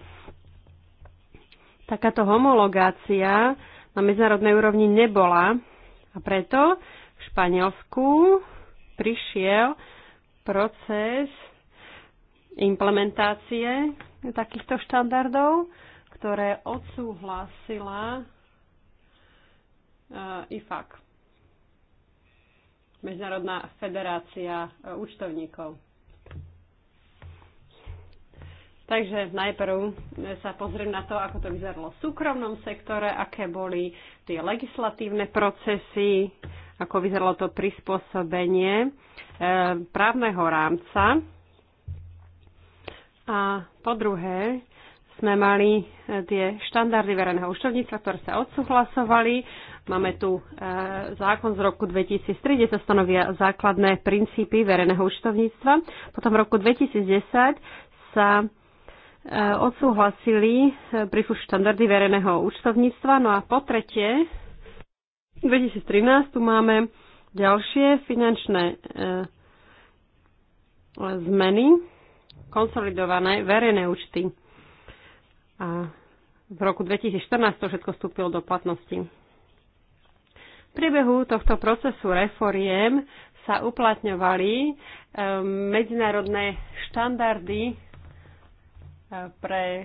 takáto homologácia na medzinárodnej úrovni nebola a preto v Španielsku prišiel proces implementácie takýchto štandardov, ktoré odsúhlasila eh, IFAC, Medzinárodná federácia eh, účtovníkov. Takže najprv eh, sa pozriem na to, ako to vyzeralo v súkromnom sektore, aké boli tie legislatívne procesy, ako vyzeralo to prispôsobenie právneho rámca a po druhé, sme mali e, tie štandardy verejného účtovníctva, ktoré sa odsúhlasovali. Máme tu e, zákon z roku 2003, kde sa stanovia základné princípy verejného účtovníctva. Potom v roku 2010 sa e, odsúhlasili príslušné štandardy verejného účtovníctva. No a po tretie, 2013 tu máme ďalšie finančné zmeny konsolidované verejné účty. A v roku 2014 to všetko vstúpilo do platnosti. V priebehu tohto procesu reforiem sa uplatňovali e, medzinárodné štandardy e, pre e,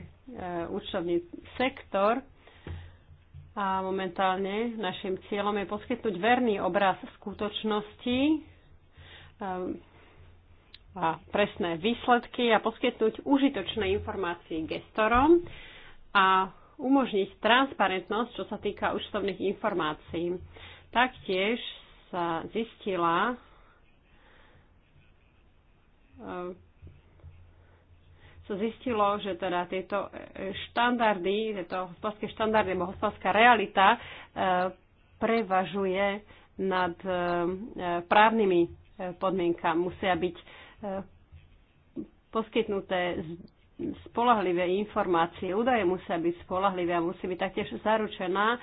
účtovný sektor a momentálne našim cieľom je poskytnúť verný obraz skutočnosti, a presné výsledky a poskytnúť užitočné informácie gestorom a umožniť transparentnosť, čo sa týka účtovných informácií. Taktiež sa zistila e, sa zistilo, že teda tieto štandardy, tieto hospodárske štandardy alebo hospodárska realita e, prevažuje nad e, právnymi podmienkami. Musia byť poskytnuté spolahlivé informácie. Údaje musia byť spolahlivé a musí byť taktiež zaručená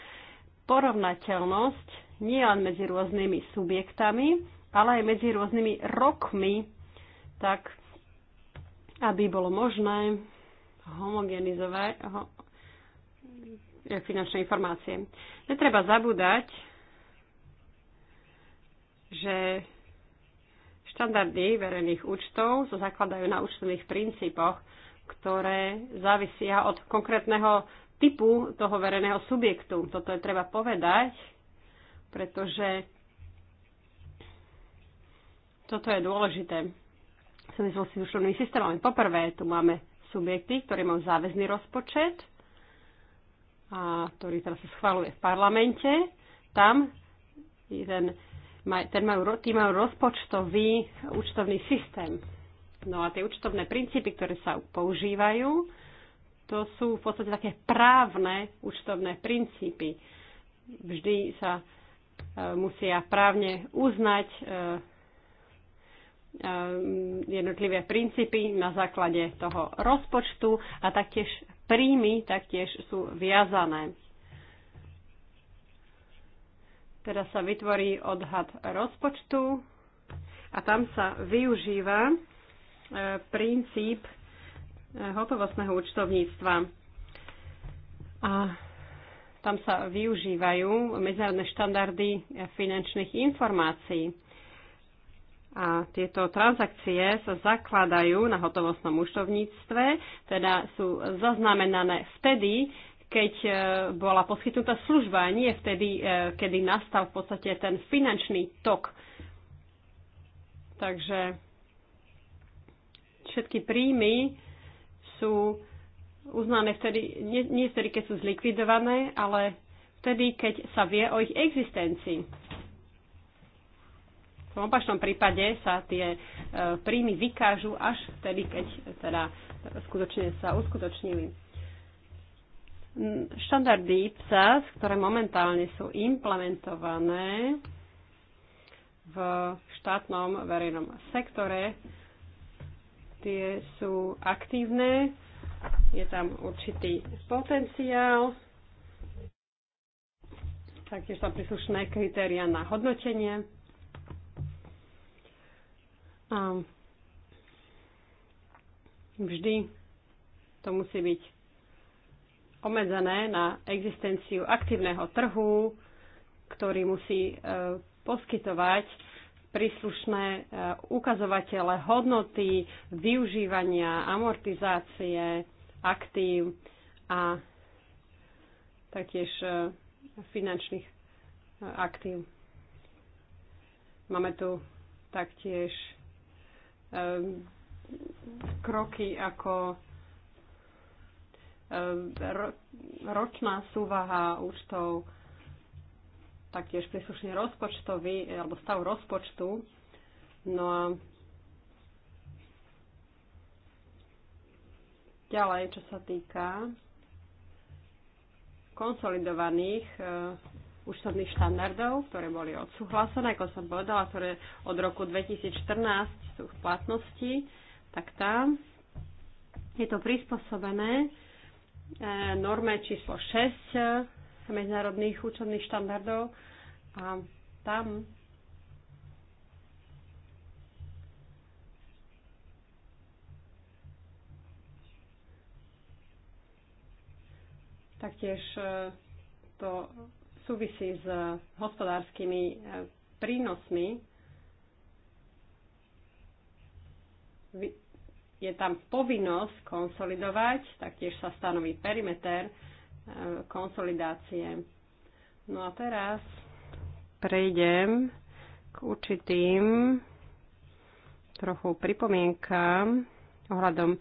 porovnateľnosť nie len medzi rôznymi subjektami, ale aj medzi rôznymi rokmi, tak aby bolo možné homogenizovať finančné informácie. Netreba zabúdať, že Štandardy verejných účtov sa zakladajú na účtovných princípoch, ktoré závisia od konkrétneho typu toho verejného subjektu. Toto je treba povedať, pretože toto je dôležité. Som s účtovnými systémami. Poprvé, tu máme subjekty, ktorí majú záväzný rozpočet, a ktorý teraz sa schvaluje v parlamente. Tam ten ten majú, tí majú rozpočtový účtovný systém. No a tie účtovné princípy, ktoré sa používajú, to sú v podstate také právne účtovné princípy. Vždy sa e, musia právne uznať e, e, jednotlivé princípy na základe toho rozpočtu a taktiež príjmy taktiež sú viazané teda sa vytvorí odhad rozpočtu a tam sa využíva e, princíp e, hotovostného účtovníctva. A tam sa využívajú medzinárodné štandardy finančných informácií. A tieto transakcie sa zakladajú na hotovostnom účtovníctve, teda sú zaznamenané vtedy, keď e, bola poskytnutá služba, a nie vtedy, e, kedy nastal v podstate ten finančný tok. Takže všetky príjmy sú uznané vtedy, nie, nie vtedy, keď sú zlikvidované, ale vtedy, keď sa vie o ich existencii. V opačnom prípade sa tie e, príjmy vykážu až vtedy, keď teda skutočne sa uskutočnili. Štandardy IPSAS, ktoré momentálne sú implementované v štátnom verejnom sektore, tie sú aktívne, je tam určitý potenciál, taktiež tam príslušné kritéria na hodnotenie. A vždy to musí byť obmedzené na existenciu aktívneho trhu, ktorý musí e, poskytovať príslušné e, ukazovatele hodnoty, využívania, amortizácie, aktív a taktiež e, finančných aktív. Máme tu taktiež kroky ako ročná súvaha účtov, taktiež príslušne rozpočtový alebo stav rozpočtu. No a ďalej, čo sa týka konsolidovaných e, účtovných štandardov, ktoré boli odsúhlasené, ako som povedala, ktoré od roku 2014 sú v platnosti, tak tam je to prispôsobené E, norme číslo 6 e, medzinárodných účelných štandardov a tam taktiež e, to súvisí s hospodárskymi prínosmi je tam povinnosť konsolidovať, taktiež sa stanoví perimeter e, konsolidácie. No a teraz prejdem k určitým trochu pripomienkám ohľadom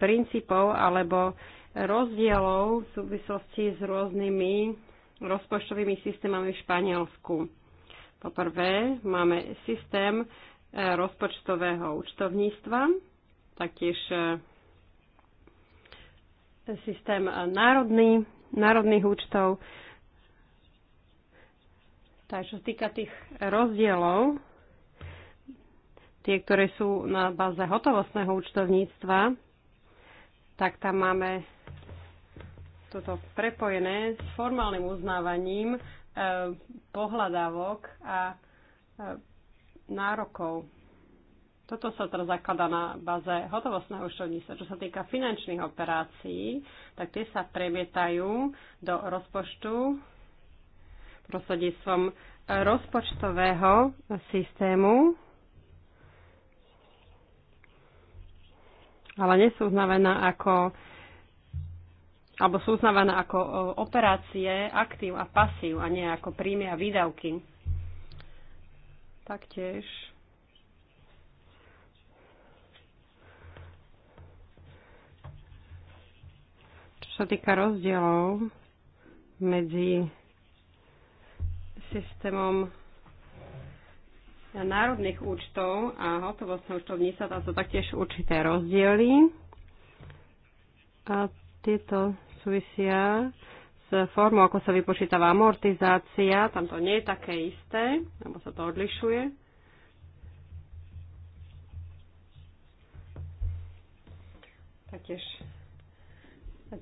princípov alebo rozdielov v súvislosti s rôznymi rozpočtovými systémami v Španielsku. Poprvé máme systém e, rozpočtového účtovníctva, taktiež e, systém národný, národných účtov. Takže čo týka tých rozdielov, tie, ktoré sú na báze hotovostného účtovníctva, tak tam máme toto prepojené s formálnym uznávaním e, pohľadávok a e, nárokov. Toto sa teraz zakladá na baze hotovostného účtovníctva. Čo sa týka finančných operácií, tak tie sa premietajú do rozpočtu prostredníctvom rozpočtového systému, ale nie sú uznávané ako alebo sú uznávané ako e, operácie aktív a pasív a nie ako príjmy a výdavky. Taktiež Čo sa týka rozdielov medzi systémom národných účtov a hotovostných účtov sa tam sú taktiež určité rozdiely. A tieto súvisia s formou, ako sa vypočítava amortizácia. Tam to nie je také isté, lebo sa to odlišuje. Taktiež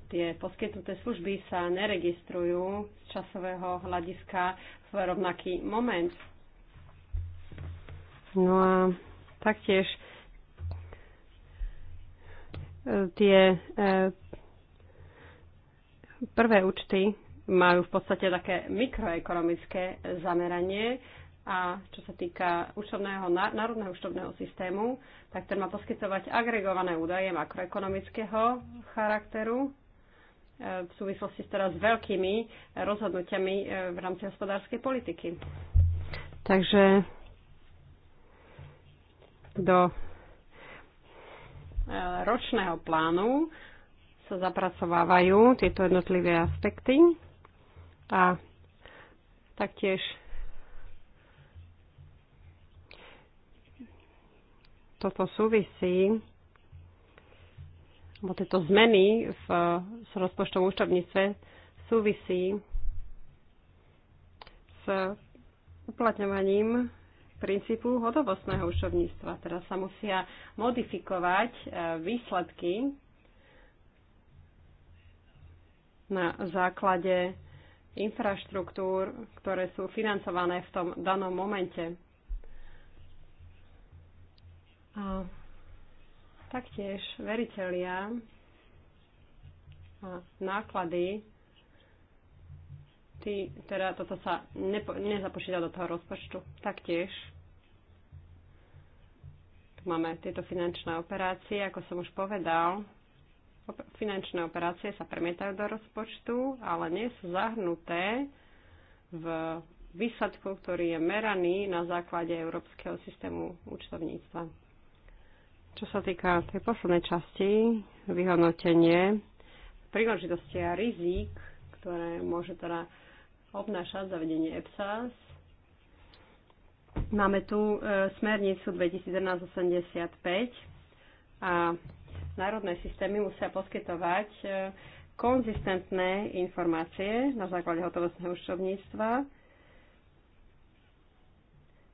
tie poskytnuté služby sa neregistrujú z časového hľadiska v rovnaký moment. No a taktiež e, tie e, prvé účty majú v podstate také mikroekonomické zameranie a čo sa týka účtovného, národného účtovného systému, tak ten má poskytovať agregované údaje makroekonomického charakteru e, v súvislosti teraz s veľkými rozhodnutiami e, v rámci hospodárskej politiky. Takže do e, ročného plánu sa zapracovávajú tieto jednotlivé aspekty a taktiež toto súvisí, alebo tieto zmeny v, s rozpočtom účtovnice súvisí s uplatňovaním princípu hodovostného účtovníctva. Teraz sa musia modifikovať e, výsledky na základe infraštruktúr, ktoré sú financované v tom danom momente. A taktiež veriteľia a náklady tí, teda toto sa nepo, nezapočíta do toho rozpočtu. Taktiež tu máme tieto finančné operácie, ako som už povedal. finančné operácie sa premietajú do rozpočtu, ale nie sú zahrnuté v výsledku, ktorý je meraný na základe Európskeho systému účtovníctva. Čo sa týka tej poslednej časti, vyhodnotenie príležitosti a rizík, ktoré môže teda obnášať zavedenie EPSAS. Máme tu e, smernicu 2011-85 a národné systémy musia poskytovať e, konzistentné informácie na základe hotovostného účtovníctva.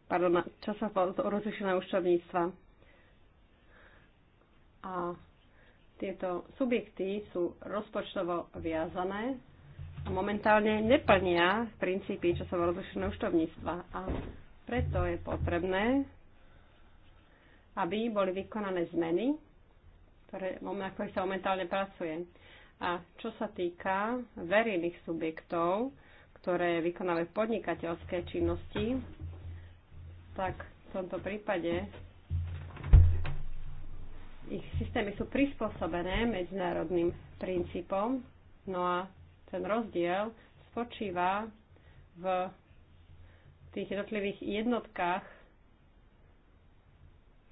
Pardon, časov rozlišeného účtovníctva a tieto subjekty sú rozpočtovo viazané a momentálne neplnia princípy časovo rozlišeného účtovníctva a preto je potrebné, aby boli vykonané zmeny, ktoré, na ktorých sa momentálne pracuje. A čo sa týka verejných subjektov, ktoré vykonávajú podnikateľské činnosti, tak v tomto prípade ich systémy sú prispôsobené medzinárodným princípom, no a ten rozdiel spočíva v tých jednotlivých jednotkách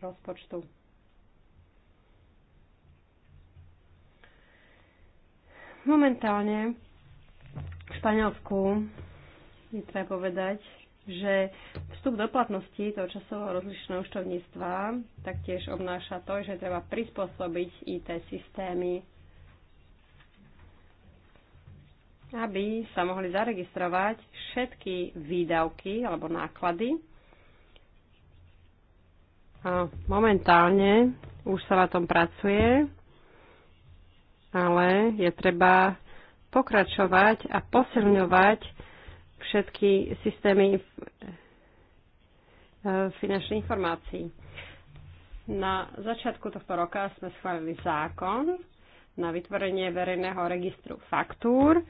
rozpočtu. Momentálne v Španielsku, treba povedať, že vstup do platnosti toho časového rozlišného účtovníctva taktiež obnáša to, že treba prispôsobiť IT systémy, aby sa mohli zaregistrovať všetky výdavky alebo náklady. A momentálne už sa na tom pracuje, ale je treba pokračovať a posilňovať všetky systémy eh, eh, finančných informácií. Na začiatku tohto roka sme schválili zákon na vytvorenie verejného registru faktúr,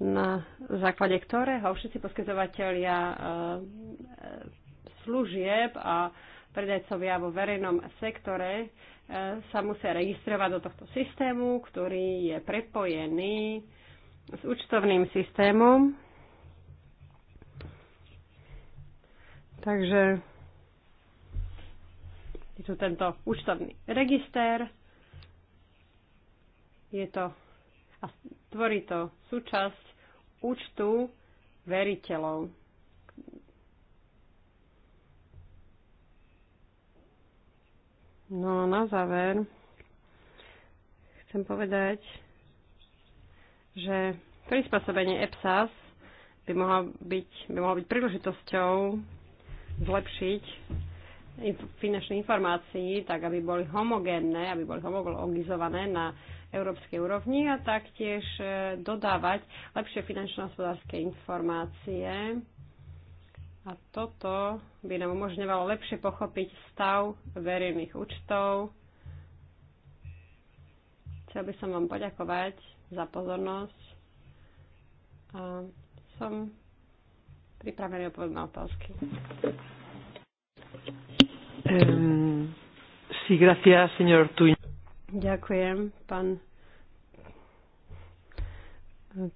na základe ktorého všetci poskytovateľia eh, služieb a predajcovia vo verejnom sektore sa musia registrovať do tohto systému, ktorý je prepojený s účtovným systémom Takže je tu tento účtovný register. Je to a tvorí to súčasť účtu veriteľov. No a na záver chcem povedať, že prispôsobenie EPSAS by, mohlo byť, by mohlo byť príležitosťou zlepšiť finančné informácií, tak aby boli homogénne, aby boli homologizované na európskej úrovni a taktiež e, dodávať lepšie finančné hospodárske informácie. A toto by nám umožňovalo lepšie pochopiť stav verejných účtov. Chcel by som vám poďakovať za pozornosť. A som pripravený odpoved na otázky. Um, sí, gracias, señor Tuño. Ďakujem, pán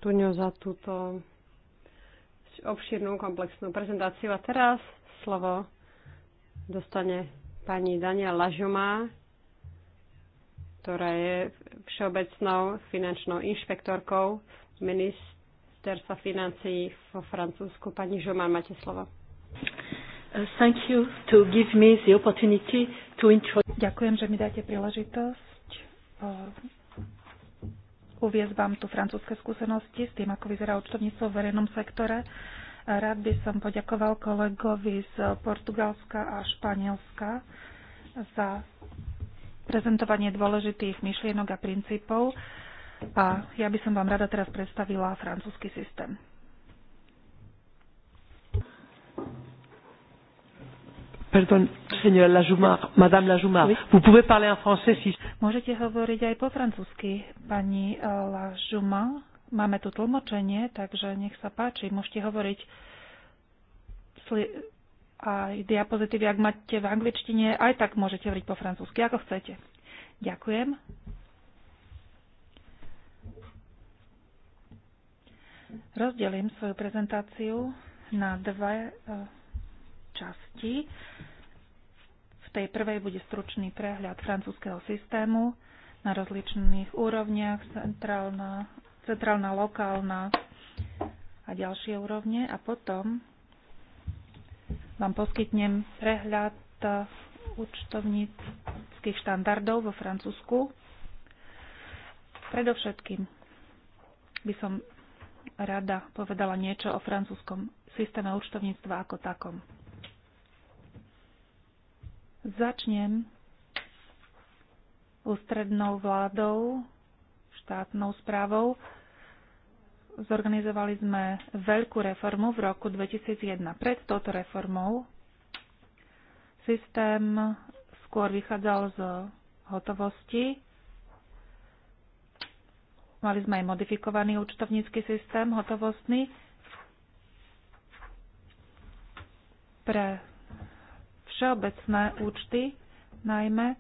Tuňo, za túto obšírnu, komplexnú prezentáciu. A teraz slovo dostane pani Dania Lažomá, ktorá je všeobecnou finančnou inšpektorkou minist- ministerstva financí vo Francúzsku. Pani Žuman, máte slovo. Thank you to give me the opportunity to introduce... Ďakujem, že mi dáte príležitosť eh, uviezť vám tu francúzske skúsenosti s tým, ako vyzerá účtovníctvo v verejnom sektore. Rád by som poďakoval kolegovi z Portugalska a Španielska za prezentovanie dôležitých myšlienok a princípov a ja by som vám rada teraz predstavila francúzsky systém. Pardon, señor Lajumar, madame Lajumar, oui. vous pouvez parler en français si... Môžete hovoriť aj po francúzsky, pani eh, Lajumar. Máme tu tlmočenie, takže nech sa páči, môžete hovoriť aj diapozitívy, ak máte v angličtine, aj tak môžete hovoriť po francúzsky, ako chcete. Ďakujem. Rozdelím svoju prezentáciu na dve e, časti. V tej prvej bude stručný prehľad francúzského systému na rozličných úrovniach, centrálna, centrálna lokálna a ďalšie úrovne. A potom vám poskytnem prehľad e, účtovníckých štandardov vo Francúzsku. Predovšetkým by som rada povedala niečo o francúzskom systéme účtovníctva ako takom. Začnem ústrednou vládou, štátnou správou. Zorganizovali sme veľkú reformu v roku 2001. Pred touto reformou systém skôr vychádzal z hotovosti Mali sme aj modifikovaný účtovnícky systém hotovostný pre všeobecné účty najmä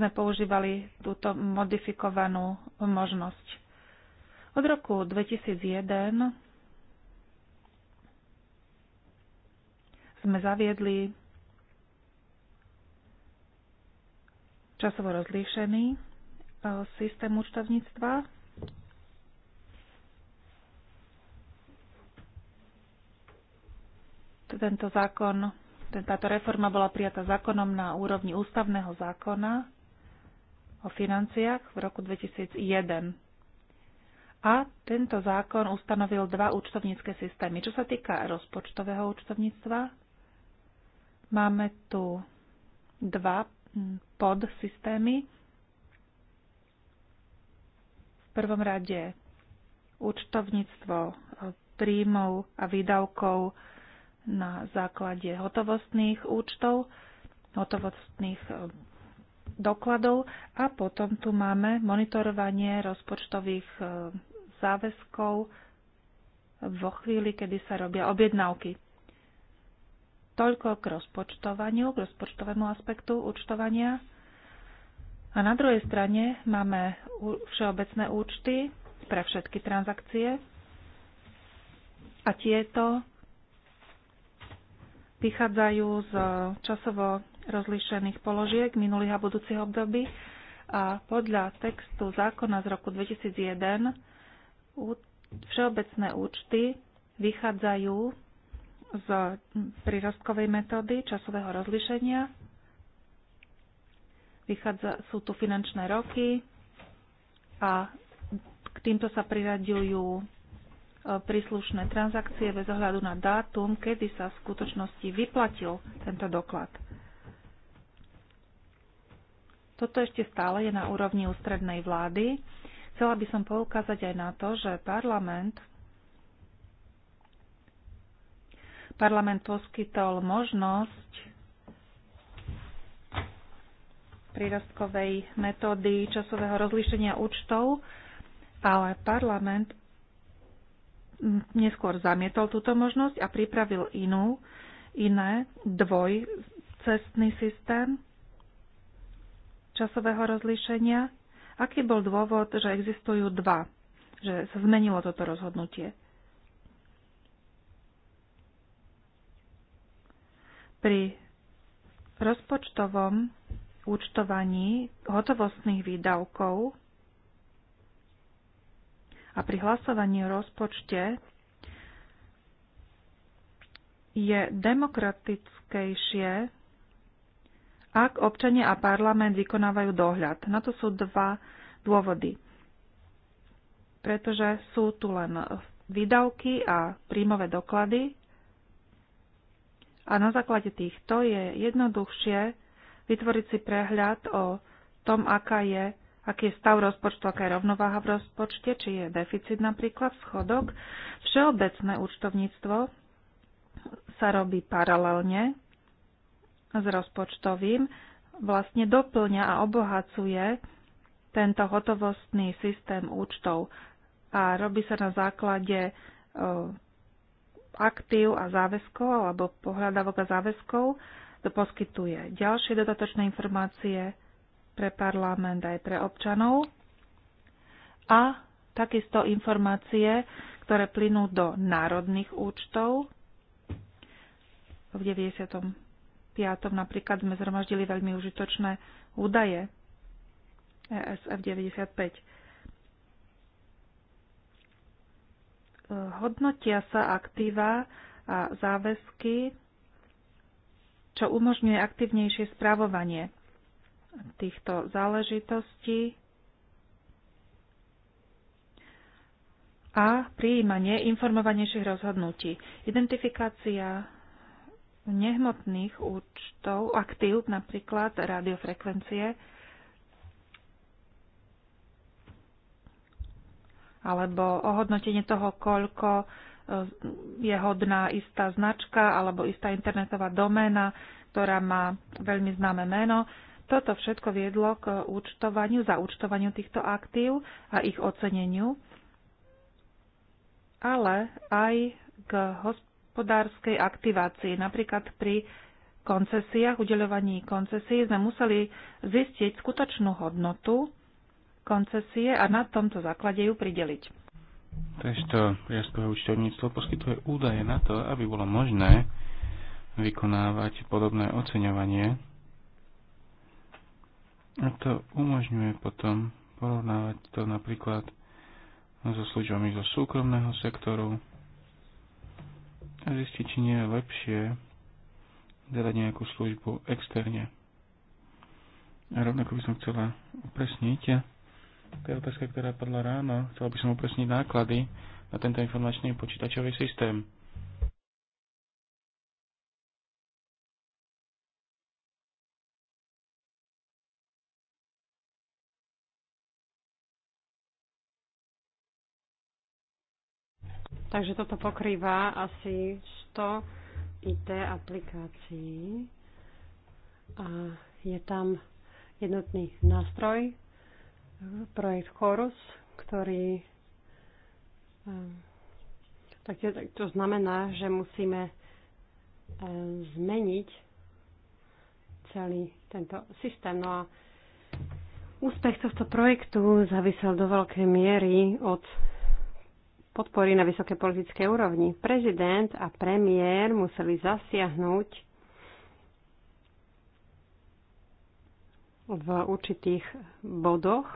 sme používali túto modifikovanú možnosť. Od roku 2001 sme zaviedli časovo rozlíšený e, systém účtovníctva tento zákon, táto reforma bola prijatá zákonom na úrovni ústavného zákona o financiách v roku 2001. A tento zákon ustanovil dva účtovnícke systémy. Čo sa týka rozpočtového účtovníctva, máme tu dva mm, podsystémy. V prvom rade účtovníctvo e, príjmov a výdavkov na základe hotovostných účtov, hotovostných e, dokladov a potom tu máme monitorovanie rozpočtových e, záväzkov vo chvíli, kedy sa robia objednávky. Toľko k rozpočtovaniu, k rozpočtovému aspektu účtovania. A na druhej strane máme všeobecné účty pre všetky transakcie a tieto vychádzajú z časovo rozlíšených položiek minulých a budúcich období a podľa textu zákona z roku 2001 všeobecné účty vychádzajú z prírostkovej metódy časového rozlíšenia. Vychádza, sú tu finančné roky a k týmto sa priraďujú E, príslušné transakcie bez ohľadu na dátum, kedy sa v skutočnosti vyplatil tento doklad. Toto ešte stále je na úrovni ústrednej vlády. Chcela by som poukázať aj na to, že parlament parlament poskytol možnosť prírastkovej metódy časového rozlíšenia účtov, ale parlament neskôr zamietol túto možnosť a pripravil inú, iné dvojcestný systém časového rozlíšenia. Aký bol dôvod, že existujú dva, že sa zmenilo toto rozhodnutie? Pri rozpočtovom účtovaní hotovostných výdavkov a pri hlasovaní o rozpočte je demokratickejšie, ak občania a parlament vykonávajú dohľad. Na to sú dva dôvody. Pretože sú tu len výdavky a príjmové doklady a na základe týchto je jednoduchšie vytvoriť si prehľad o tom, aká je aký je stav rozpočtu, aká je rovnováha v rozpočte, či je deficit napríklad, schodok. Všeobecné účtovníctvo sa robí paralelne s rozpočtovým, vlastne doplňa a obohacuje tento hotovostný systém účtov a robí sa na základe e, aktív a záväzkov alebo pohľadavok a záväzkov, to poskytuje ďalšie dodatočné informácie, pre parlament aj pre občanov a takisto informácie, ktoré plynú do národných účtov. V 95. napríklad sme zhromaždili veľmi užitočné údaje e ESF 95. Hodnotia sa aktíva a záväzky, čo umožňuje aktívnejšie správovanie týchto záležitostí a prijímanie informovanejších rozhodnutí. Identifikácia nehmotných účtov, aktív, napríklad radiofrekvencie, alebo ohodnotenie toho, koľko e, je hodná istá značka alebo istá internetová doména, ktorá má veľmi známe meno. Toto všetko viedlo k účtovaniu, zaúčtovaniu týchto aktív a ich oceneniu, ale aj k hospodárskej aktivácii. Napríklad pri koncesiách, udeľovaní koncesií sme museli zistiť skutočnú hodnotu koncesie a na tomto základe ju prideliť. Takže to priazkové účtovníctvo poskytuje údaje na to, aby bolo možné vykonávať podobné oceňovanie a to umožňuje potom porovnávať to napríklad so službami zo súkromného sektoru a zistiť, či nie je lepšie dať nejakú službu externe. A rovnako by som chcela upresniť, to je otázka, ktorá padla ráno, chcela by som upresniť náklady na tento informačný počítačový systém. Takže toto pokrýva asi 100 IT aplikácií a je tam jednotný nástroj, projekt Chorus, ktorý ehm, tak to znamená, že musíme ehm, zmeniť celý tento systém. No a úspech tohto projektu závisel do veľkej miery od podpory na vysoké politické úrovni. Prezident a premiér museli zasiahnuť v určitých bodoch.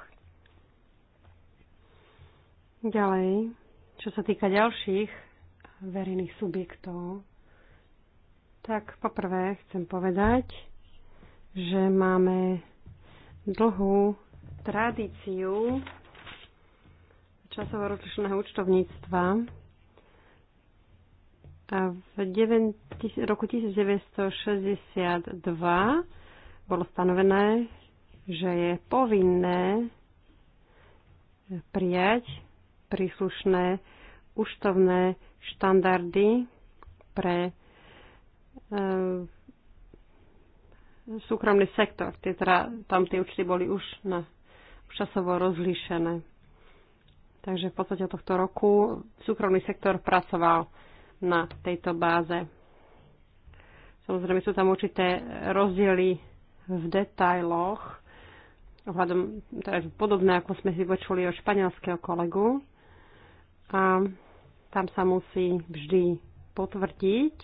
Ďalej, čo sa týka ďalších verejných subjektov, tak poprvé chcem povedať, že máme dlhú tradíciu časovo rozlišeného účtovníctva. A v 9, roku 1962 bolo stanovené, že je povinné prijať príslušné účtovné štandardy pre e, súkromný sektor. Tie teda, tam tie účty boli už na časovo rozlíšené. Takže v podstate tohto roku súkromný sektor pracoval na tejto báze. Samozrejme sú tam určité rozdiely v detailoch, ohľadom, teda podobné, ako sme si počuli od španielského kolegu. A tam sa musí vždy potvrdiť,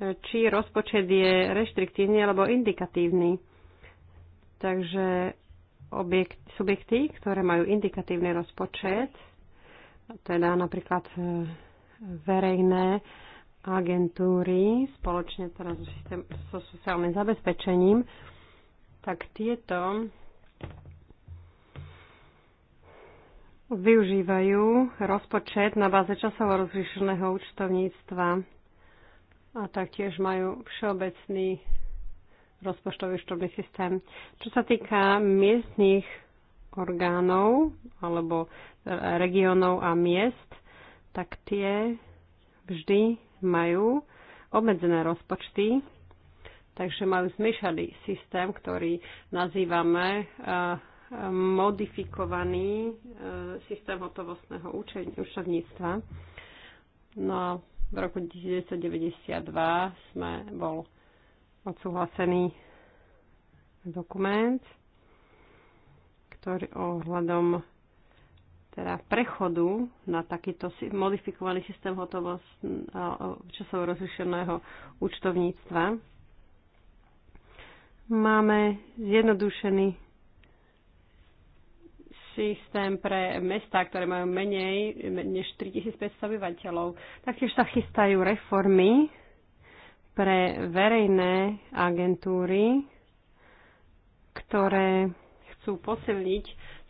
či rozpočet je reštriktívny alebo indikatívny. Takže objekt, subjekty, ktoré majú indikatívny rozpočet, teda napríklad e, verejné agentúry spoločne teraz so, systém, so sociálnym zabezpečením, tak tieto využívajú rozpočet na báze časovo rozlišeného účtovníctva a taktiež majú všeobecný rozpočtový štúrny systém. Čo sa týka miestných orgánov alebo e, regionov a miest, tak tie vždy majú obmedzené rozpočty, takže majú zmiešaný systém, ktorý nazývame e, modifikovaný e, systém hotovostného účtovníctva. No a v roku 1992 sme bol odsúhlasený dokument, ktorý ohľadom teda prechodu na takýto modifikovaný systém hotovosť časovo rozlišeného účtovníctva. Máme zjednodušený systém pre mesta, ktoré majú menej než 3500 obyvateľov. Taktiež sa chystajú reformy pre verejné agentúry, ktoré chcú posilniť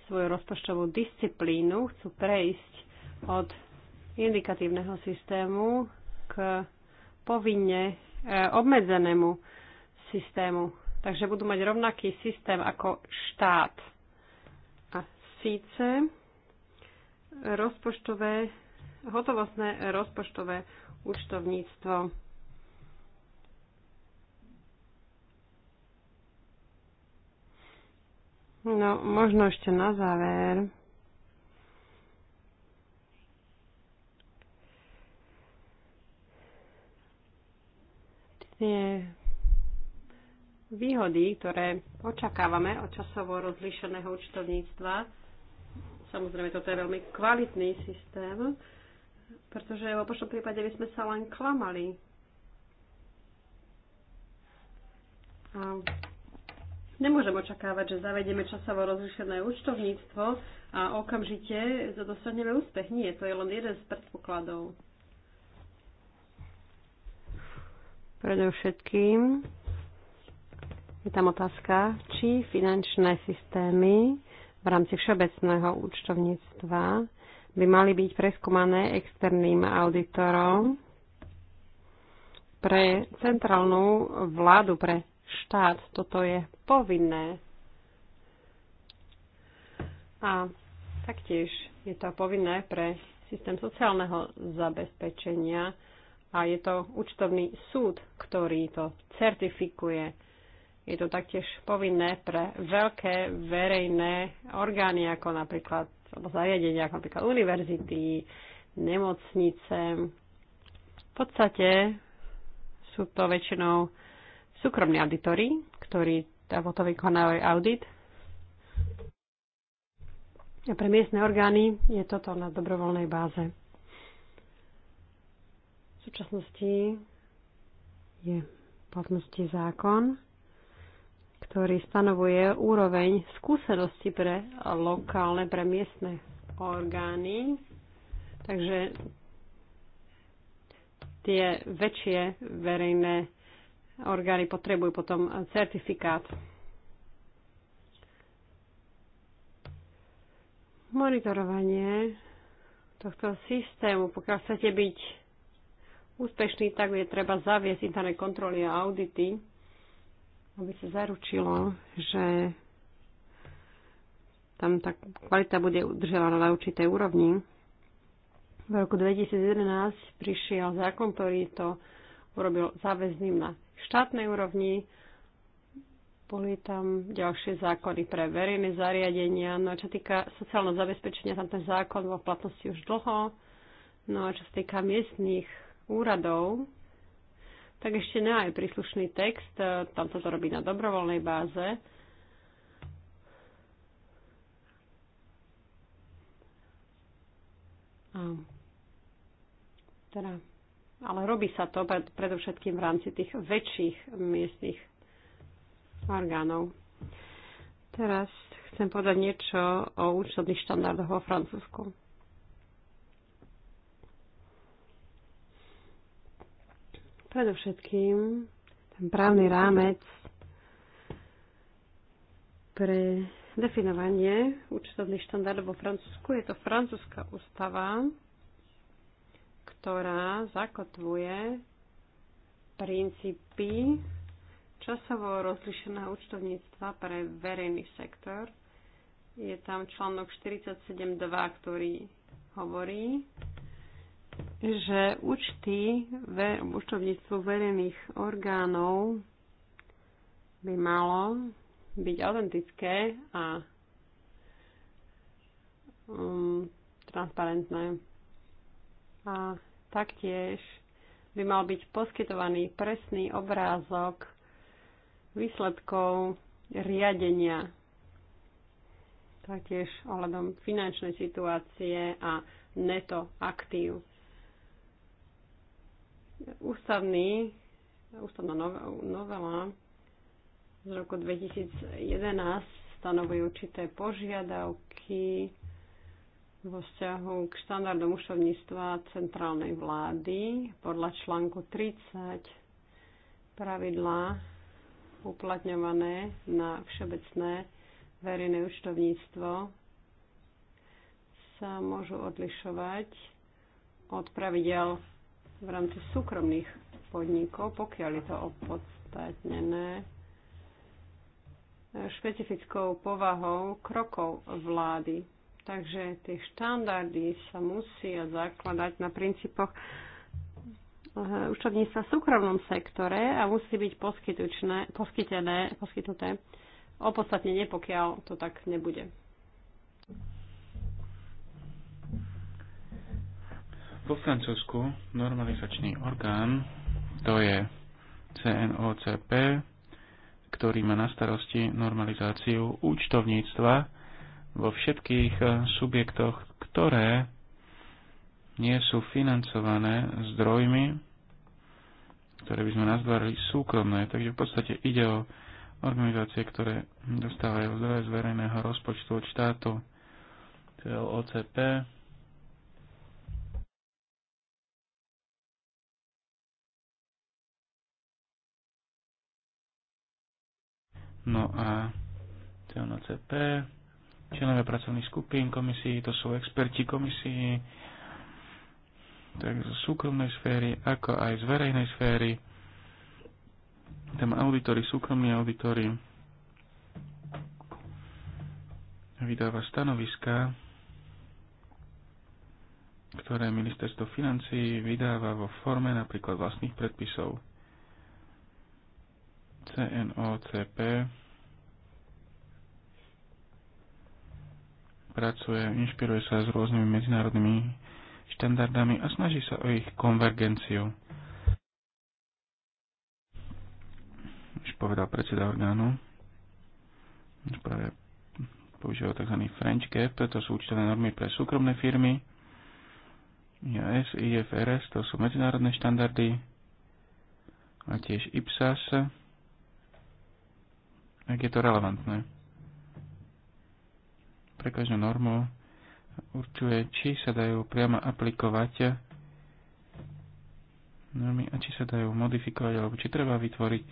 svoju rozpočtovú disciplínu, chcú prejsť od indikatívneho systému k povinne e, obmedzenému systému. Takže budú mať rovnaký systém ako štát. A síce rozpočtové, hotovostné rozpočtové účtovníctvo No, možno ešte na záver. Tie výhody, ktoré očakávame od časovo rozlišeného účtovníctva, samozrejme toto je veľmi kvalitný systém, pretože v opačnom prípade by sme sa len klamali. A Nemôžem očakávať, že zavedieme časovo rozlišené účtovníctvo a okamžite dosiahneme úspech. Nie, to je len jeden z predpokladov. Predovšetkým je tam otázka, či finančné systémy v rámci všeobecného účtovníctva by mali byť preskúmané externým auditorom pre centrálnu vládu, pre štát. Toto je povinné. A taktiež je to povinné pre systém sociálneho zabezpečenia a je to účtovný súd, ktorý to certifikuje. Je to taktiež povinné pre veľké verejné orgány, ako napríklad alebo zariadenia, ako napríklad univerzity, nemocnice. V podstate sú to väčšinou súkromní auditori, ktorí to vykonávajú audit. A pre miestne orgány je toto na dobrovoľnej báze. V súčasnosti je platnosti zákon, ktorý stanovuje úroveň skúsenosti pre lokálne, pre miestne orgány. Takže tie väčšie verejné orgány potrebujú potom certifikát. Monitorovanie tohto systému, pokiaľ chcete byť úspešný, tak je treba zaviesť interné kontroly a audity, aby sa zaručilo, že tam tá kvalita bude udržovaná na určitej úrovni. V roku 2011 prišiel zákon, ktorý to urobil záväzným na štátnej úrovni. Boli tam ďalšie zákony pre verejné zariadenia. No a čo týka sociálneho zabezpečenia, tam ten zákon bol v platnosti už dlho. No a čo sa týka miestných úradov, tak ešte nemá aj príslušný text, e, tam sa to robí na dobrovoľnej báze. A, teda ale robí sa to pred, predovšetkým v rámci tých väčších miestnych orgánov. Teraz chcem povedať niečo o účtovných štandardoch vo Francúzsku. Predovšetkým ten právny rámec pre definovanie účtovných štandardov vo Francúzsku je to francúzska ústava, ktorá zakotvuje princípy časovo rozlišeného účtovníctva pre verejný sektor. Je tam článok 47.2, ktorý hovorí, že účty v účtovníctvu verejných orgánov by malo byť autentické a um, transparentné. A Taktiež by mal byť poskytovaný presný obrázok výsledkov riadenia, taktiež ohľadom finančnej situácie a neto aktív. Ústavný, ústavná novela z roku 2011 stanovujú určité požiadavky vo vzťahu k štandardom ušovníctva centrálnej vlády podľa článku 30 pravidlá uplatňované na všeobecné verejné účtovníctvo sa môžu odlišovať od pravidel v rámci súkromných podnikov, pokiaľ je to opodstatnené špecifickou povahou krokov vlády Takže tie štandardy sa musia zakladať na princípoch eh, účtovníctva v súkromnom sektore a musí byť poskytené, poskytnuté opodstatnenie, pokiaľ to tak nebude. Vo Francúzsku normalizačný orgán to je CNOCP, ktorý má na starosti normalizáciu účtovníctva vo všetkých eh, subjektoch, ktoré nie sú financované zdrojmi, ktoré by sme nazvali súkromné. Takže v podstate ide o organizácie, ktoré dostávajú zdroje z verejného rozpočtu od štátu, to je OCP, No a CNCP členovia pracovných skupín komisí, to sú experti komisí, tak zo súkromnej sféry, ako aj z verejnej sféry. Tam auditory, súkromní auditory vydáva stanoviska, ktoré ministerstvo financí vydáva vo forme napríklad vlastných predpisov. CNOCP pracuje, inšpiruje sa s rôznymi medzinárodnými štandardami a snaží sa o ich konvergenciu. Už povedal predseda orgánu, už práve používal tzv. French Gap, to sú účtovné normy pre súkromné firmy, IAS, IFRS, to sú medzinárodné štandardy, a tiež IPSAS, ak je to relevantné pre každú normu určuje, či sa dajú priamo aplikovať normy a či sa dajú modifikovať, alebo či treba vytvoriť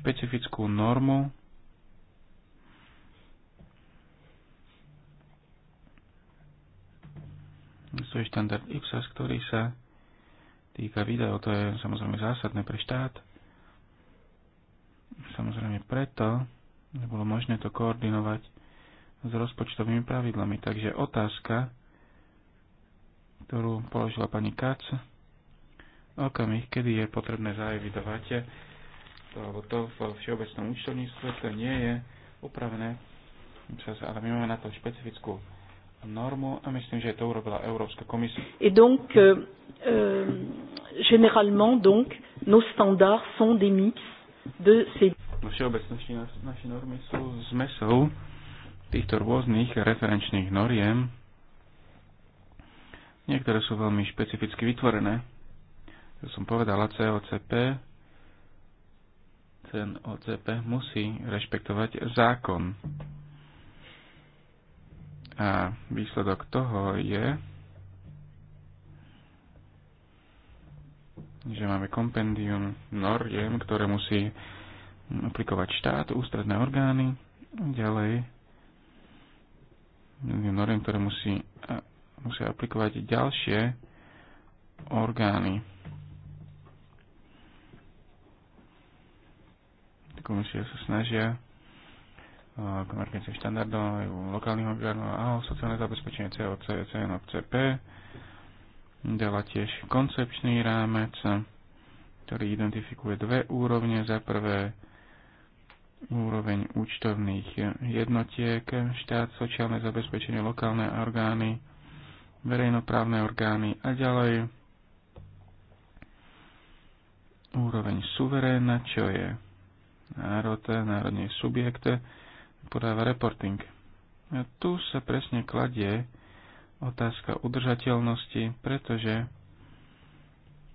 špecifickú normu. To je štandard IPSAS, ktorý sa týka videov, to je samozrejme zásadné pre štát. Samozrejme preto, že bolo možné to koordinovať s rozpočtovými pravidlami. Takže otázka, ktorú položila pani Kac, okamih, kedy je potrebné zaevidovať to, alebo to v všeobecnom účtovníctve, to nie je upravené ale my máme na to špecifickú normu a myslím, že to urobila Európska komisia. Et donc, euh, euh, généralement, donc, nos standards sont des mix de ces... No, všeobecnosti naši normy sú zmesou týchto rôznych referenčných noriem. Niektoré sú veľmi špecificky vytvorené. Ja som povedala, COCP, COCP musí rešpektovať zákon. A výsledok toho je, že máme kompendium noriem, ktoré musí aplikovať štát, ústredné orgány, ďalej noriem, ktoré musí, musia aplikovať ďalšie orgány. Komisia sa snažia konvergencie štandardov, lokálnych orgánov a sociálne zabezpečenie COC, CNO, CP. Dala tiež koncepčný rámec, ktorý identifikuje dve úrovne. Za prvé úroveň účtovných jednotiek, štát, sociálne zabezpečenie, lokálne orgány, verejnoprávne orgány a ďalej úroveň suveréna, čo je národ, národný subjekt, podáva reporting. A tu sa presne kladie otázka udržateľnosti, pretože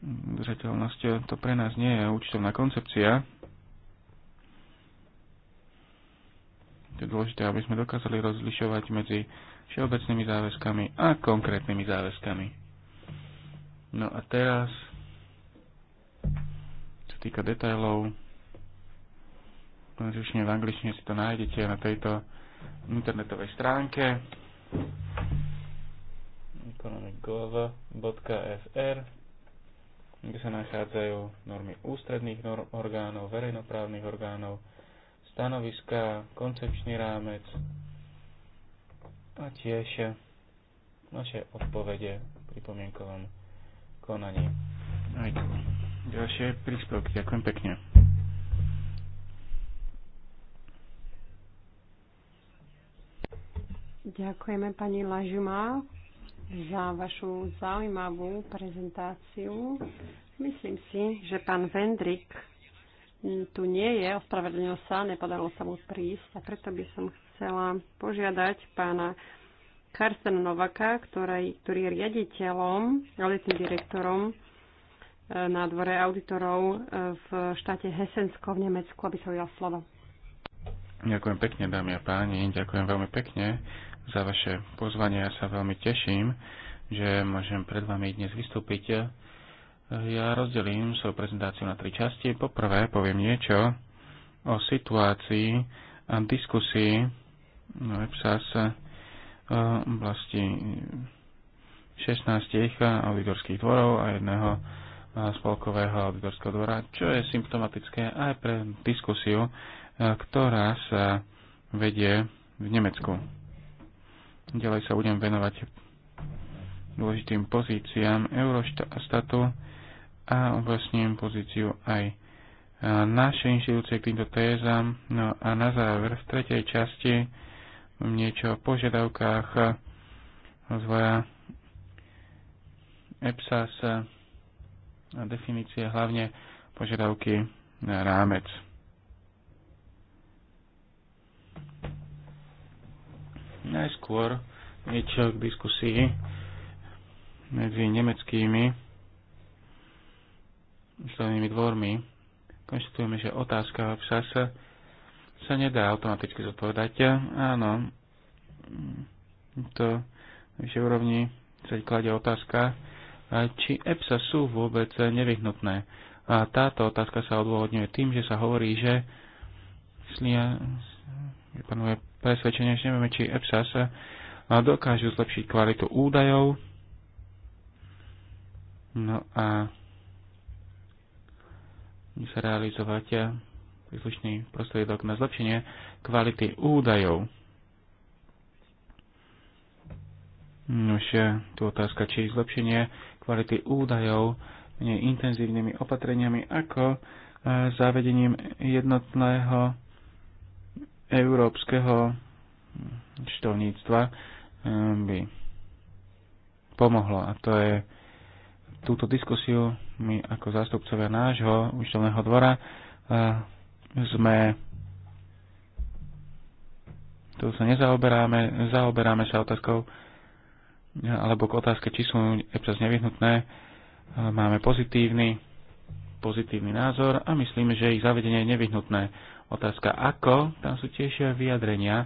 udržateľnosť to pre nás nie je účtovná koncepcia, dôležité, aby sme dokázali rozlišovať medzi všeobecnými záväzkami a konkrétnymi záväzkami. No a teraz, čo týka detailov, v angličtine si to nájdete na tejto internetovej stránke economicgov.fr kde sa nachádzajú normy ústredných norm orgánov, verejnoprávnych orgánov, stanoviska, koncepčný rámec a tiež naše odpovede v pripomienkovom konaní. Aj ďalšie príspevky. Ďakujem pekne. Ďakujeme pani Lažuma za vašu zaujímavú prezentáciu. Myslím si, že pán Vendrik tu nie je, ospravedlnil sa, nepodarilo sa mu prísť a preto by som chcela požiadať pána Karsten Novaka, ktorý, ktorý je riaditeľom, realitným direktorom e, na dvore auditorov e, v štáte Hesensko v Nemecku, aby sa ujal slovo. Ďakujem pekne, dámy a páni. Ďakujem veľmi pekne za vaše pozvanie. Ja sa veľmi teším, že môžem pred vami dnes vystúpiť ja rozdelím svoju prezentáciu na tri časti. Poprvé poviem niečo o situácii a diskusii na WebSAS v eh, oblasti 16 eh, auditorských dvorov a jedného eh, spolkového auditorského dvora, čo je symptomatické aj pre diskusiu, ktorá sa vedie v Nemecku. Ďalej sa budem venovať dôležitým pozíciám Eurostatu a objasním pozíciu aj e, naše inštitúcie k týmto tézam. No a na záver, v tretej časti niečo o požiadavkách rozvoja e, EPSAS e, a definície, hlavne požiadavky na rámec. Najskôr niečo k diskusii medzi nemeckými zelenými dvormi, konštatujeme, že otázka v sa, sa nedá automaticky zodpovedať. Áno, to že úrovni sa kladie otázka, či EPSA sú vôbec nevyhnutné. A táto otázka sa odôvodňuje tým, že sa hovorí, že panuje presvedčenie, že nevieme, či EPSA sa dokážu zlepšiť kvalitu údajov. No a sa realizovať príslušný prostriedok na zlepšenie kvality údajov. Už tu otázka, či zlepšenie kvality údajov menej intenzívnymi opatreniami ako e, zavedením jednotného európskeho štovníctva e, by pomohlo. A to je túto diskusiu my ako zástupcovia nášho účtovného dvora eh, sme tu sa nezaoberáme, zaoberáme sa otázkou alebo k otázke, či sú občas nevyhnutné. Eh, máme pozitívny, pozitívny názor a myslíme, že ich zavedenie je nevyhnutné. Otázka ako, tam sú tiež vyjadrenia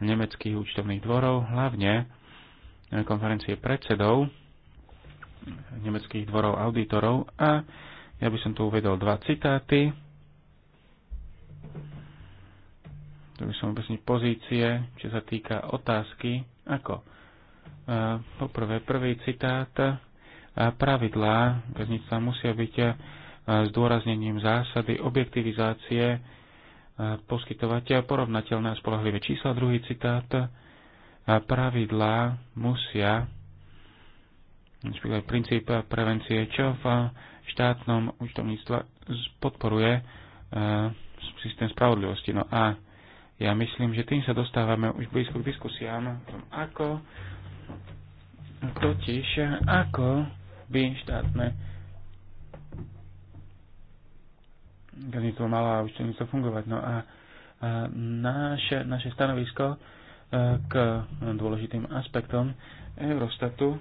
nemeckých účtovných dvorov, hlavne eh, konferencie predsedov, nemeckých dvorov auditorov a ja by som tu uvedol dva citáty. Tu by som objasniť pozície, čo sa týka otázky, ako. E, poprvé, prvý citát. E, pravidlá väznica musia byť e, zdôraznením zásady objektivizácie poskytovať porovnateľné a spolahlivé čísla. Druhý citát. Pravidlá musia Napríklad princíp prevencie, čo v štátnom účtovníctve podporuje e, systém spravodlivosti. No a ja myslím, že tým sa dostávame už blízko k diskusiám, ako totiž, ako by štátne malo mala účtovníctvo fungovať. No a, a naše, naše stanovisko e, k dôležitým aspektom Eurostatu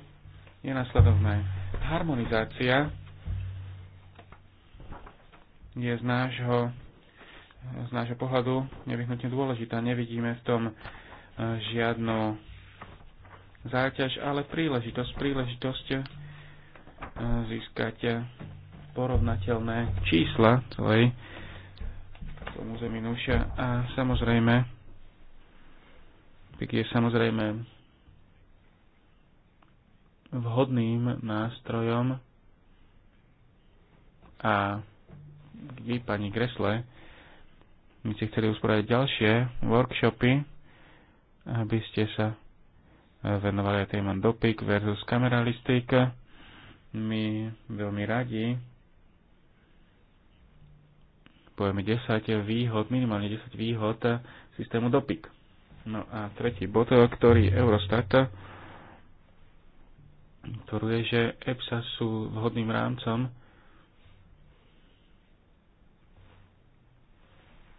je nasledovné. Harmonizácia je z nášho, z nášho pohľadu nevyhnutne dôležitá. Nevidíme v tom e, žiadnu záťaž, ale príležitosť, príležitosť e, získať porovnateľné čísla celej tomu území a samozrejme keď je samozrejme vhodným nástrojom a vy, pani Gresle, my ste chceli usporiadať ďalšie workshopy, aby ste sa venovali aj téma dopik versus kameralistika. My veľmi radi povieme 10 výhod, minimálne 10 výhod systému dopik. No a tretí bod, ktorý Eurostat ktorú je, že EPSA sú vhodným rámcom.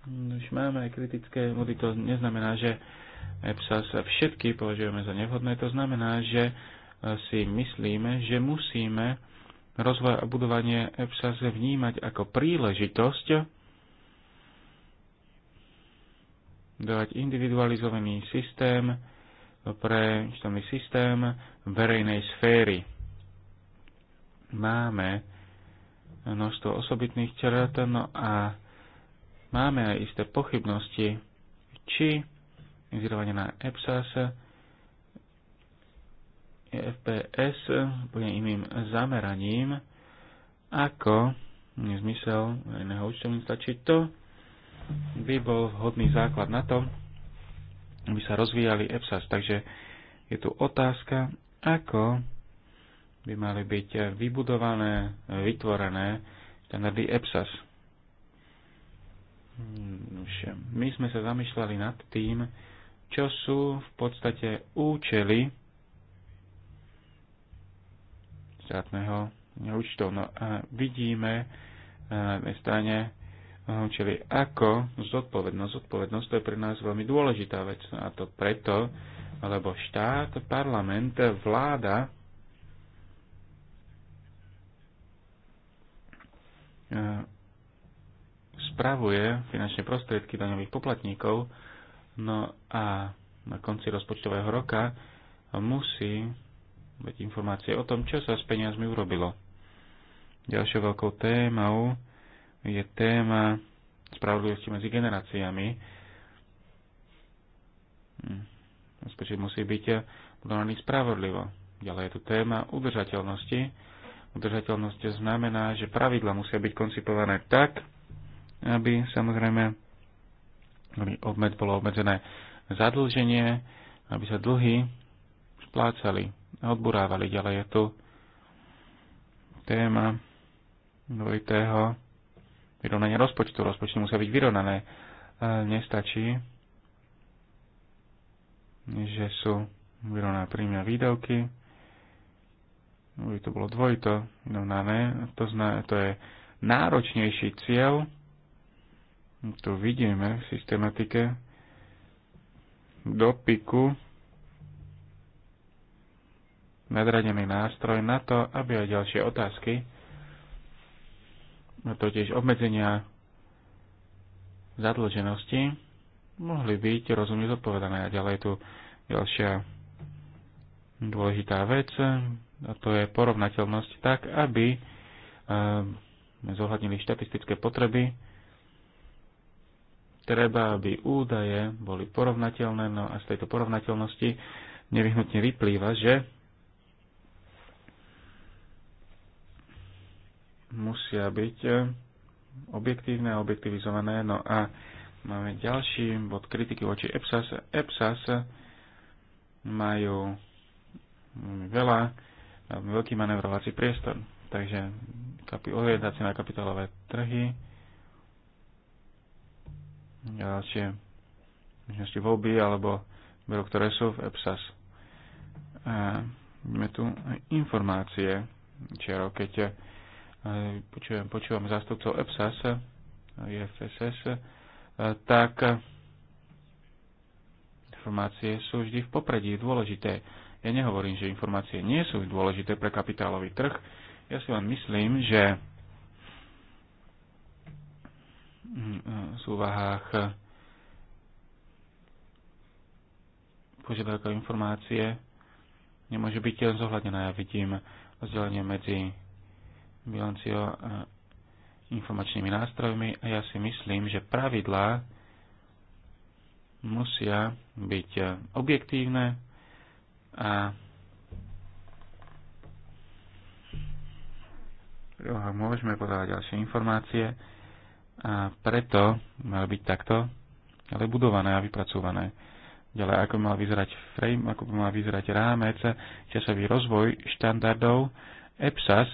No, už máme aj kritické vody, to neznamená, že EPSA sa všetky považujeme za nevhodné, to znamená, že e, si myslíme, že musíme rozvoj a budovanie EPSA vnímať ako príležitosť dávať individualizovaný systém, pre účtovný systém verejnej sféry. Máme množstvo osobitných črt, no a máme aj isté pochybnosti, či vyzrovanie na EPSAS e FPS bude iným zameraním ako zmysel verejného účtovníctva, či to by bol vhodný základ na to, aby sa rozvíjali EPSAS. Takže je tu otázka, ako by mali byť vybudované, vytvorené štandardy EPSAS. Hmm, My sme sa zamýšľali nad tým, čo sú v podstate účely štátneho účtov. No a vidíme eh, na jednej strane Čili ako zodpovednosť. Zodpovednosť to je pre nás veľmi dôležitá vec. A to preto, lebo štát, parlament, vláda e, spravuje finančné prostriedky daňových poplatníkov, no a na konci rozpočtového roka musí mať informácie o tom, čo sa s peniazmi urobilo. Ďalšou veľkou témou je téma spravodlivosti medzi generáciami. Bezpečie hm. musí byť budovaný spravodlivo. Ďalej je tu téma udržateľnosti. Udržateľnosť znamená, že pravidla musia byť koncipované tak, aby samozrejme obmed, bolo obmedzené zadlženie, aby sa dlhy splácali a odburávali. Ďalej je tu téma dvojitého vyrovnanie rozpočtu. Rozpočty musia byť vyrovnané. E, nestačí, že sú vyrovnané príjmy a výdavky. By to bolo dvojito vyrovnané. To, zna, to je náročnejší cieľ. Tu vidíme v systematike do piku nadradený nástroj na to, aby aj ďalšie otázky No totiž obmedzenia zadlženosti, mohli byť rozumne zodpovedané. A ďalej tu ďalšia dôležitá vec, a to je porovnateľnosť tak, aby eh, sme zohľadnili štatistické potreby. Treba, aby údaje boli porovnateľné, no a z tejto porovnateľnosti nevyhnutne vyplýva, že musia byť e, objektívne a objektivizované. No a máme ďalší bod kritiky voči EPSAS. EPSAS majú veľa, veľký manevrovací priestor. Takže orientácia na kapitálové trhy, ďalšie možnosti voľby alebo veru, ktoré sú v EPSAS. A máme tu informácie, čiaro, keď počujem, počúvam zástupcov EPSAS, IFSS, eh, tak informácie sú vždy v popredí dôležité. Ja nehovorím, že informácie nie sú dôležité pre kapitálový trh. Ja si len myslím, že v úvahách požiadavka informácie nemôže byť len zohľadnená. Ja vidím rozdelenie medzi bilanciou e, informačnými nástrojmi a ja si myslím, že pravidlá musia byť e, objektívne a môžeme podávať ďalšie informácie a preto majú byť takto ale budované a vypracované. Ďalej, ako by mal vyzerať frame, ako by mal vyzerať rámec, časový rozvoj štandardov EPSAS,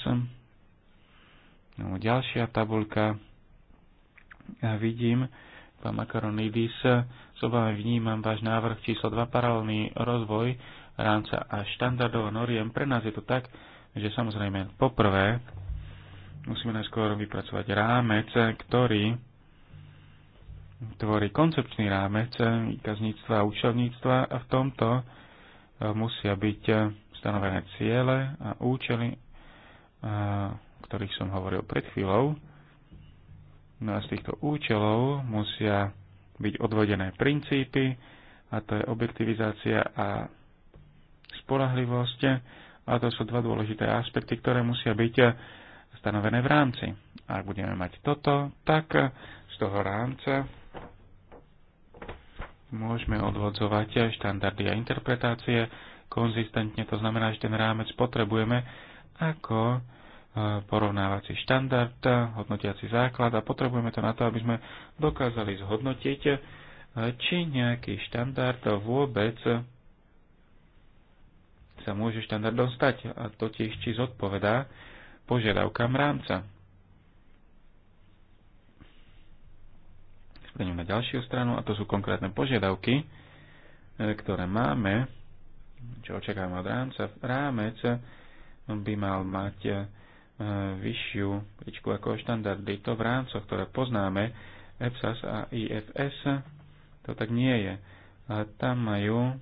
No, ďalšia tabulka. Ja vidím, pán Makaronidis, s obavami vnímam váš návrh číslo 2, paralelný rozvoj rámca a štandardov a noriem. Pre nás je to tak, že samozrejme poprvé musíme najskôr vypracovať rámec, ktorý tvorí koncepčný rámec výkazníctva a účelníctva a v tomto eh, musia byť eh, stanovené ciele a účely eh, ktorých som hovoril pred chvíľou. No a z týchto účelov musia byť odvodené princípy, a to je objektivizácia a spolahlivosť. A to sú dva dôležité aspekty, ktoré musia byť stanovené v rámci. Ak budeme mať toto, tak z toho rámca môžeme odvodzovať štandardy a interpretácie konzistentne. To znamená, že ten rámec potrebujeme ako porovnávací štandard, hodnotiaci základ a potrebujeme to na to, aby sme dokázali zhodnotiť, či nejaký štandard vôbec sa môže štandardom stať, a totiž či zodpovedá požiadavkám rámca. Spreňujeme na ďalšiu stranu, a to sú konkrétne požiadavky, ktoré máme, čo očakávame od rámca. Rámec by mal mať E, vyššiu ličku ako štandardy. To v rámcoch, ktoré poznáme, EPSAS a IFS, to tak nie je. A tam majú,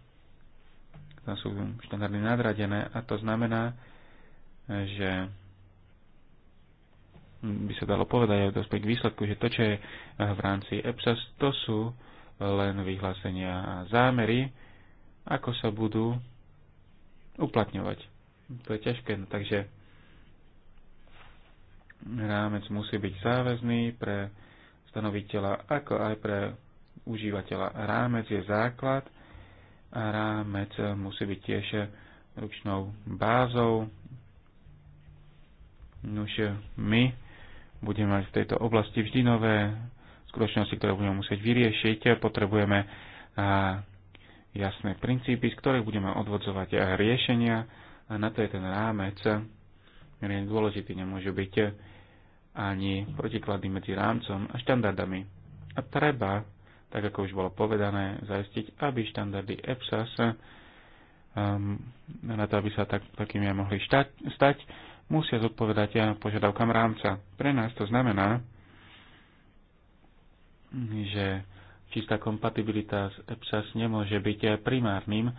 tam sú štandardy nadradené a to znamená, že by sa dalo povedať aj dospeť k výsledku, že to, čo je v rámci EPSAS, to sú len vyhlásenia a zámery, ako sa budú uplatňovať. To je ťažké, no takže Rámec musí byť záväzný pre stanoviteľa, ako aj pre užívateľa. Rámec je základ a rámec musí byť tiež ručnou bázou. Nuž my budeme mať v tejto oblasti vždy nové skutočnosti, ktoré budeme musieť vyriešiť. Potrebujeme jasné princípy, z ktorých budeme odvodzovať riešenia a na to je ten rámec. Dôležitý nemôže byť ani protiklady medzi rámcom a štandardami. A treba, tak ako už bolo povedané, zaistiť, aby štandardy EPSAS um, na to, aby sa tak, takými aj mohli štať, stať, musia zodpovedať aj požiadavkám rámca. Pre nás to znamená, že čistá kompatibilita s EPSAS nemôže byť primárnym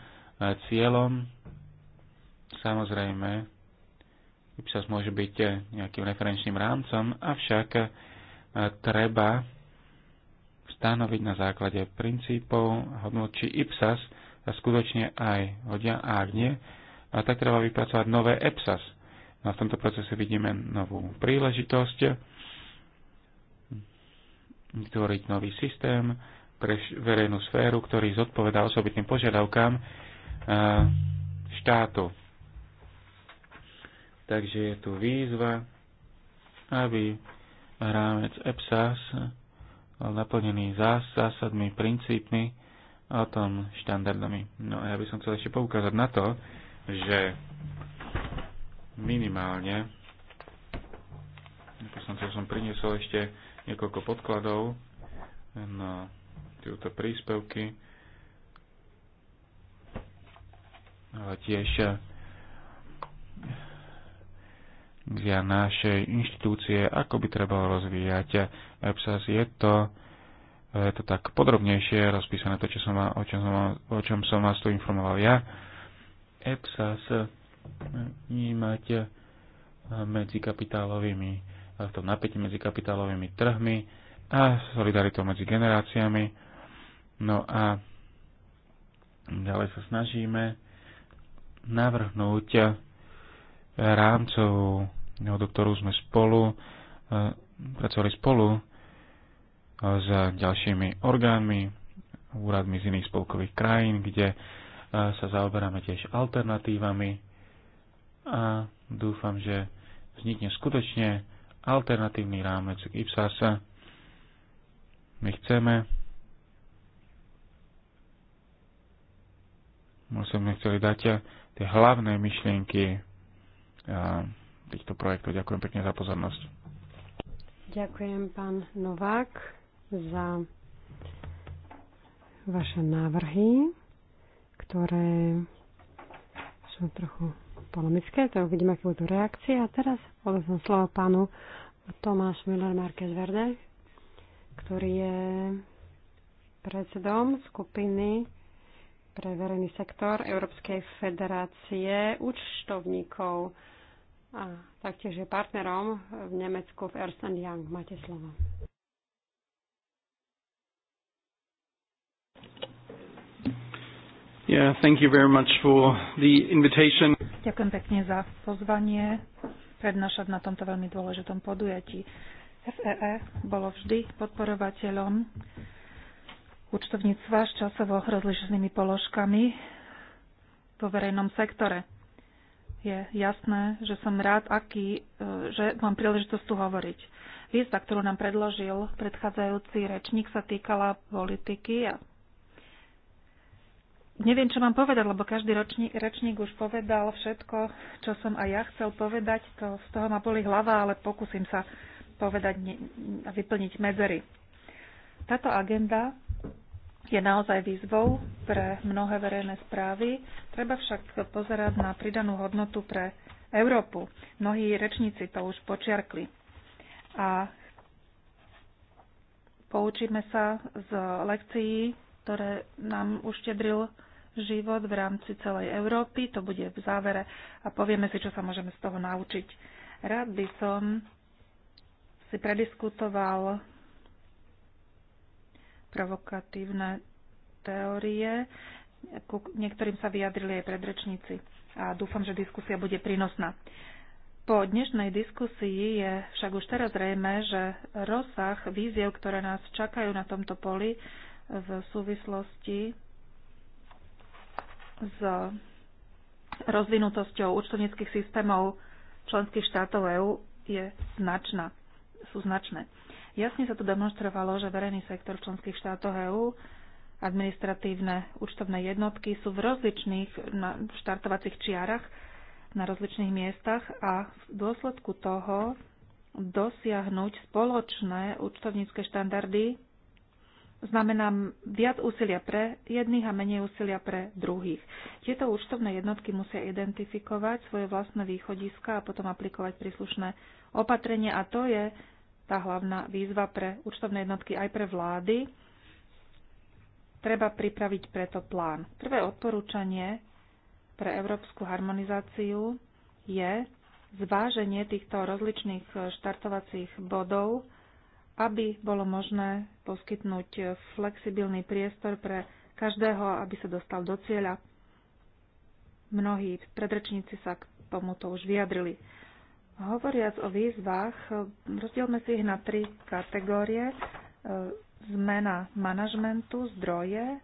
cieľom. Samozrejme, IPSAS môže byť eh, nejakým referenčným rámcom, avšak eh, treba stanoviť na základe princípov hodnot, či IPSAS a skutočne aj hodia a ak nie, a tak treba vypracovať nové EPSAS. No a v tomto procese vidíme novú príležitosť vytvoriť nový systém pre verejnú sféru, ktorý zodpovedá osobitným požiadavkám eh, štátu. Takže je tu výzva, aby rámec EPSAS bol naplnený zásadmi, princípmi a o tom štandardami. No a ja by som chcel ešte poukázať na to, že minimálne, ako som, som priniesol ešte niekoľko podkladov na tieto príspevky, ale tiež dia našej inštitúcie, ako by trebalo rozvíjať EPSAS. Je to, je to tak podrobnejšie rozpísané, to, čo som, o, čom som, o čom som vás tu informoval ja. EPSAS vnímať medzi kapitálovými, v tom napätí medzi kapitálovými trhmi a solidaritou medzi generáciami. No a ďalej sa snažíme navrhnúť rámcovú do ktorú sme spolu e, pracovali spolu e, s ďalšími orgánmi, úradmi z iných spolkových krajín, kde e, sa zaoberáme tiež alternatívami a dúfam, že vznikne skutočne alternatívny rámec k My chceme, musíme chceli dať tie hlavné myšlienky týchto projektov. Ďakujem pekne za pozornosť. Ďakujem pán Novák za vaše návrhy, ktoré sú trochu polemické, to uvidíme, aké budú reakcie. A teraz odovzdám slovo pánu Tomáš Miller Marquez Verde, ktorý je predsedom skupiny pre verejný sektor Európskej federácie účtovníkov a taktiež je partnerom v Nemecku v Ernst Young. Máte slovo. Yeah, thank you very much for the invitation. Ďakujem pekne za pozvanie prednášať na tomto veľmi dôležitom podujatí. FEE e bolo vždy podporovateľom účtovníctva s časovo rozlišnými položkami vo verejnom sektore je jasné, že som rád, aký, e, že mám príležitosť tu hovoriť. Výzva, ktorú nám predložil predchádzajúci rečník, sa týkala politiky a neviem, čo mám povedať, lebo každý ročník, rečník už povedal všetko, čo som aj ja chcel povedať. To, z toho ma boli hlava, ale pokúsim sa povedať a vyplniť medzery. Táto agenda je naozaj výzvou pre mnohé verejné správy. Treba však pozerať na pridanú hodnotu pre Európu. Mnohí rečníci to už počiarkli. A poučíme sa z lekcií, ktoré nám uštedril život v rámci celej Európy. To bude v závere a povieme si, čo sa môžeme z toho naučiť. Rád by som si prediskutoval provokatívne teórie. Ku niektorým sa vyjadrili aj predrečníci a dúfam, že diskusia bude prínosná. Po dnešnej diskusii je však už teraz zrejme, že rozsah víziev, ktoré nás čakajú na tomto poli v súvislosti s rozvinutosťou účtovníckých systémov členských štátov EÚ je značná. Sú značné. Jasne sa tu demonstrovalo, že verejný sektor v členských štátoch EÚ administratívne účtovné jednotky sú v rozličných štartovacích čiarach na rozličných miestach a v dôsledku toho dosiahnuť spoločné účtovnícke štandardy znamená viac úsilia pre jedných a menej úsilia pre druhých. Tieto účtovné jednotky musia identifikovať svoje vlastné východiska a potom aplikovať príslušné opatrenie a to je tá hlavná výzva pre účtovné jednotky aj pre vlády. Treba pripraviť preto plán. Prvé odporúčanie pre európsku harmonizáciu je zváženie týchto rozličných štartovacích bodov, aby bolo možné poskytnúť flexibilný priestor pre každého, aby sa dostal do cieľa. Mnohí predrečníci sa k tomuto už vyjadrili. Hovoriac o výzvach, rozdielme si ich na tri kategórie. E, zmena manažmentu, zdroje,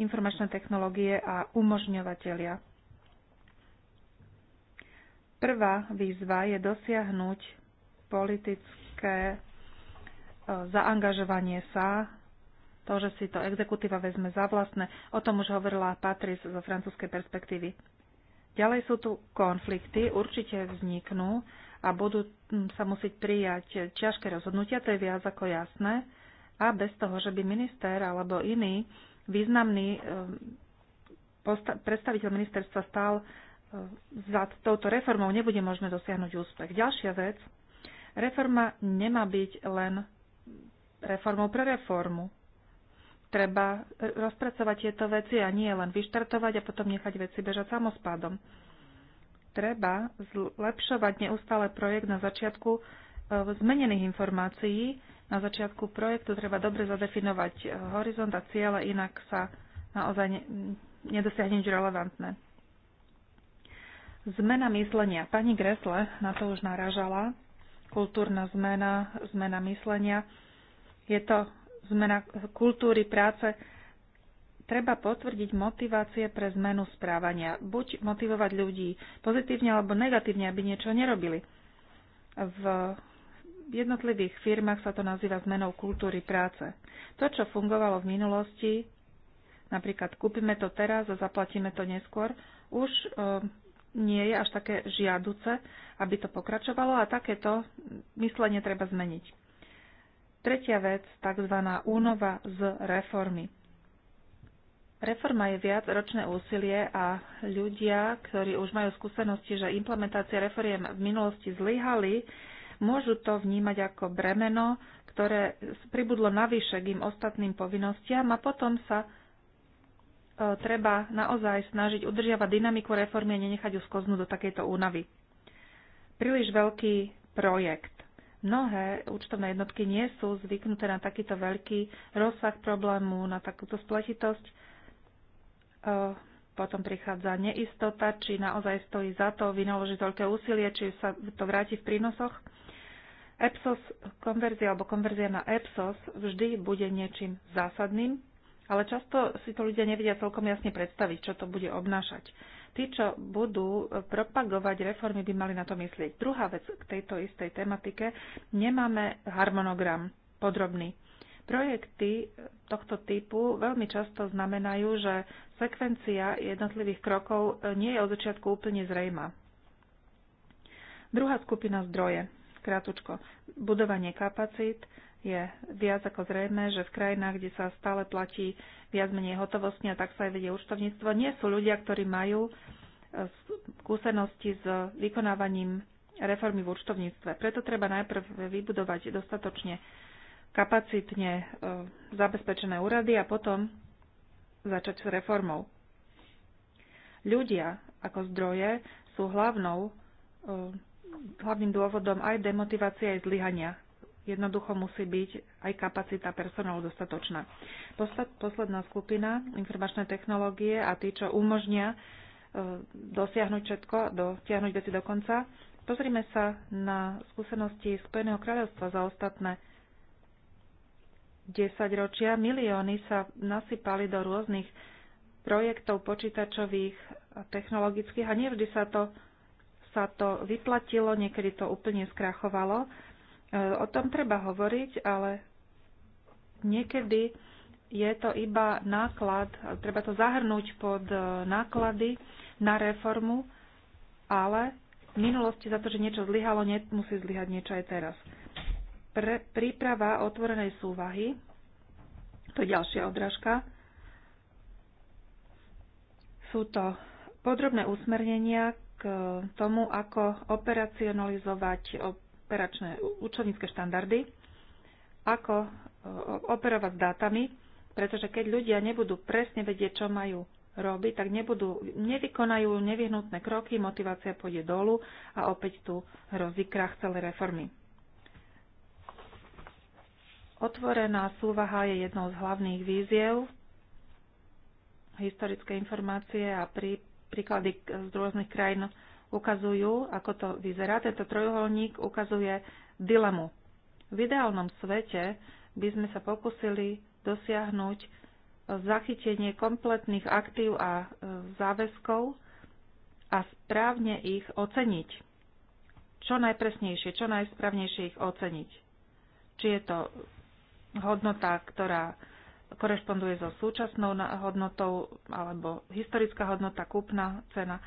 informačné technológie a umožňovateľia. Prvá výzva je dosiahnuť politické e, zaangažovanie sa, to, že si to exekutíva vezme za vlastné. O tom už hovorila Patrice zo francúzskej perspektívy. Ďalej sú tu konflikty, určite vzniknú a budú hm, sa musieť prijať ťažké rozhodnutia, to je viac ako jasné. A bez toho, že by minister alebo iný významný hm, predstaviteľ ministerstva stál hm, za touto reformou, nebude možné dosiahnuť úspech. Ďalšia vec, reforma nemá byť len reformou pre reformu treba e, rozpracovať tieto veci a nie len vyštartovať a potom nechať veci bežať samospádom. Treba zlepšovať neustále projekt na začiatku e, zmenených informácií. Na začiatku projektu treba dobre zadefinovať e, horizont a cieľe, inak sa naozaj nedosiahne nič relevantné. Zmena myslenia. Pani Gresle na to už naražala. Kultúrna zmena, zmena myslenia. Je to zmena kultúry práce, treba potvrdiť motivácie pre zmenu správania. Buď motivovať ľudí pozitívne alebo negatívne, aby niečo nerobili. V jednotlivých firmách sa to nazýva zmenou kultúry práce. To, čo fungovalo v minulosti, napríklad kúpime to teraz a zaplatíme to neskôr, už e, nie je až také žiaduce, aby to pokračovalo a takéto myslenie treba zmeniť. Tretia vec, tzv. únova z reformy. Reforma je viac ročné úsilie a ľudia, ktorí už majú skúsenosti, že implementácia reforiem v minulosti zlyhali, môžu to vnímať ako bremeno, ktoré pribudlo navyše k im ostatným povinnostiam a potom sa e, treba naozaj snažiť udržiavať dynamiku reformy a nenechať ju skoznúť do takejto únavy. Príliš veľký projekt. Mnohé účtovné jednotky nie sú zvyknuté na takýto veľký rozsah problému, na takúto spletitosť. E, potom prichádza neistota, či naozaj stojí za to vynaložiť toľké úsilie, či sa to vráti v prínosoch. EPSOS konverzia alebo konverzia na EPSOS vždy bude niečím zásadným, ale často si to ľudia nevedia celkom jasne predstaviť, čo to bude obnášať tí, čo budú propagovať reformy, by mali na to myslieť. Druhá vec k tejto istej tematike, nemáme harmonogram podrobný. Projekty tohto typu veľmi často znamenajú, že sekvencia jednotlivých krokov nie je od začiatku úplne zrejma. Druhá skupina zdroje, krátučko, budovanie kapacít, je viac ako zrejme, že v krajinách, kde sa stále platí viac menej hotovostne a tak sa aj vedie účtovníctvo, nie sú ľudia, ktorí majú e, skúsenosti s vykonávaním reformy v účtovníctve. Preto treba najprv vybudovať dostatočne kapacitne e, zabezpečené úrady a potom začať s reformou. Ľudia ako zdroje sú hlavnou, e, hlavným dôvodom aj demotivácie, aj zlyhania jednoducho musí byť aj kapacita personálu dostatočná. Posledná skupina, informačné technológie a tí, čo umožnia e, dosiahnuť všetko, dotiahnuť veci do konca. Pozrime sa na skúsenosti Spojeného kráľovstva za ostatné 10 ročia. Milióny sa nasypali do rôznych projektov počítačových a technologických a nevždy sa to, sa to vyplatilo, niekedy to úplne skrachovalo O tom treba hovoriť, ale niekedy je to iba náklad, treba to zahrnúť pod e, náklady na reformu, ale v minulosti za to, že niečo zlyhalo, musí zlyhať niečo aj teraz. Pre, príprava otvorenej súvahy, to je ďalšia odrážka, sú to podrobné usmernenia k tomu, ako operacionalizovať operačné účtovnícke štandardy, ako e, operovať s dátami, pretože keď ľudia nebudú presne vedieť, čo majú robiť, tak nebudú, nevykonajú nevyhnutné kroky, motivácia pôjde dolu a opäť tu hrozí krach celej reformy. Otvorená súvaha je jednou z hlavných víziev. Historické informácie a prí, príklady z rôznych krajín ukazujú, ako to vyzerá. Tento trojuholník ukazuje dilemu. V ideálnom svete by sme sa pokusili dosiahnuť zachytenie kompletných aktív a e, záväzkov a správne ich oceniť. Čo najpresnejšie, čo najsprávnejšie ich oceniť. Či je to hodnota, ktorá korešponduje so súčasnou hodnotou alebo historická hodnota, kúpna cena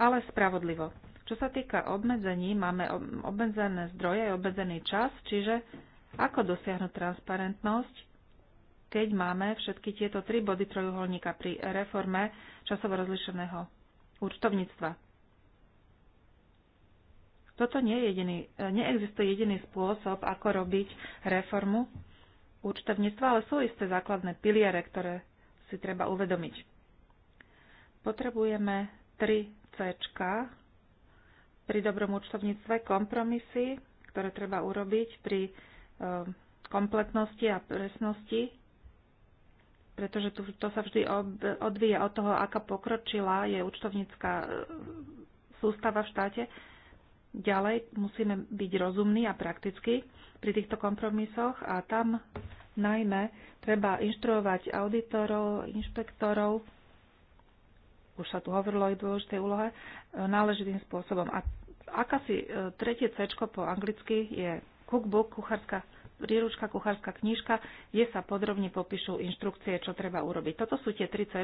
ale spravodlivo. Čo sa týka obmedzení, máme obmedzené zdroje, a obmedzený čas, čiže ako dosiahnuť transparentnosť, keď máme všetky tieto tri body trojuholníka pri reforme časovo rozlišeného účtovníctva. Toto nie je jediný, neexistuje jediný spôsob, ako robiť reformu účtovníctva, ale sú isté základné piliere, ktoré si treba uvedomiť. Potrebujeme tri C pri dobrom účtovníctve kompromisy, ktoré treba urobiť pri ehm, kompletnosti a presnosti, pretože tu, to sa vždy odvíja od toho, aká pokročila je účtovnícká e, sústava v štáte. Ďalej musíme byť rozumní a praktickí pri týchto kompromisoch a tam najmä treba inštruovať auditorov, inšpektorov, už sa tu hovorilo o dôležitej úlohe, e, náležitým spôsobom. A akási e, tretie C po anglicky je cookbook, kuchárska príručka, kuchárska knižka, kde sa podrobne popíšu inštrukcie, čo treba urobiť. Toto sú tie tri C.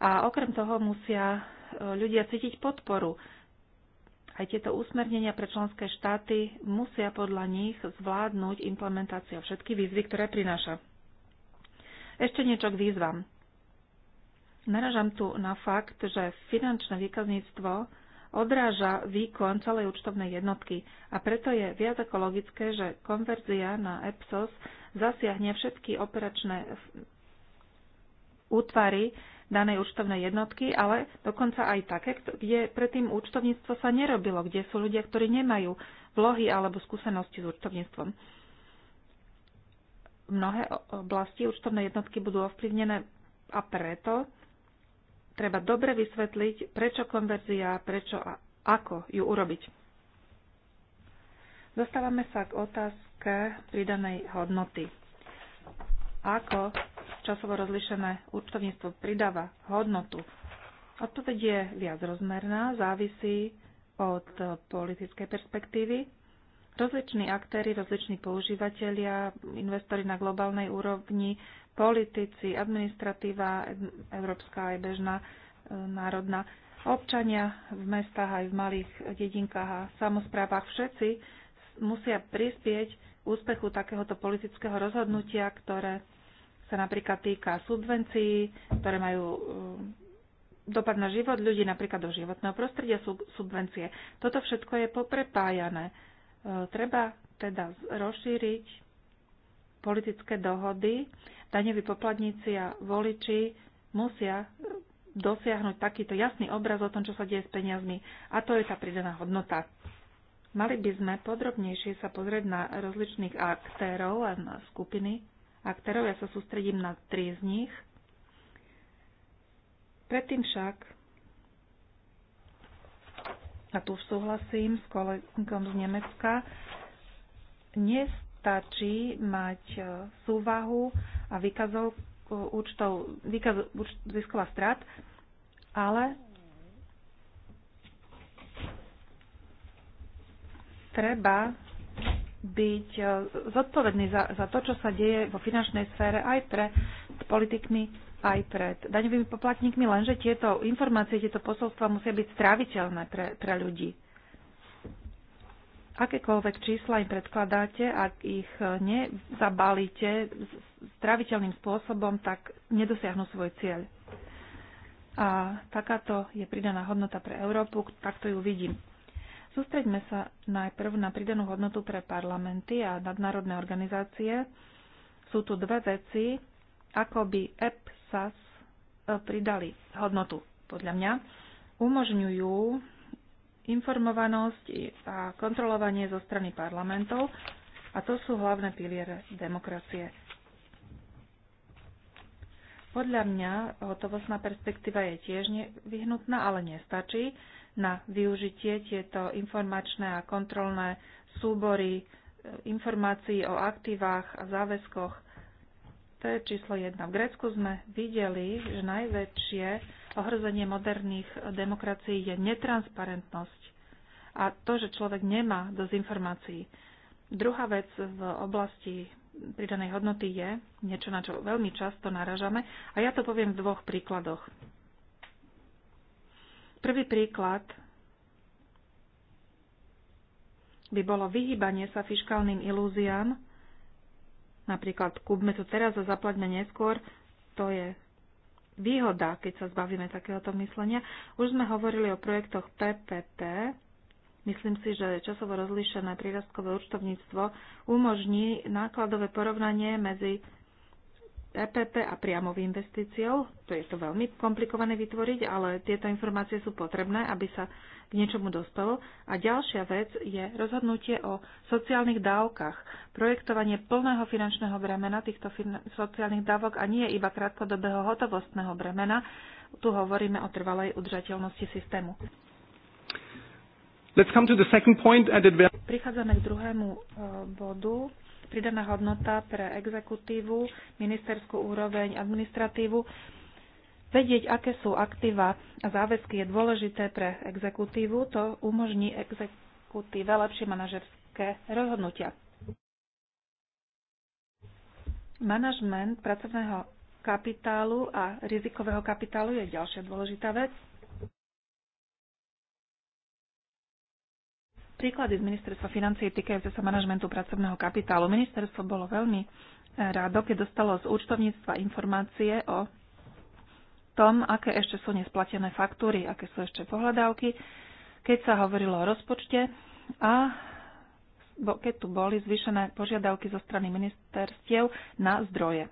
A okrem toho musia e, ľudia cítiť podporu. Aj tieto usmernenia pre členské štáty musia podľa nich zvládnuť implementáciu všetky výzvy, ktoré prináša. Ešte niečo k výzvam. Naražam tu na fakt, že finančné výkazníctvo odráža výkon celej účtovnej jednotky a preto je viac ako logické, že konverzia na EPSOS zasiahne všetky operačné útvary danej účtovnej jednotky, ale dokonca aj také, kde predtým účtovníctvo sa nerobilo, kde sú ľudia, ktorí nemajú vlohy alebo skúsenosti s účtovníctvom. Mnohé oblasti účtovnej jednotky budú ovplyvnené a preto treba dobre vysvetliť, prečo konverzia, prečo a ako ju urobiť. Dostávame sa k otázke pridanej hodnoty. Ako časovo rozlišené účtovníctvo pridáva hodnotu? Odpoveď je viac rozmerná, závisí od politickej perspektívy. Rozliční aktéry, rozliční používateľia, investori na globálnej úrovni politici, administratíva, európska aj bežná, e, národná, občania v mestách aj v malých dedinkách a samozprávach, všetci musia prispieť úspechu takéhoto politického rozhodnutia, ktoré sa napríklad týka subvencií, ktoré majú e, dopad na život ľudí, napríklad do životného prostredia sú subvencie. Toto všetko je poprepájané. E, treba teda rozšíriť politické dohody, daňoví poplatníci a voliči musia dosiahnuť takýto jasný obraz o tom, čo sa deje s peniazmi. A to je tá pridaná hodnota. Mali by sme podrobnejšie sa pozrieť na rozličných aktérov a na skupiny aktérov. Ja sa sústredím na tri z nich. Predtým však, a tu súhlasím s kolegom z Nemecka, nie stačí mať e, súvahu a výkazov e, účtov, výkaz ziskov a strat, ale treba byť e, zodpovedný za, za to, čo sa deje vo finančnej sfére aj pred politikmi, aj pred daňovými poplatníkmi, lenže tieto informácie, tieto posolstva musia byť stráviteľné pre, pre ľudí akékoľvek čísla im predkladáte, ak ich nezabalíte straviteľným spôsobom, tak nedosiahnu svoj cieľ. A takáto je pridaná hodnota pre Európu, takto ju vidím. Sústreďme sa najprv na pridanú hodnotu pre parlamenty a nadnárodné organizácie. Sú tu dve veci, ako by EPSAS e, pridali hodnotu, podľa mňa. Umožňujú informovanosť a kontrolovanie zo strany parlamentov a to sú hlavné piliere demokracie. Podľa mňa hotovostná perspektíva je tiež nevyhnutná, ale nestačí na využitie tieto informačné a kontrolné súbory e, informácií o aktívach a záväzkoch. To je číslo 1. V Grécku sme videli, že najväčšie ohrozenie moderných demokracií je netransparentnosť a to, že človek nemá dosť informácií. Druhá vec v oblasti pridanej hodnoty je niečo, na čo veľmi často naražame a ja to poviem v dvoch príkladoch. Prvý príklad by bolo vyhýbanie sa fiškálnym ilúziám, napríklad kúpme to teraz a zaplaťme neskôr, to je výhoda, keď sa zbavíme takéhoto myslenia. Už sme hovorili o projektoch PPP. Myslím si, že časovo rozlíšené prírastkové účtovníctvo umožní nákladové porovnanie medzi PPP e a priamo v investíciou. To je to veľmi komplikované vytvoriť, ale tieto informácie sú potrebné, aby sa k niečomu dostalo. A ďalšia vec je rozhodnutie o sociálnych dávkach. Projektovanie plného finančného bremena týchto sociálnych dávok a nie iba krátkodobého hotovostného bremena. Tu hovoríme o trvalej udržateľnosti systému. Let's come to the second point and it... Prichádzame k druhému e, bodu pridaná hodnota pre exekutívu, ministerskú úroveň, administratívu. Vedieť, aké sú aktíva a záväzky je dôležité pre exekutívu, to umožní exekutíve lepšie manažerské rozhodnutia. Manažment pracovného kapitálu a rizikového kapitálu je ďalšia dôležitá vec. Príklady z ministerstva financie týkajúce sa manažmentu pracovného kapitálu. Ministerstvo bolo veľmi e, rado, keď dostalo z účtovníctva informácie o tom, aké ešte sú nesplatené faktúry, aké sú ešte pohľadávky, keď sa hovorilo o rozpočte a keď tu boli zvýšené požiadavky zo strany ministerstiev na zdroje.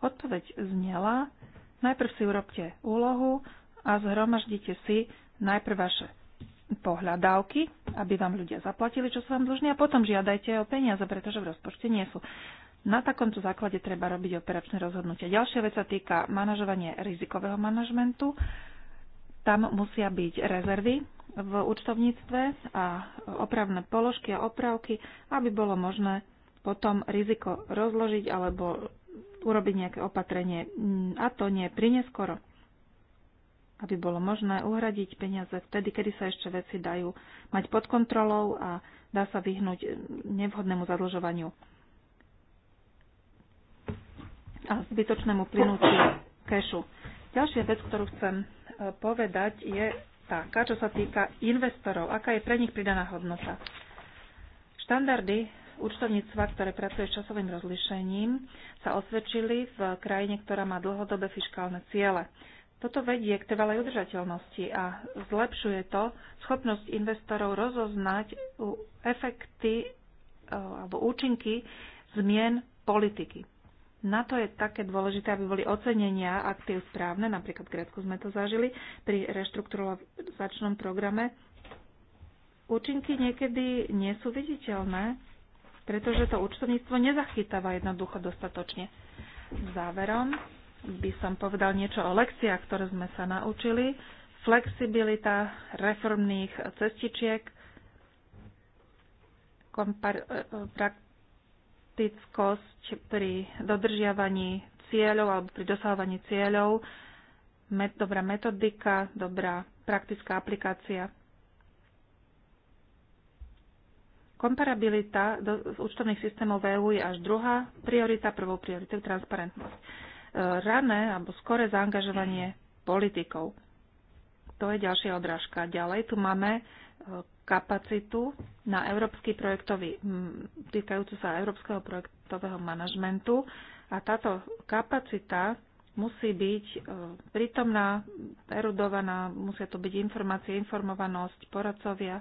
Odpoveď znela, najprv si urobte úlohu a zhromaždite si najprv vaše pohľadávky, aby vám ľudia zaplatili, čo sú vám dlžní a potom žiadajte o peniaze, pretože v rozpočte nie sú. Na takomto základe treba robiť operačné rozhodnutia. Ďalšia vec sa týka manažovania rizikového manažmentu. Tam musia byť rezervy v účtovníctve a opravné položky a opravky, aby bolo možné potom riziko rozložiť alebo urobiť nejaké opatrenie. Mm, a to nie prineskoro aby bolo možné uhradiť peniaze vtedy, kedy sa ešte veci dajú mať pod kontrolou a dá sa vyhnúť nevhodnému zadlžovaniu a zbytočnému plynúciu kešu. Ďalšia vec, ktorú chcem e, povedať, je taká, čo sa týka investorov. Aká je pre nich pridaná hodnota? Štandardy účtovníctva, ktoré pracuje s časovým rozlišením, sa osvedčili v krajine, ktorá má dlhodobé fiskálne ciele. Toto vedie k trvalej udržateľnosti a zlepšuje to schopnosť investorov rozoznať efekty e, alebo účinky zmien politiky. Na to je také dôležité, aby boli ocenenia aktív správne, napríklad v Grécku sme to zažili pri reštrukturalizačnom programe. Účinky niekedy nie sú viditeľné, pretože to účtovníctvo nezachytáva jednoducho dostatočne. Záverom by som povedal niečo o lekciách, ktoré sme sa naučili. Flexibilita reformných cestičiek, kompar- e, e, praktickosť pri dodržiavaní cieľov alebo pri dosahovaní cieľov, met- dobrá metodika, dobrá praktická aplikácia. Komparabilita do účtovných systémov v EU je až druhá priorita, prvou prioritou transparentnosť rané alebo skore zaangažovanie politikov. To je ďalšia odrážka. Ďalej tu máme e, kapacitu na európsky projektový, týkajúcu sa európskeho projektového manažmentu a táto kapacita musí byť e, prítomná, erudovaná, musia to byť informácie, informovanosť, poradcovia.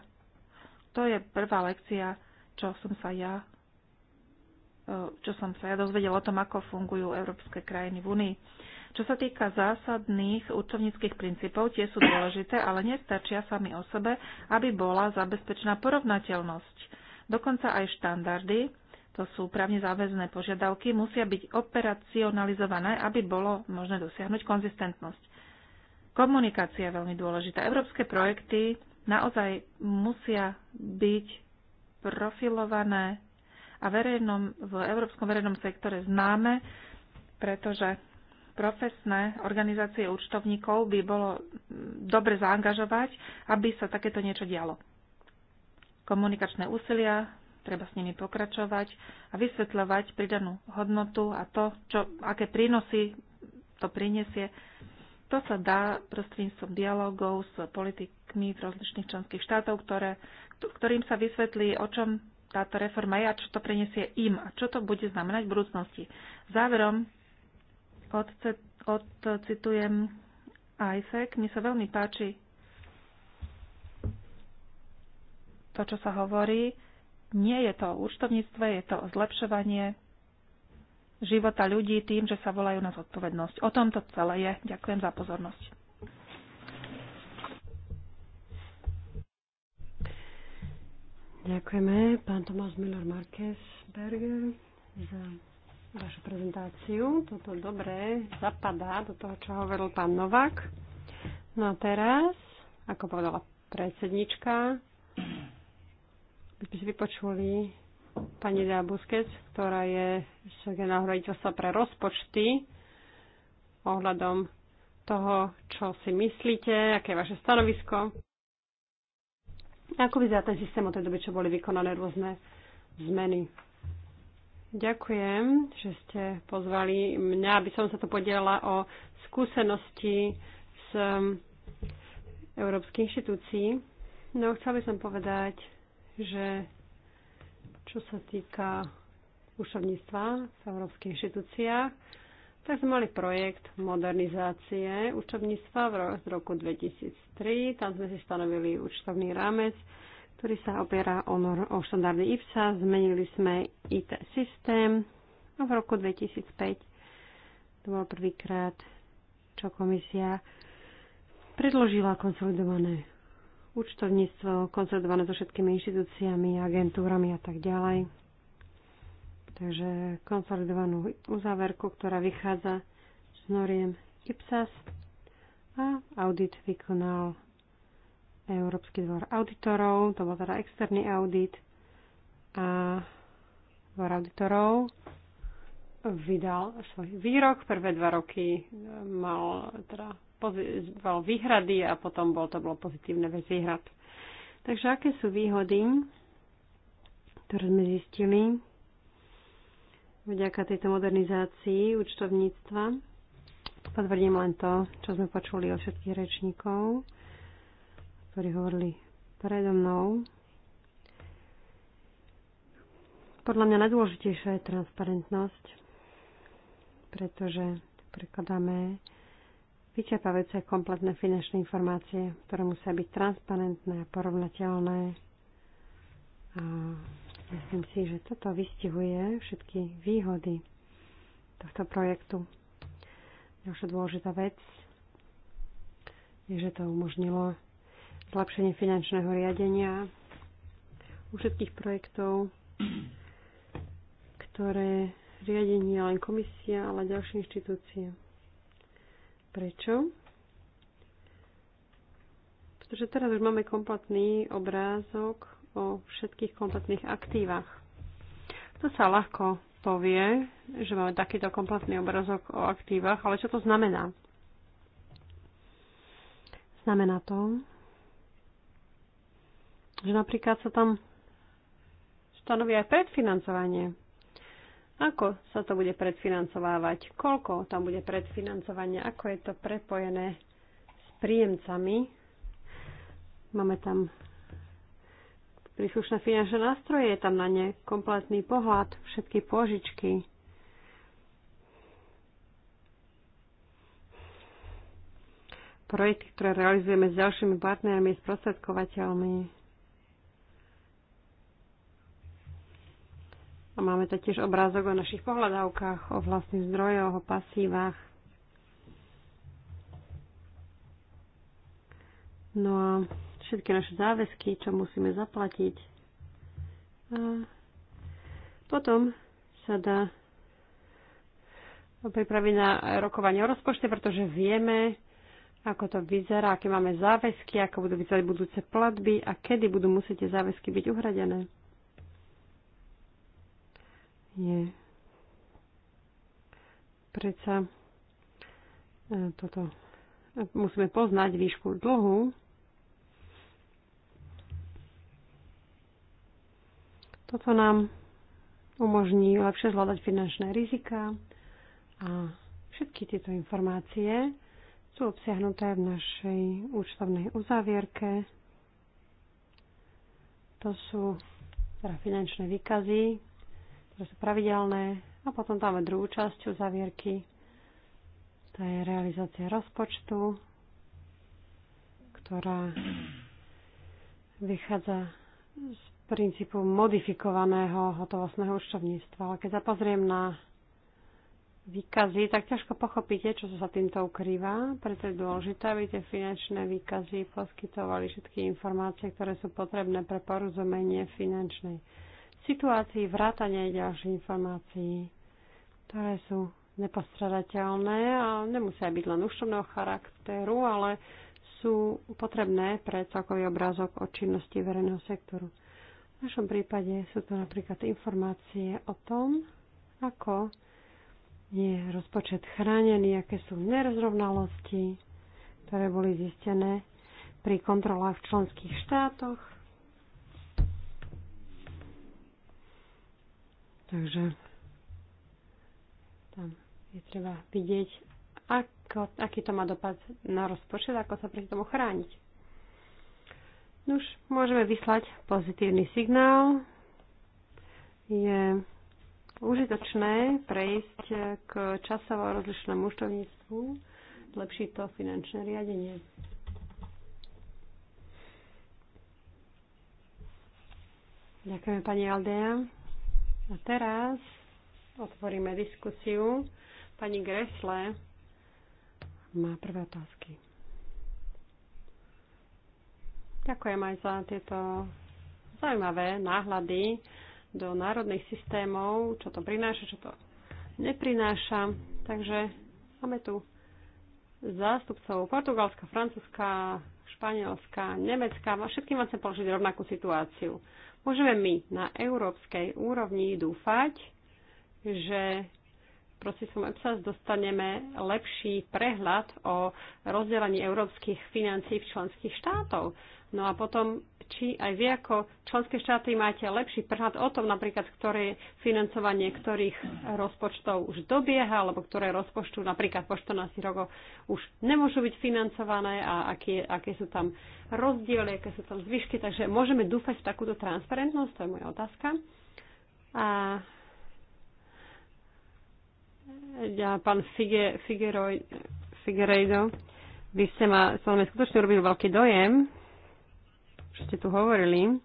To je prvá lekcia, čo som sa ja čo som sa ja dozvedel o tom, ako fungujú európske krajiny v Únii. Čo sa týka zásadných účtovníckých princípov, tie sú dôležité, ale nestačia sami o sebe, aby bola zabezpečená porovnateľnosť. Dokonca aj štandardy, to sú právne záväzné požiadavky, musia byť operacionalizované, aby bolo možné dosiahnuť konzistentnosť. Komunikácia je veľmi dôležitá. Európske projekty naozaj musia byť profilované a verejnom, v európskom verejnom sektore známe, pretože profesné organizácie účtovníkov by bolo dobre zaangažovať, aby sa takéto niečo dialo. Komunikačné úsilia, treba s nimi pokračovať a vysvetľovať pridanú hodnotu a to, čo, aké prínosy to prinesie. To sa dá prostredníctvom dialogov s politikmi v rozličných členských štátov, ktoré, ktorým sa vysvetlí, o čom táto reforma je a čo to prinesie im a čo to bude znamenať v budúcnosti. Záverom odcitujem IFEC. Mne sa veľmi páči to, čo sa hovorí. Nie je to o účtovníctve, je to o zlepšovanie života ľudí tým, že sa volajú na zodpovednosť. O tom to celé je. Ďakujem za pozornosť. Ďakujeme, pán Tomás Miller Marquez Berger, za vašu prezentáciu. Toto dobre zapadá do toho, čo hovoril pán Novák. No a teraz, ako povedala predsednička, by sme vypočuli pani Dea Busquets, ktorá je z generálneho pre rozpočty ohľadom toho, čo si myslíte, aké je vaše stanovisko. Ako vyzerá ten systém od tej doby, čo boli vykonané rôzne zmeny? Ďakujem, že ste pozvali mňa, aby som sa to podielala o skúsenosti z um, európskych inštitúcií. No, chcela by som povedať, že čo sa týka ušovníctva v európskych inštitúciách, tak sme mali projekt modernizácie učebníctva v roku 2003. Tam sme si stanovili účtovný rámec, ktorý sa opiera o, o štandardy IPSA. Zmenili sme IT systém a v roku 2005 to bol prvýkrát, čo komisia predložila konsolidované účtovníctvo, konsolidované so všetkými inštitúciami, agentúrami a tak ďalej. Takže konsolidovanú uzáverku, ktorá vychádza z noriem IPSAS a audit vykonal Európsky dvor auditorov, to bol teda externý audit a dvor auditorov vydal svoj výrok. Prvé dva roky e, mal, teda, mal výhrady a potom bol, to bolo pozitívne bez výhrad. Takže aké sú výhody, ktoré sme zistili? vďaka tejto modernizácii účtovníctva. Potvrdím len to, čo sme počuli od všetkých rečníkov, ktorí hovorili predo mnou. Podľa mňa najdôležitejšia je transparentnosť, pretože prekladáme vyčerpávajúce kompletné finančné informácie, ktoré musia byť transparentné a porovnateľné a Myslím si, že toto vystihuje všetky výhody tohto projektu. Ďalšia dôležitá vec je, že to umožnilo zlepšenie finančného riadenia u všetkých projektov, ktoré riadenie len komisia, ale ďalšie inštitúcie. Prečo? Pretože teraz už máme kompletný obrázok o všetkých kompletných aktívach. To sa ľahko povie, že máme takýto kompletný obrazok o aktívach, ale čo to znamená? Znamená to, že napríklad sa tam stanoví aj predfinancovanie. Ako sa to bude predfinancovávať? Koľko tam bude predfinancovanie? Ako je to prepojené s príjemcami? Máme tam príslušné finančné nástroje, je tam na ne kompletný pohľad, všetky pôžičky. Projekty, ktoré realizujeme s ďalšími partnermi, s prostredkovateľmi. A máme taktiež obrázok o našich pohľadávkach, o vlastných zdrojoch, o pasívach. No a všetky naše záväzky, čo musíme zaplatiť. A potom sa dá pripraviť na rokovanie o rozpočte, pretože vieme, ako to vyzerá, aké máme záväzky, ako budú vyzerať budúce platby a kedy budú musieť tie záväzky byť uhradené. Je predsa e, toto e, musíme poznať výšku dlhu Toto nám umožní lepšie zvládať finančné rizika a všetky tieto informácie sú obsiahnuté v našej účtovnej uzávierke. To sú teda finančné výkazy, ktoré sú pravidelné a potom dáme druhú časť uzávierky. To je realizácia rozpočtu, ktorá vychádza z princípu modifikovaného hotovostného účtovníctva. Ale keď zapozriem na výkazy, tak ťažko pochopíte, čo sa týmto ukrýva. Preto je dôležité, aby tie finančné výkazy poskytovali všetky informácie, ktoré sú potrebné pre porozumenie finančnej situácii, vrátanie ďalších informácií, ktoré sú nepostradateľné a nemusia byť len účtovného charakteru, ale sú potrebné pre celkový obrázok o činnosti verejného sektoru. V našom prípade sú to napríklad informácie o tom, ako je rozpočet chránený, aké sú nerozrovnalosti, ktoré boli zistené pri kontrolách v členských štátoch. Takže tam je treba vidieť, ako, aký to má dopad na rozpočet, ako sa pri tomu chrániť. Už môžeme vyslať pozitívny signál. Je užitočné prejsť k časovo rozlišnému účtovníctvu, lepší to finančné riadenie. Ďakujeme pani Aldea. A teraz otvoríme diskusiu. Pani Gresle má prvé otázky. Ďakujem aj za tieto zaujímavé náhľady do národných systémov, čo to prináša, čo to neprináša. Takže máme tu zástupcov Portugalska, Francúzska, Španielska, Nemecka. Všetkým vám chcem položiť rovnakú situáciu. Môžeme my na európskej úrovni dúfať, že prostredstvom EPSAS dostaneme lepší prehľad o rozdelení európskych financií v členských štátov. No a potom, či aj vy ako členské štáty máte lepší prehľad o tom, napríklad, ktoré financovanie ktorých rozpočtov už dobieha, alebo ktoré rozpočtu napríklad po 14 rokov už nemôžu byť financované a aké, aké sú tam rozdiely, aké sú tam zvyšky. Takže môžeme dúfať v takúto transparentnosť, to je moja otázka. A ja, pán Fige, Figueroy, Figueredo, vy ste ma, som skutočne urobil veľký dojem, ste tu hovorili.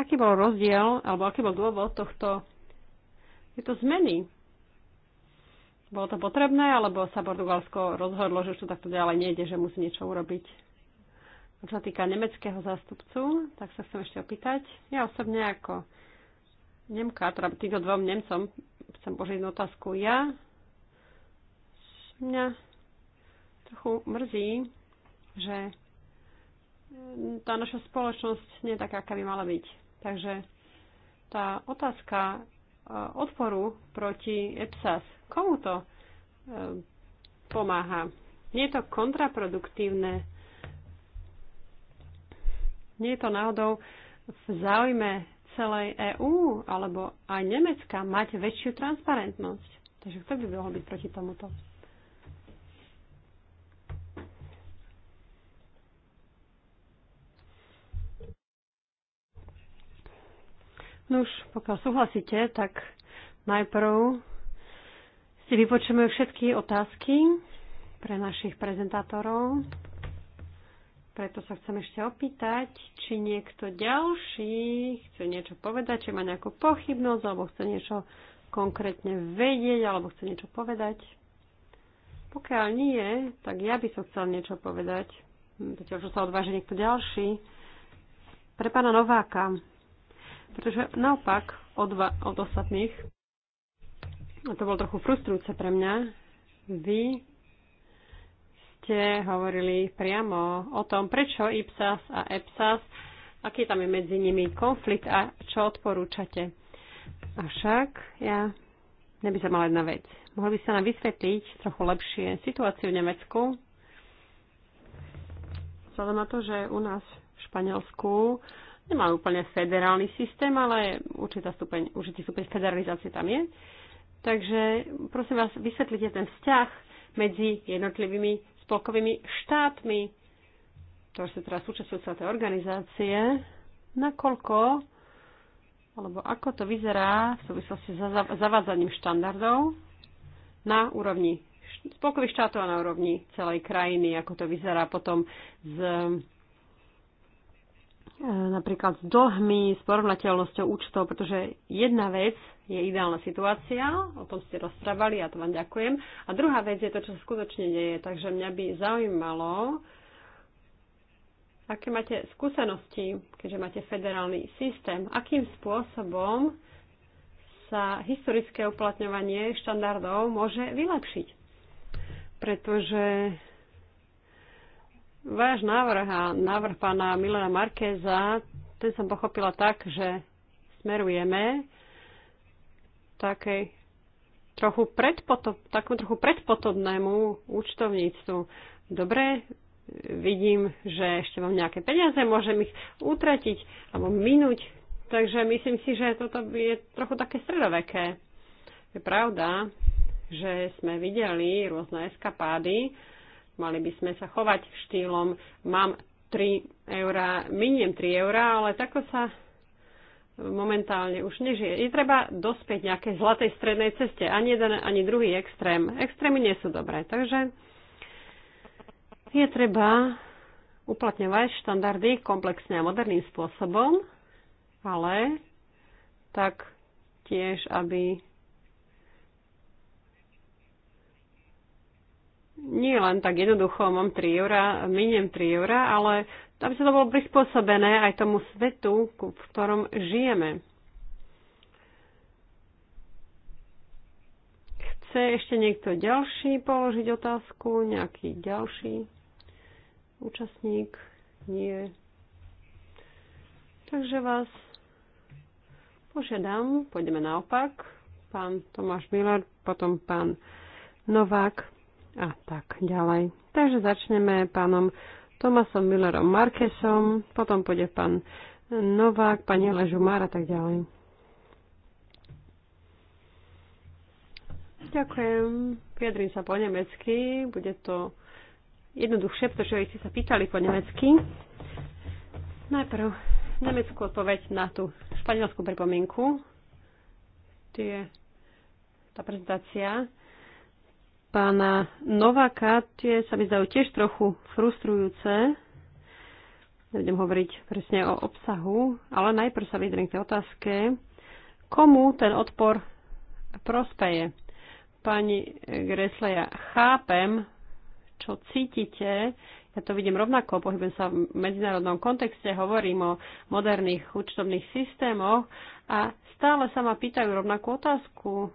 Aký bol rozdiel, alebo aký bol dôvod tohto, tejto zmeny? Bolo to potrebné, alebo sa Portugalsko rozhodlo, že už to takto ďalej nejde, že musí niečo urobiť? A čo sa týka nemeckého zástupcu, tak sa chcem ešte opýtať. Ja osobne ako Nemka, teda týmto dvom Nemcom chcem požiť otázku. Ja mňa trochu mrzí, že tá naša spoločnosť nie je taká, aká by mala byť. Takže tá otázka e, odporu proti EPSAS, komu to e, pomáha? Nie je to kontraproduktívne? Nie je to náhodou v záujme celej EÚ alebo aj Nemecka mať väčšiu transparentnosť? Takže kto by mohol byť proti tomuto? No už, pokiaľ súhlasíte, tak najprv si vypočujeme všetky otázky pre našich prezentátorov. Preto sa chcem ešte opýtať, či niekto ďalší chce niečo povedať, či má nejakú pochybnosť, alebo chce niečo konkrétne vedieť, alebo chce niečo povedať. Pokiaľ nie, tak ja by som chcel niečo povedať. Zatiaľ, čo sa odváži niekto ďalší. Pre pána Nováka pretože naopak od, va, od ostatných, a to bolo trochu frustrujúce pre mňa, vy ste hovorili priamo o tom, prečo IPSAS a EPSAS, aký tam je medzi nimi konflikt a čo odporúčate. Avšak ja neby sa mala jedna vec. Mohli by sa nám vysvetliť trochu lepšie situáciu v Nemecku, vzhľadom na to, že u nás v Španielsku nemá úplne federálny systém, ale určitá stupeň, určitý stupeň federalizácie tam je. Takže prosím vás, vysvetlite ten vzťah medzi jednotlivými spolkovými štátmi, ktoré sú teraz súčasťujú celé tej organizácie, nakoľko alebo ako to vyzerá v súvislosti s zavádzaním štandardov na úrovni spolkových štátov a na úrovni celej krajiny, ako to vyzerá potom s E, napríklad s dlhmi, s porovnateľnosťou účtov, pretože jedna vec je ideálna situácia, o tom ste rozprávali, ja to vám ďakujem. A druhá vec je to, čo sa skutočne deje. Takže mňa by zaujímalo, aké máte skúsenosti, keďže máte federálny systém, akým spôsobom sa historické uplatňovanie štandardov môže vylepšiť. Pretože Váš návrh a návrh pána Milana Markéza, ten som pochopila tak, že smerujeme takej trochu takom trochu predpotobnému účtovníctvu. Dobre, vidím, že ešte mám nejaké peniaze, môžem ich utratiť alebo minúť. Takže myslím si, že toto je trochu také stredoveké. Je pravda, že sme videli rôzne eskapády, Mali by sme sa chovať štýlom mám 3 eurá, miniem 3 eurá, ale tako sa momentálne už nežije. Je treba dospieť nejakej zlatej strednej ceste. Ani jeden, ani druhý extrém. Extrémy nie sú dobré. Takže je treba uplatňovať štandardy komplexne a moderným spôsobom, ale tak tiež, aby nie len tak jednoducho mám 3 eurá, miniem 3 eurá, ale aby sa to bolo prispôsobené aj tomu svetu, v ktorom žijeme. Chce ešte niekto ďalší položiť otázku? Nejaký ďalší účastník? Nie. Takže vás požiadam, pôjdeme naopak. Pán Tomáš Miller, potom pán Novák a tak ďalej. Takže začneme pánom Tomasom Millerom Markesom, potom pôjde pán Novák, pani Ležumár a tak ďalej. Ďakujem. Vyjadrím sa po nemecky. Bude to jednoduchšie, pretože ste sa pýtali po nemecky. Najprv nemeckú odpoveď na tú španielskú pripomienku. Tu je tá prezentácia pána Novaka, tie sa mi zdajú tiež trochu frustrujúce. Nebudem hovoriť presne o obsahu, ale najprv sa vyjadrím k tej otázke, komu ten odpor prospeje. Pani Gresle, ja chápem, čo cítite, ja to vidím rovnako, pohybujem sa v medzinárodnom kontexte, hovorím o moderných účtovných systémoch a stále sa ma pýtajú rovnakú otázku,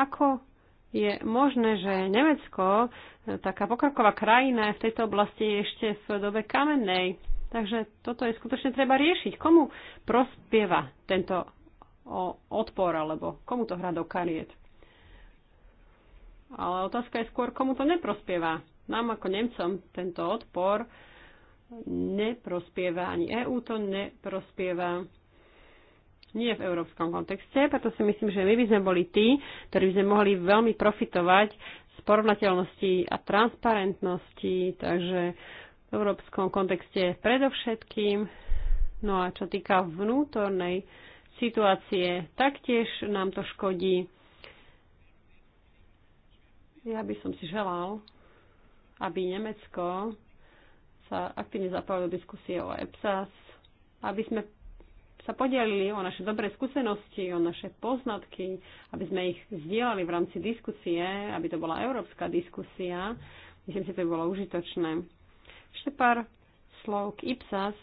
ako je možné, že Nemecko, e, taká pokroková krajina, je v tejto oblasti ešte v dobe kamennej. Takže toto je skutočne treba riešiť. Komu prospieva tento odpor, alebo komu to hrá do kariet? Ale otázka je skôr, komu to neprospieva. Nám ako Nemcom tento odpor neprospieva, ani EÚ to neprospieva nie v európskom kontexte, preto si myslím, že my by sme boli tí, ktorí by sme mohli veľmi profitovať z porovnateľnosti a transparentnosti, takže v európskom kontexte predovšetkým. No a čo týka vnútornej situácie, taktiež nám to škodí. Ja by som si želal, aby Nemecko sa aktívne zapojilo do diskusie o EPSAS, aby sme sa podelili o naše dobré skúsenosti, o naše poznatky, aby sme ich zdieľali v rámci diskusie, aby to bola európska diskusia. Myslím si, to by bolo užitočné. Ešte pár slov k IPSAS.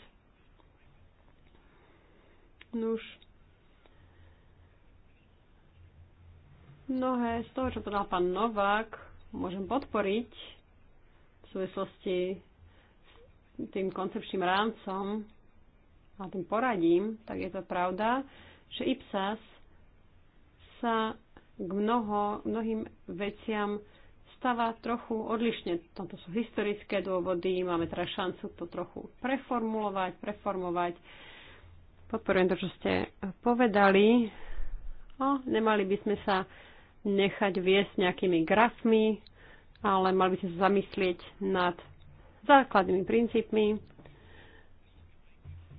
Nuž. Mnohé z toho, čo povedal pán Novák, môžem podporiť v súvislosti s tým koncepčným rámcom a tým poradím, tak je to pravda, že IPSAS sa k mnoho, mnohým veciam stáva trochu odlišne. Toto sú historické dôvody, máme teraz šancu to trochu preformulovať, preformovať. Podporujem to, čo ste povedali. No, nemali by sme sa nechať viesť nejakými grafmi, ale mali by sme sa zamyslieť nad základnými princípmi,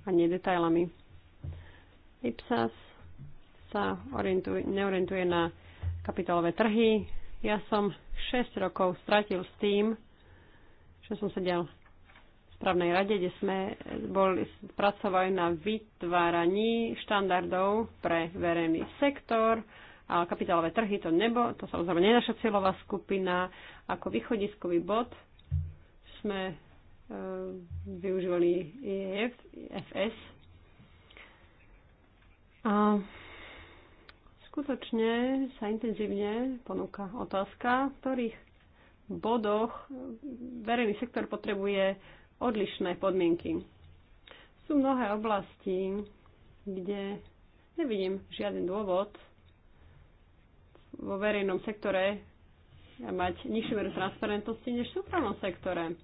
a nie detailami. IPSAS sa orientuje, neorientuje na kapitálové trhy. Ja som 6 rokov stratil s tým, že som sedel v správnej rade, kde sme boli, pracovali na vytváraní štandardov pre verejný sektor a kapitálové trhy to nebo, to samozrejme nie je naša cieľová skupina. Ako východiskový bod sme Eh, využívali EF, e FS. A skutočne sa intenzívne ponúka otázka, v ktorých bodoch verejný sektor potrebuje odlišné podmienky. Sú mnohé oblasti, kde nevidím žiaden dôvod vo verejnom sektore mať nižšiu mieru transparentnosti než v súkromnom sektore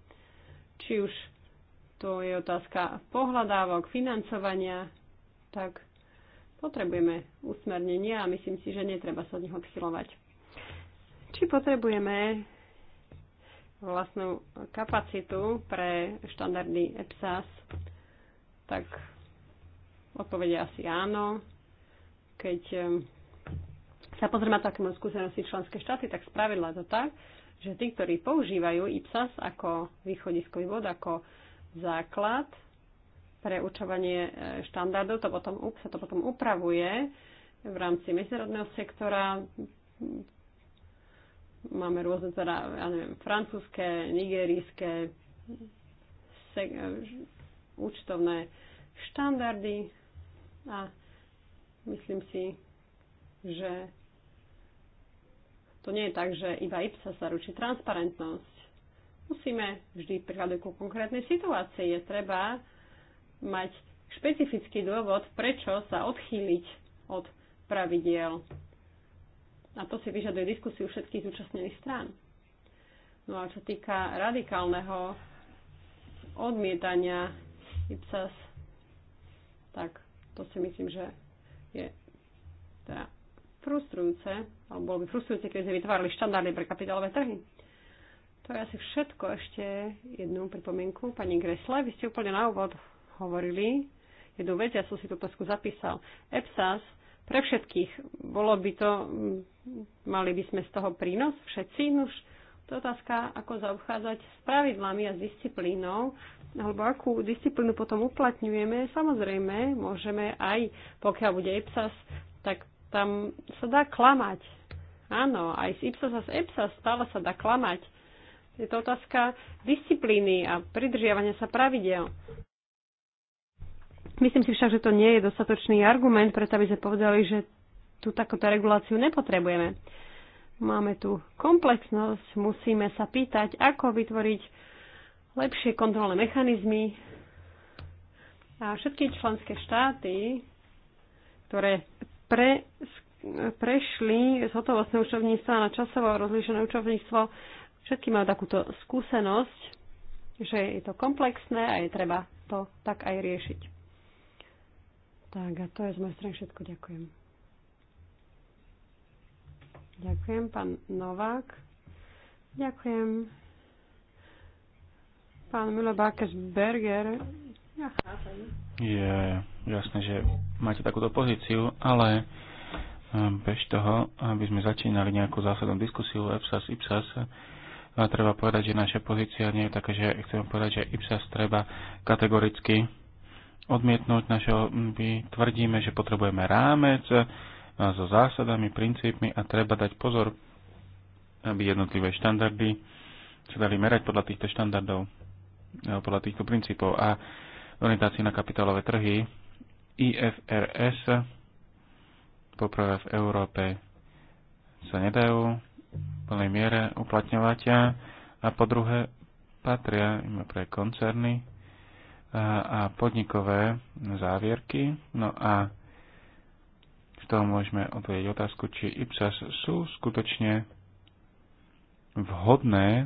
či už to je otázka pohľadávok, financovania, tak potrebujeme usmernenie a myslím si, že netreba sa od nich odchylovať. Či potrebujeme vlastnú kapacitu pre štandardy EPSAS, tak odpovedia asi áno. Keď ehm, sa pozrieme na takému skúsenosti členské štáty, tak spravidla to tak, že tí, ktorí používajú IPSAS ako východiskový bod, ako základ pre určovanie e, štandardov, to potom, sa to potom upravuje v rámci medzinárodného sektora. Máme rôzne teda, ja neviem, francúzske, nigerijské e, účtovné štandardy a myslím si, že to nie je tak, že iba IPSA zaručí transparentnosť. Musíme vždy prihľadať ku konkrétnej situácii. Je treba mať špecifický dôvod, prečo sa odchýliť od pravidiel. A to si vyžaduje diskusiu všetkých zúčastnených strán. No a čo týka radikálneho odmietania IPSAS, tak to si myslím, že je teda frustrujúce, alebo bolo by frustrujúce, keby sme vytvárali štandardy pre kapitálové trhy. To je asi všetko. Ešte jednu pripomienku. Pani Gresle, vy ste úplne na úvod hovorili jednu vec, ja som si tú otázku zapísal. EPSAS pre všetkých, bolo by to, mm, mali by sme z toho prínos všetci, no už to je otázka, ako zaobchádzať s pravidlami a s disciplínou, alebo akú disciplínu potom uplatňujeme. Samozrejme, môžeme aj, pokiaľ bude EPSAS, tak tam sa dá klamať. Áno, aj z Ipsos a z EPSA stále sa dá klamať. Je to otázka disciplíny a pridržiavania sa pravidel. Myslím si však, že to nie je dostatočný argument, preto aby sme povedali, že tu takúto reguláciu nepotrebujeme. Máme tu komplexnosť, musíme sa pýtať, ako vytvoriť lepšie kontrolné mechanizmy a všetky členské štáty, ktoré pre, prešli z hotovostného učovníctva na časovo rozlišené učovníctvo, Všetky majú takúto skúsenosť, že je to komplexné a je treba to tak aj riešiť. Tak a to je z mojej strany všetko. Ďakujem. Ďakujem, pán Novák. Ďakujem. Pán Milo bakes berger Ja chápem. Yeah jasné, že máte takúto pozíciu, ale eh, bez toho, aby sme začínali nejakú zásadnú diskusiu EPSAS, IPSAS, a eh, treba povedať, že naša pozícia nie je taká, že chcem povedať, že IPSAS treba kategoricky odmietnúť. našeho my tvrdíme, že potrebujeme rámec eh, so zásadami, princípmi a treba dať pozor, aby jednotlivé štandardy sa dali merať podľa týchto štandardov, podľa týchto princípov. A orientácii na kapitálové trhy IFRS poprvé v Európe sa nedajú v plnej miere uplatňovať a po druhé patria im pre koncerny a podnikové závierky. No a z toho môžeme odvedieť otázku, či IPSAS sú skutočne vhodné,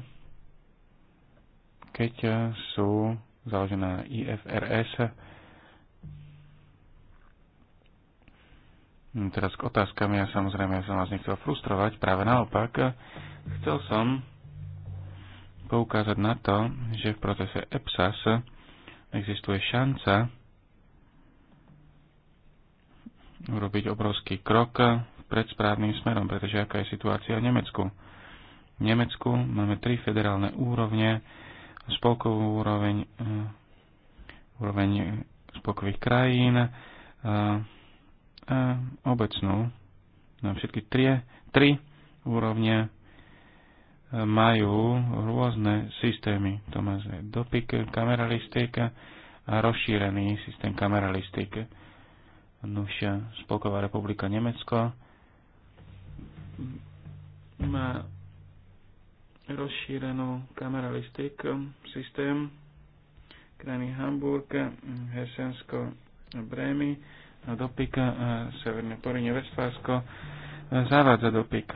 keď sú založené na IFRS Hm, teraz k otázkam. Ja samozrejme som vás nechcel frustrovať, práve naopak. Chcel som poukázať na to, že v procese EPSAS existuje šanca urobiť obrovský krok pred správnym smerom, pretože aká je situácia v Nemecku. V Nemecku máme tri federálne úrovne, spolkovú úroveň, eh, úroveň spolkových krajín, eh, e, obecnú. Na všetky tri, tri úrovne e, majú rôzne systémy. To má dopik, kameralistika a rozšírený systém kameralistiky. Nuša Spolková republika Nemecko má rozšírenú kameralistik systém krajiny Hamburg, Hesensko, Bremy. No, dopik, e, Severné Porine e, zavádza dopik.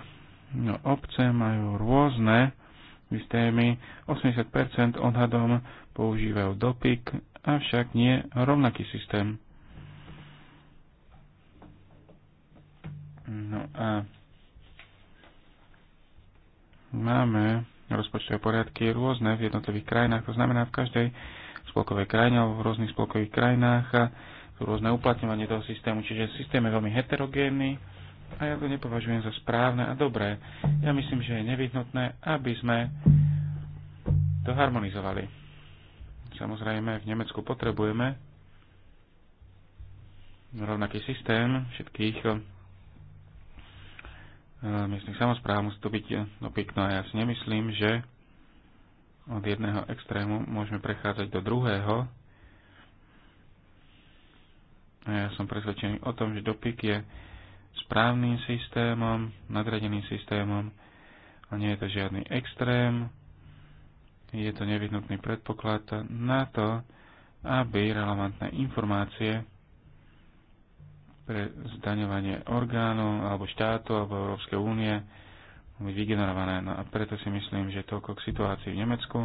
No, obce majú rôzne systémy, 80% odhadom používajú dopik, avšak nie rovnaký systém. No a máme rozpočtové poriadky rôzne v jednotlivých krajinách, to znamená v každej spolkovej krajine alebo v rôznych spolkových krajinách rôzne uplatňovanie toho systému, čiže systém je veľmi heterogénny a ja to nepovažujem za správne a dobré. Ja myslím, že je nevyhnutné, aby sme to harmonizovali. Samozrejme, v Nemecku potrebujeme rovnaký systém všetkých eh, miestnych samozpráv musí to byť eh, opiekno no, a ja si nemyslím, že od jedného extrému môžeme prechádzať do druhého a ja som presvedčený o tom, že dopik je správnym systémom, nadradeným systémom a nie je to žiadny extrém. Je to nevyhnutný predpoklad na to, aby relevantné informácie pre zdaňovanie orgánov alebo štátu alebo Európskej únie byť vygenerované. No a preto si myslím, že toľko k situácii v Nemecku.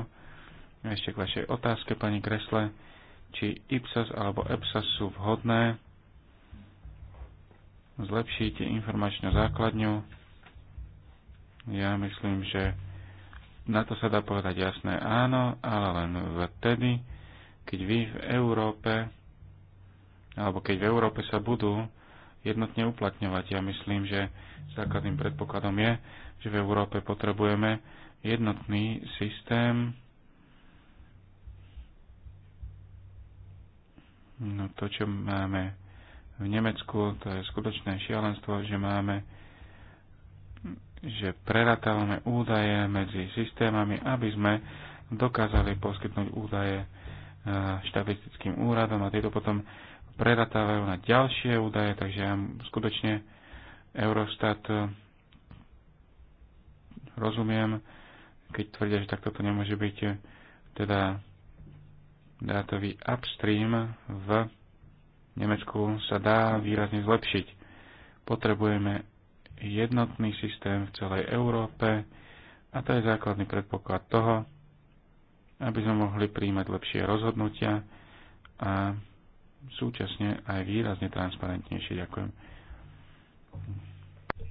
Ešte k vašej otázke, pani Kresle či IPSAS alebo EPSAS sú vhodné. Zlepšíte informačnú základňu. Ja myslím, že na to sa dá povedať jasné áno, ale len vtedy, keď vy v Európe, alebo keď v Európe sa budú jednotne uplatňovať. Ja myslím, že základným predpokladom je, že v Európe potrebujeme jednotný systém No to, čo máme v Nemecku, to je skutočné šialenstvo, že máme že preratávame údaje medzi systémami, aby sme dokázali poskytnúť údaje e, štatistickým úradom a tieto potom preratávajú na ďalšie údaje, takže skutočne Eurostat e, rozumiem, keď tvrdia, že takto to nemôže byť, e, teda dátový upstream v Nemecku sa dá výrazne zlepšiť. Potrebujeme jednotný systém v celej Európe a to je základný predpoklad toho, aby sme mohli príjmať lepšie rozhodnutia a súčasne aj výrazne transparentnejšie. Ďakujem.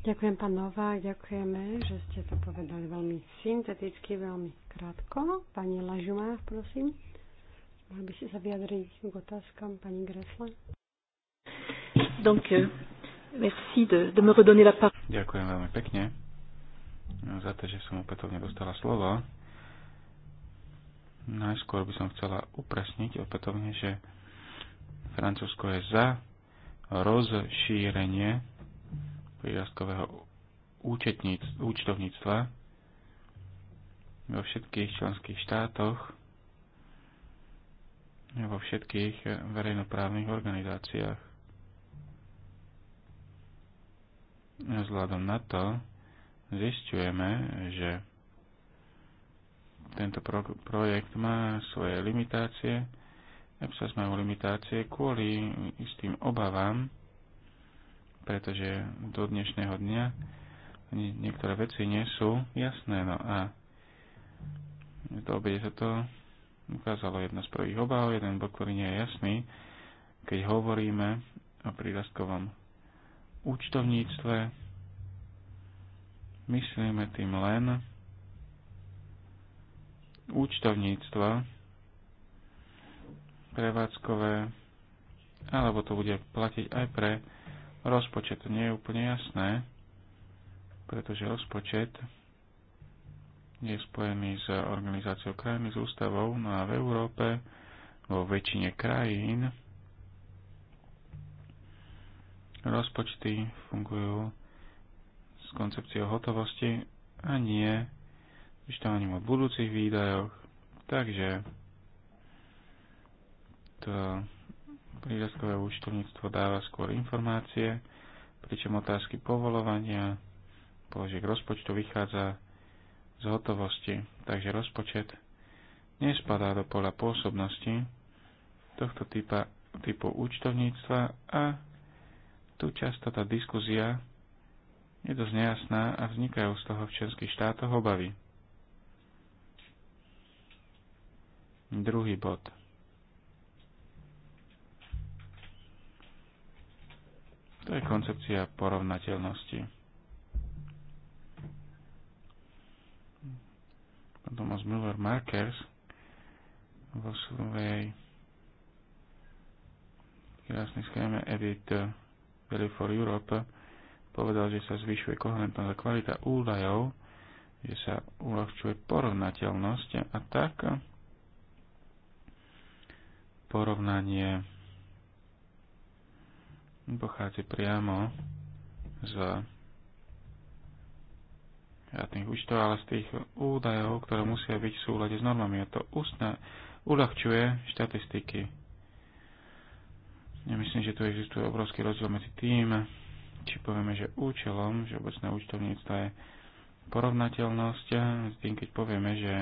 Ďakujem, pán Novák, ďakujeme, že ste to povedali veľmi synteticky, veľmi krátko. Pani Lažumá, prosím. Mohli by ste sa vyjadriť k otázkam pani Gresla? Donc, euh, merci de, de me redonner la parole. Ďakujem veľmi pekne za to, že som opätovne dostala slovo. Najskôr by som chcela upresniť opätovne, že Francúzsko je za rozšírenie prírastkového účtovníctva vo všetkých členských štátoch vo všetkých eh, verejnoprávnych organizáciách. Vzhľadom na to zistujeme, že tento pro- projekt má svoje limitácie. EPSAS majú limitácie kvôli istým obavám, pretože do dnešného dňa niektoré veci nie sú jasné. No a obede sa to ukázalo jedna z prvých obáv, jeden bod, ktorý nie je jasný, keď hovoríme o prírastkovom účtovníctve, myslíme tým len účtovníctva, prevádzkové, alebo to bude platiť aj pre rozpočet. To nie je úplne jasné, pretože rozpočet je spojený s organizáciou krajiny, s ústavou, no a v Európe, vo väčšine krajín, rozpočty fungujú s koncepciou hotovosti a nie vyštávaním o budúcich výdajoch. Takže to prírazkové účtovníctvo dáva skôr informácie, pričom otázky povolovania položiek rozpočtu vychádza z hotovosti, takže rozpočet nespadá do pola pôsobnosti tohto typa, typu účtovníctva a tu často tá diskuzia je dosť nejasná a vznikajú z toho v členských štátoch obavy. Druhý bod. To je koncepcia porovnateľnosti. Thomas Müller Markers vo svojej krásnej schéme Edit Value for Europe povedal, že sa zvyšuje koherentnosť a kvalita údajov, že sa uľahčuje porovnateľnosť a tak porovnanie pochádza priamo z štátnych účtov, ale z tých údajov, ktoré musia byť v súlade s normami. A to ústne uľahčuje štatistiky. Ja myslím, že tu existuje obrovský rozdiel medzi tým, či povieme, že účelom že obecné účtovníctvo je porovnateľnosť s tým, keď povieme, že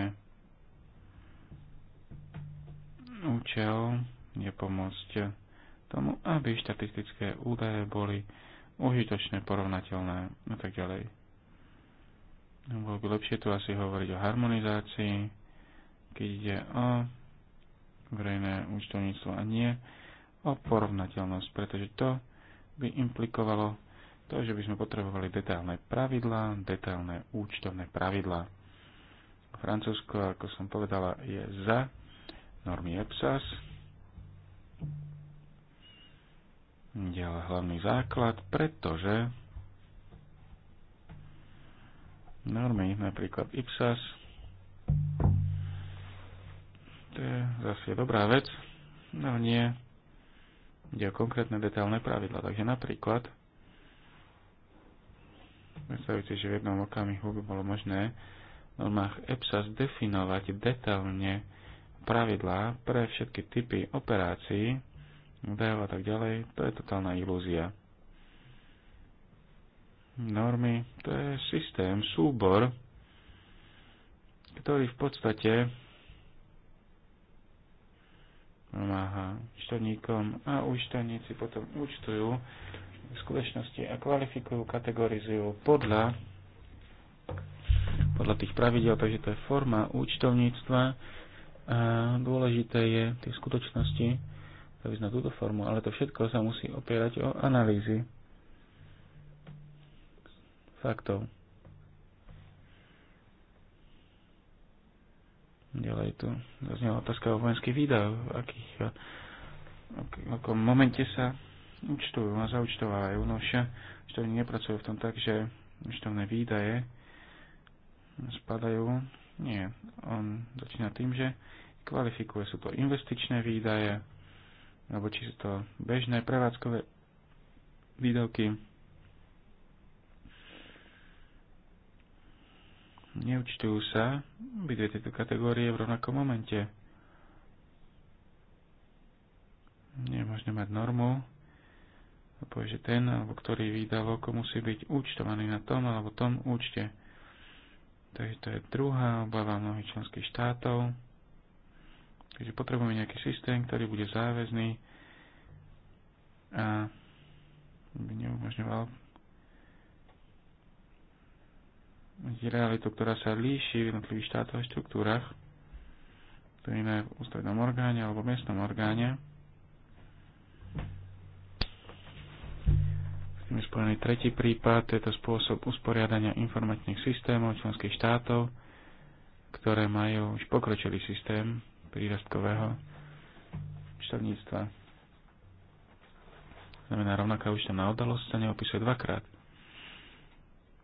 účel je pomôcť tomu, aby štatistické údaje boli užitočné, porovnateľné a tak ďalej. No, bolo by lepšie tu asi hovoriť o harmonizácii, keď ide o verejné účtovníctvo a nie o porovnateľnosť, pretože to by implikovalo to, že by sme potrebovali detailné pravidlá, detailné účtovné pravidlá. Francúzsko, ako som povedala, je za normy EPSAS. Ide hlavný základ, pretože normy, napríklad IPSAS. To je zase dobrá vec, no nie ide o konkrétne detailné pravidla. Takže napríklad, predstavujte, že v jednom okamihu by bolo možné v normách EPSAS definovať detailne pravidlá pre všetky typy operácií, údajov a tak ďalej, to je totálna ilúzia normy, to je systém, súbor, ktorý v podstate pomáha účtovníkom a účtovníci potom účtujú skutočnosti a kvalifikujú, kategorizujú podľa, podľa tých pravidel, takže to je forma účtovníctva a dôležité je tie skutočnosti, aby sme túto formu, ale to všetko sa musí opierať o analýzy faktov. Ďalej tu zaznela otázka o vojenských v akých ako momente sa účtujú a zaučtovajú. No však oni nepracujú v tom tak, že účtovné výdaje spadajú. Nie, on začína tým, že kvalifikuje sú to investičné výdaje, alebo či sú to bežné prevádzkové výdavky, Neučtujú sa obidve tieto kategórie v rovnakom momente. Nie je možné mať normu, povie, že ten, alebo ktorý výdavok musí byť účtovaný na tom alebo tom účte. Takže to je druhá obava mnohých členských štátov. Takže potrebujeme nejaký systém, ktorý bude záväzný a by neumožňoval realitu, ktorá sa líši v jednotlivých štátoch a štruktúrach, to je iné v ústrednom orgáne alebo miestnom orgáne. S tým je spojený tretí prípad, je to spôsob usporiadania informačných systémov členských štátov, ktoré majú už pokročilý systém prírastkového štavníctva. Znamená, rovnaká účtovná oddalosť sa neopisuje dvakrát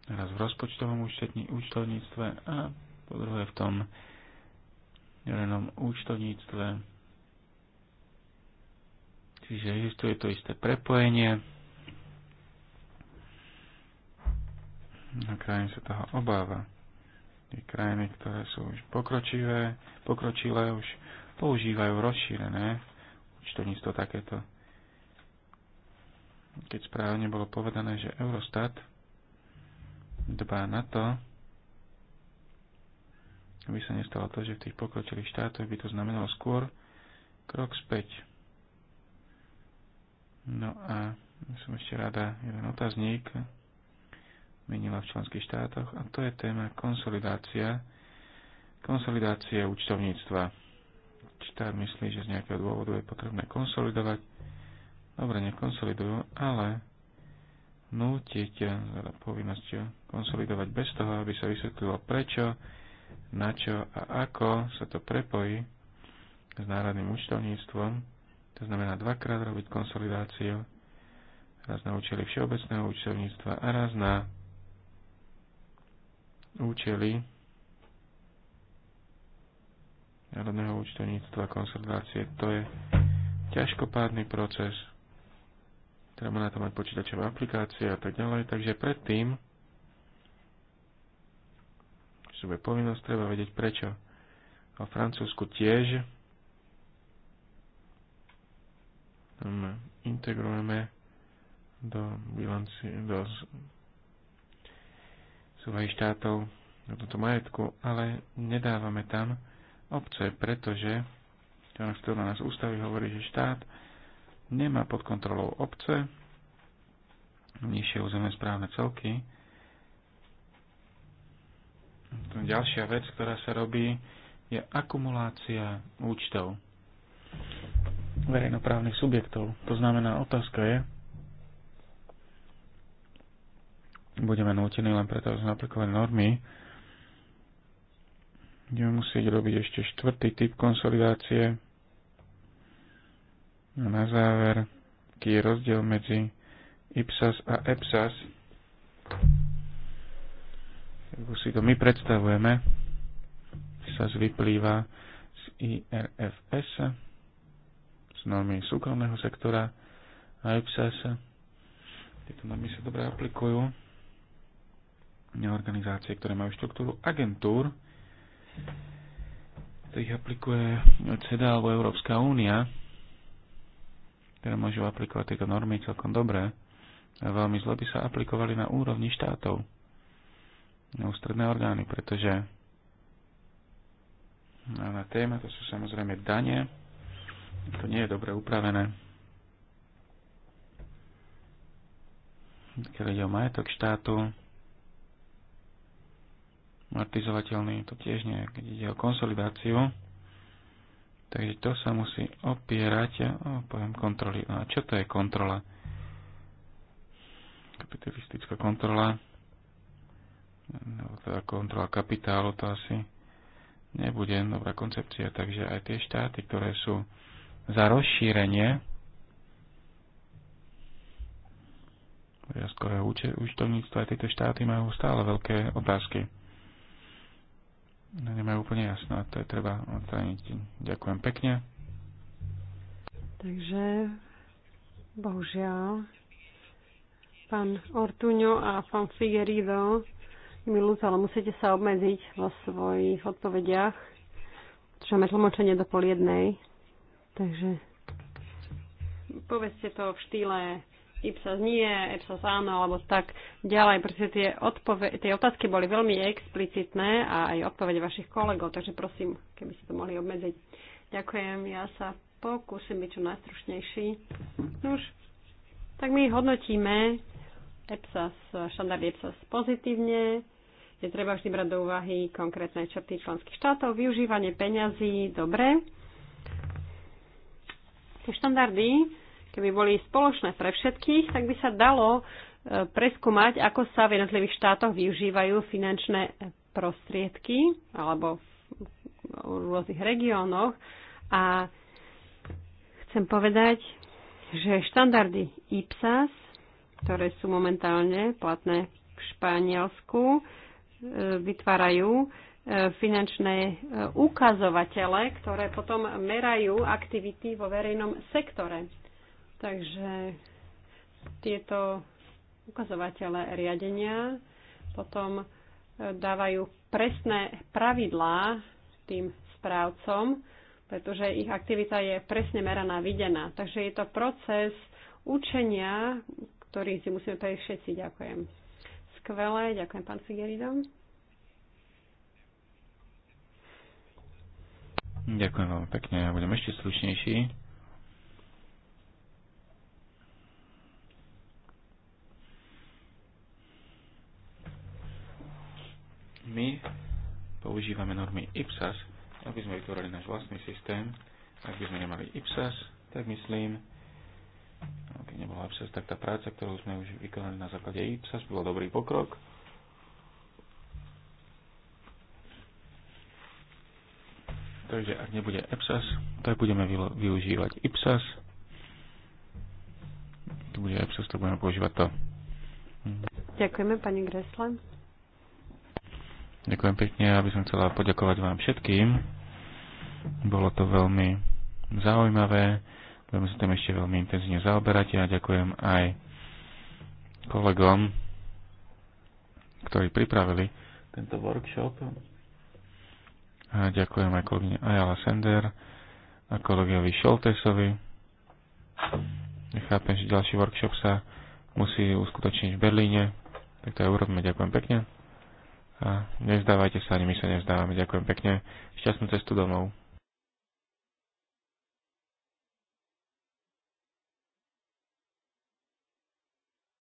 raz v rozpočtovom účetní účtovníctve a po druhé v tom jelenom účtovníctve. Čiže existuje to isté prepojenie. Na krajine sa toho obáva. Tie krajiny, ktoré sú už pokročivé, pokročilé, už používajú rozšírené účtovníctvo takéto. Keď správne bolo povedané, že Eurostat dbá na to, aby sa nestalo to, že v tých pokročilých štátoch by to znamenalo skôr krok späť. No a som ešte rada jeden otáznik menila v členských štátoch a to je téma konsolidácia konsolidácie účtovníctva. Štát myslí, že z nejakého dôvodu je potrebné konsolidovať. Dobre, nekonsolidujú, ale nútiť povinnosť konsolidovať bez toho, aby sa vysvetlilo prečo, na čo a ako sa to prepojí s národným účtovníctvom. To znamená dvakrát robiť konsolidáciu, raz na účely všeobecného účtovníctva a raz na účely národného účtovníctva konsolidácie. To je ťažkopádny proces, treba na to mať počítačové aplikácie a tak ďalej. Takže predtým, že bude povinnosť, treba vedieť prečo. A v Francúzsku tiež integrujeme do bilanci, do súvahy štátov do toto majetku, ale nedávame tam obce, pretože článok nás ústavy hovorí, že štát nemá pod kontrolou obce, nižšie územné správne celky. To ďalšia vec, ktorá sa robí, je akumulácia účtov verejnoprávnych subjektov. To znamená, otázka je, budeme nútení len preto, že sme aplikovali normy, budeme musieť robiť ešte štvrtý typ konsolidácie, a na záver, aký je rozdiel medzi IPSAS a EPSAS, ako si to my predstavujeme, sa vyplýva z IRFS, z normy súkromného sektora a EPSAS. Tieto normy sa dobre aplikujú na organizácie, ktoré majú štruktúru agentúr, ktorých aplikuje CEDA alebo Európska únia ktoré môžu aplikovať tieto normy celkom dobré, a veľmi zle by sa aplikovali na úrovni štátov, na ústredné orgány, pretože na téma to sú samozrejme dane, to nie je dobre upravené. Keď ide o majetok štátu, amortizovateľný, to tiež nie. Keď ide o konsolidáciu, Takže to sa musí opierať o pojem kontroly. A čo to je kontrola? Kapitalistická kontrola. No, teda kontrola kapitálu to asi nebude dobrá koncepcia. Takže aj tie štáty, ktoré sú za rozšírenie viackorého účtovníctva, aj tieto štáty majú stále veľké otázky nemajú úplne jasno a to je treba odstrániť. Ďakujem pekne. Takže, bohužiaľ, pán Ortuňo a pán Figuerido, mi ľúto, ale musíte sa obmedziť vo svojich odpovediach, čo máme tlmočenie do pol jednej. Takže povedzte to v štýle Ipsos nie, Ipsos áno, alebo tak ďalej. Pretože tie, odpove- tie otázky boli veľmi explicitné a aj odpovede vašich kolegov, takže prosím, keby ste to mohli obmedziť. Ďakujem, ja sa pokúsim byť čo najstrušnejší. No už, tak my hodnotíme EPSAS, štandard EPSAS pozitívne. Je treba vždy brať do úvahy konkrétne črty členských štátov, využívanie peňazí, dobre. Tie štandardy keby boli spoločné pre všetkých, tak by sa dalo e, preskúmať, ako sa v jednotlivých štátoch využívajú finančné prostriedky alebo v rôznych regiónoch. A chcem povedať, že štandardy IPSAS, ktoré sú momentálne platné v Španielsku, e, vytvárajú e, finančné ukazovatele, ktoré potom merajú aktivity vo verejnom sektore. Takže tieto ukazovatele riadenia potom e, dávajú presné pravidlá tým správcom, pretože ich aktivita je presne meraná, videná. Takže je to proces učenia, ktorý si musíme prejsť všetci. Ďakujem. Skvelé, ďakujem pán Figeridom. Ďakujem veľmi pekne, ja budem ešte slušnejší. My používame normy IPSAS, aby sme vytvorili náš vlastný systém. Ak by sme nemali IPSAS, tak myslím, no, keď nebola IPSAS, tak tá práca, ktorú sme už vykonali na základe IPSAS, bol dobrý pokrok. Takže ak nebude EPSAS, tak budeme využívať IPSAS. Tu bude EPSAS, tak budeme používať to. Mhm. Ďakujeme, pani Greslem. Ďakujem pekne, aby som chcela poďakovať vám všetkým. Bolo to veľmi zaujímavé. Budeme sa tým ešte veľmi intenzívne zaoberať a ja ďakujem aj kolegom, ktorí pripravili tento workshop. A ďakujem aj kolegyne Ayala Sender a kolegovi Šoltesovi. Nechápem, že ďalší workshop sa musí uskutočniť v Berlíne, tak to aj urobíme. Ďakujem pekne a nezdávajte sa, ani my sa nezdávame, Ďakujem pekne. Šťastnú cestu domov.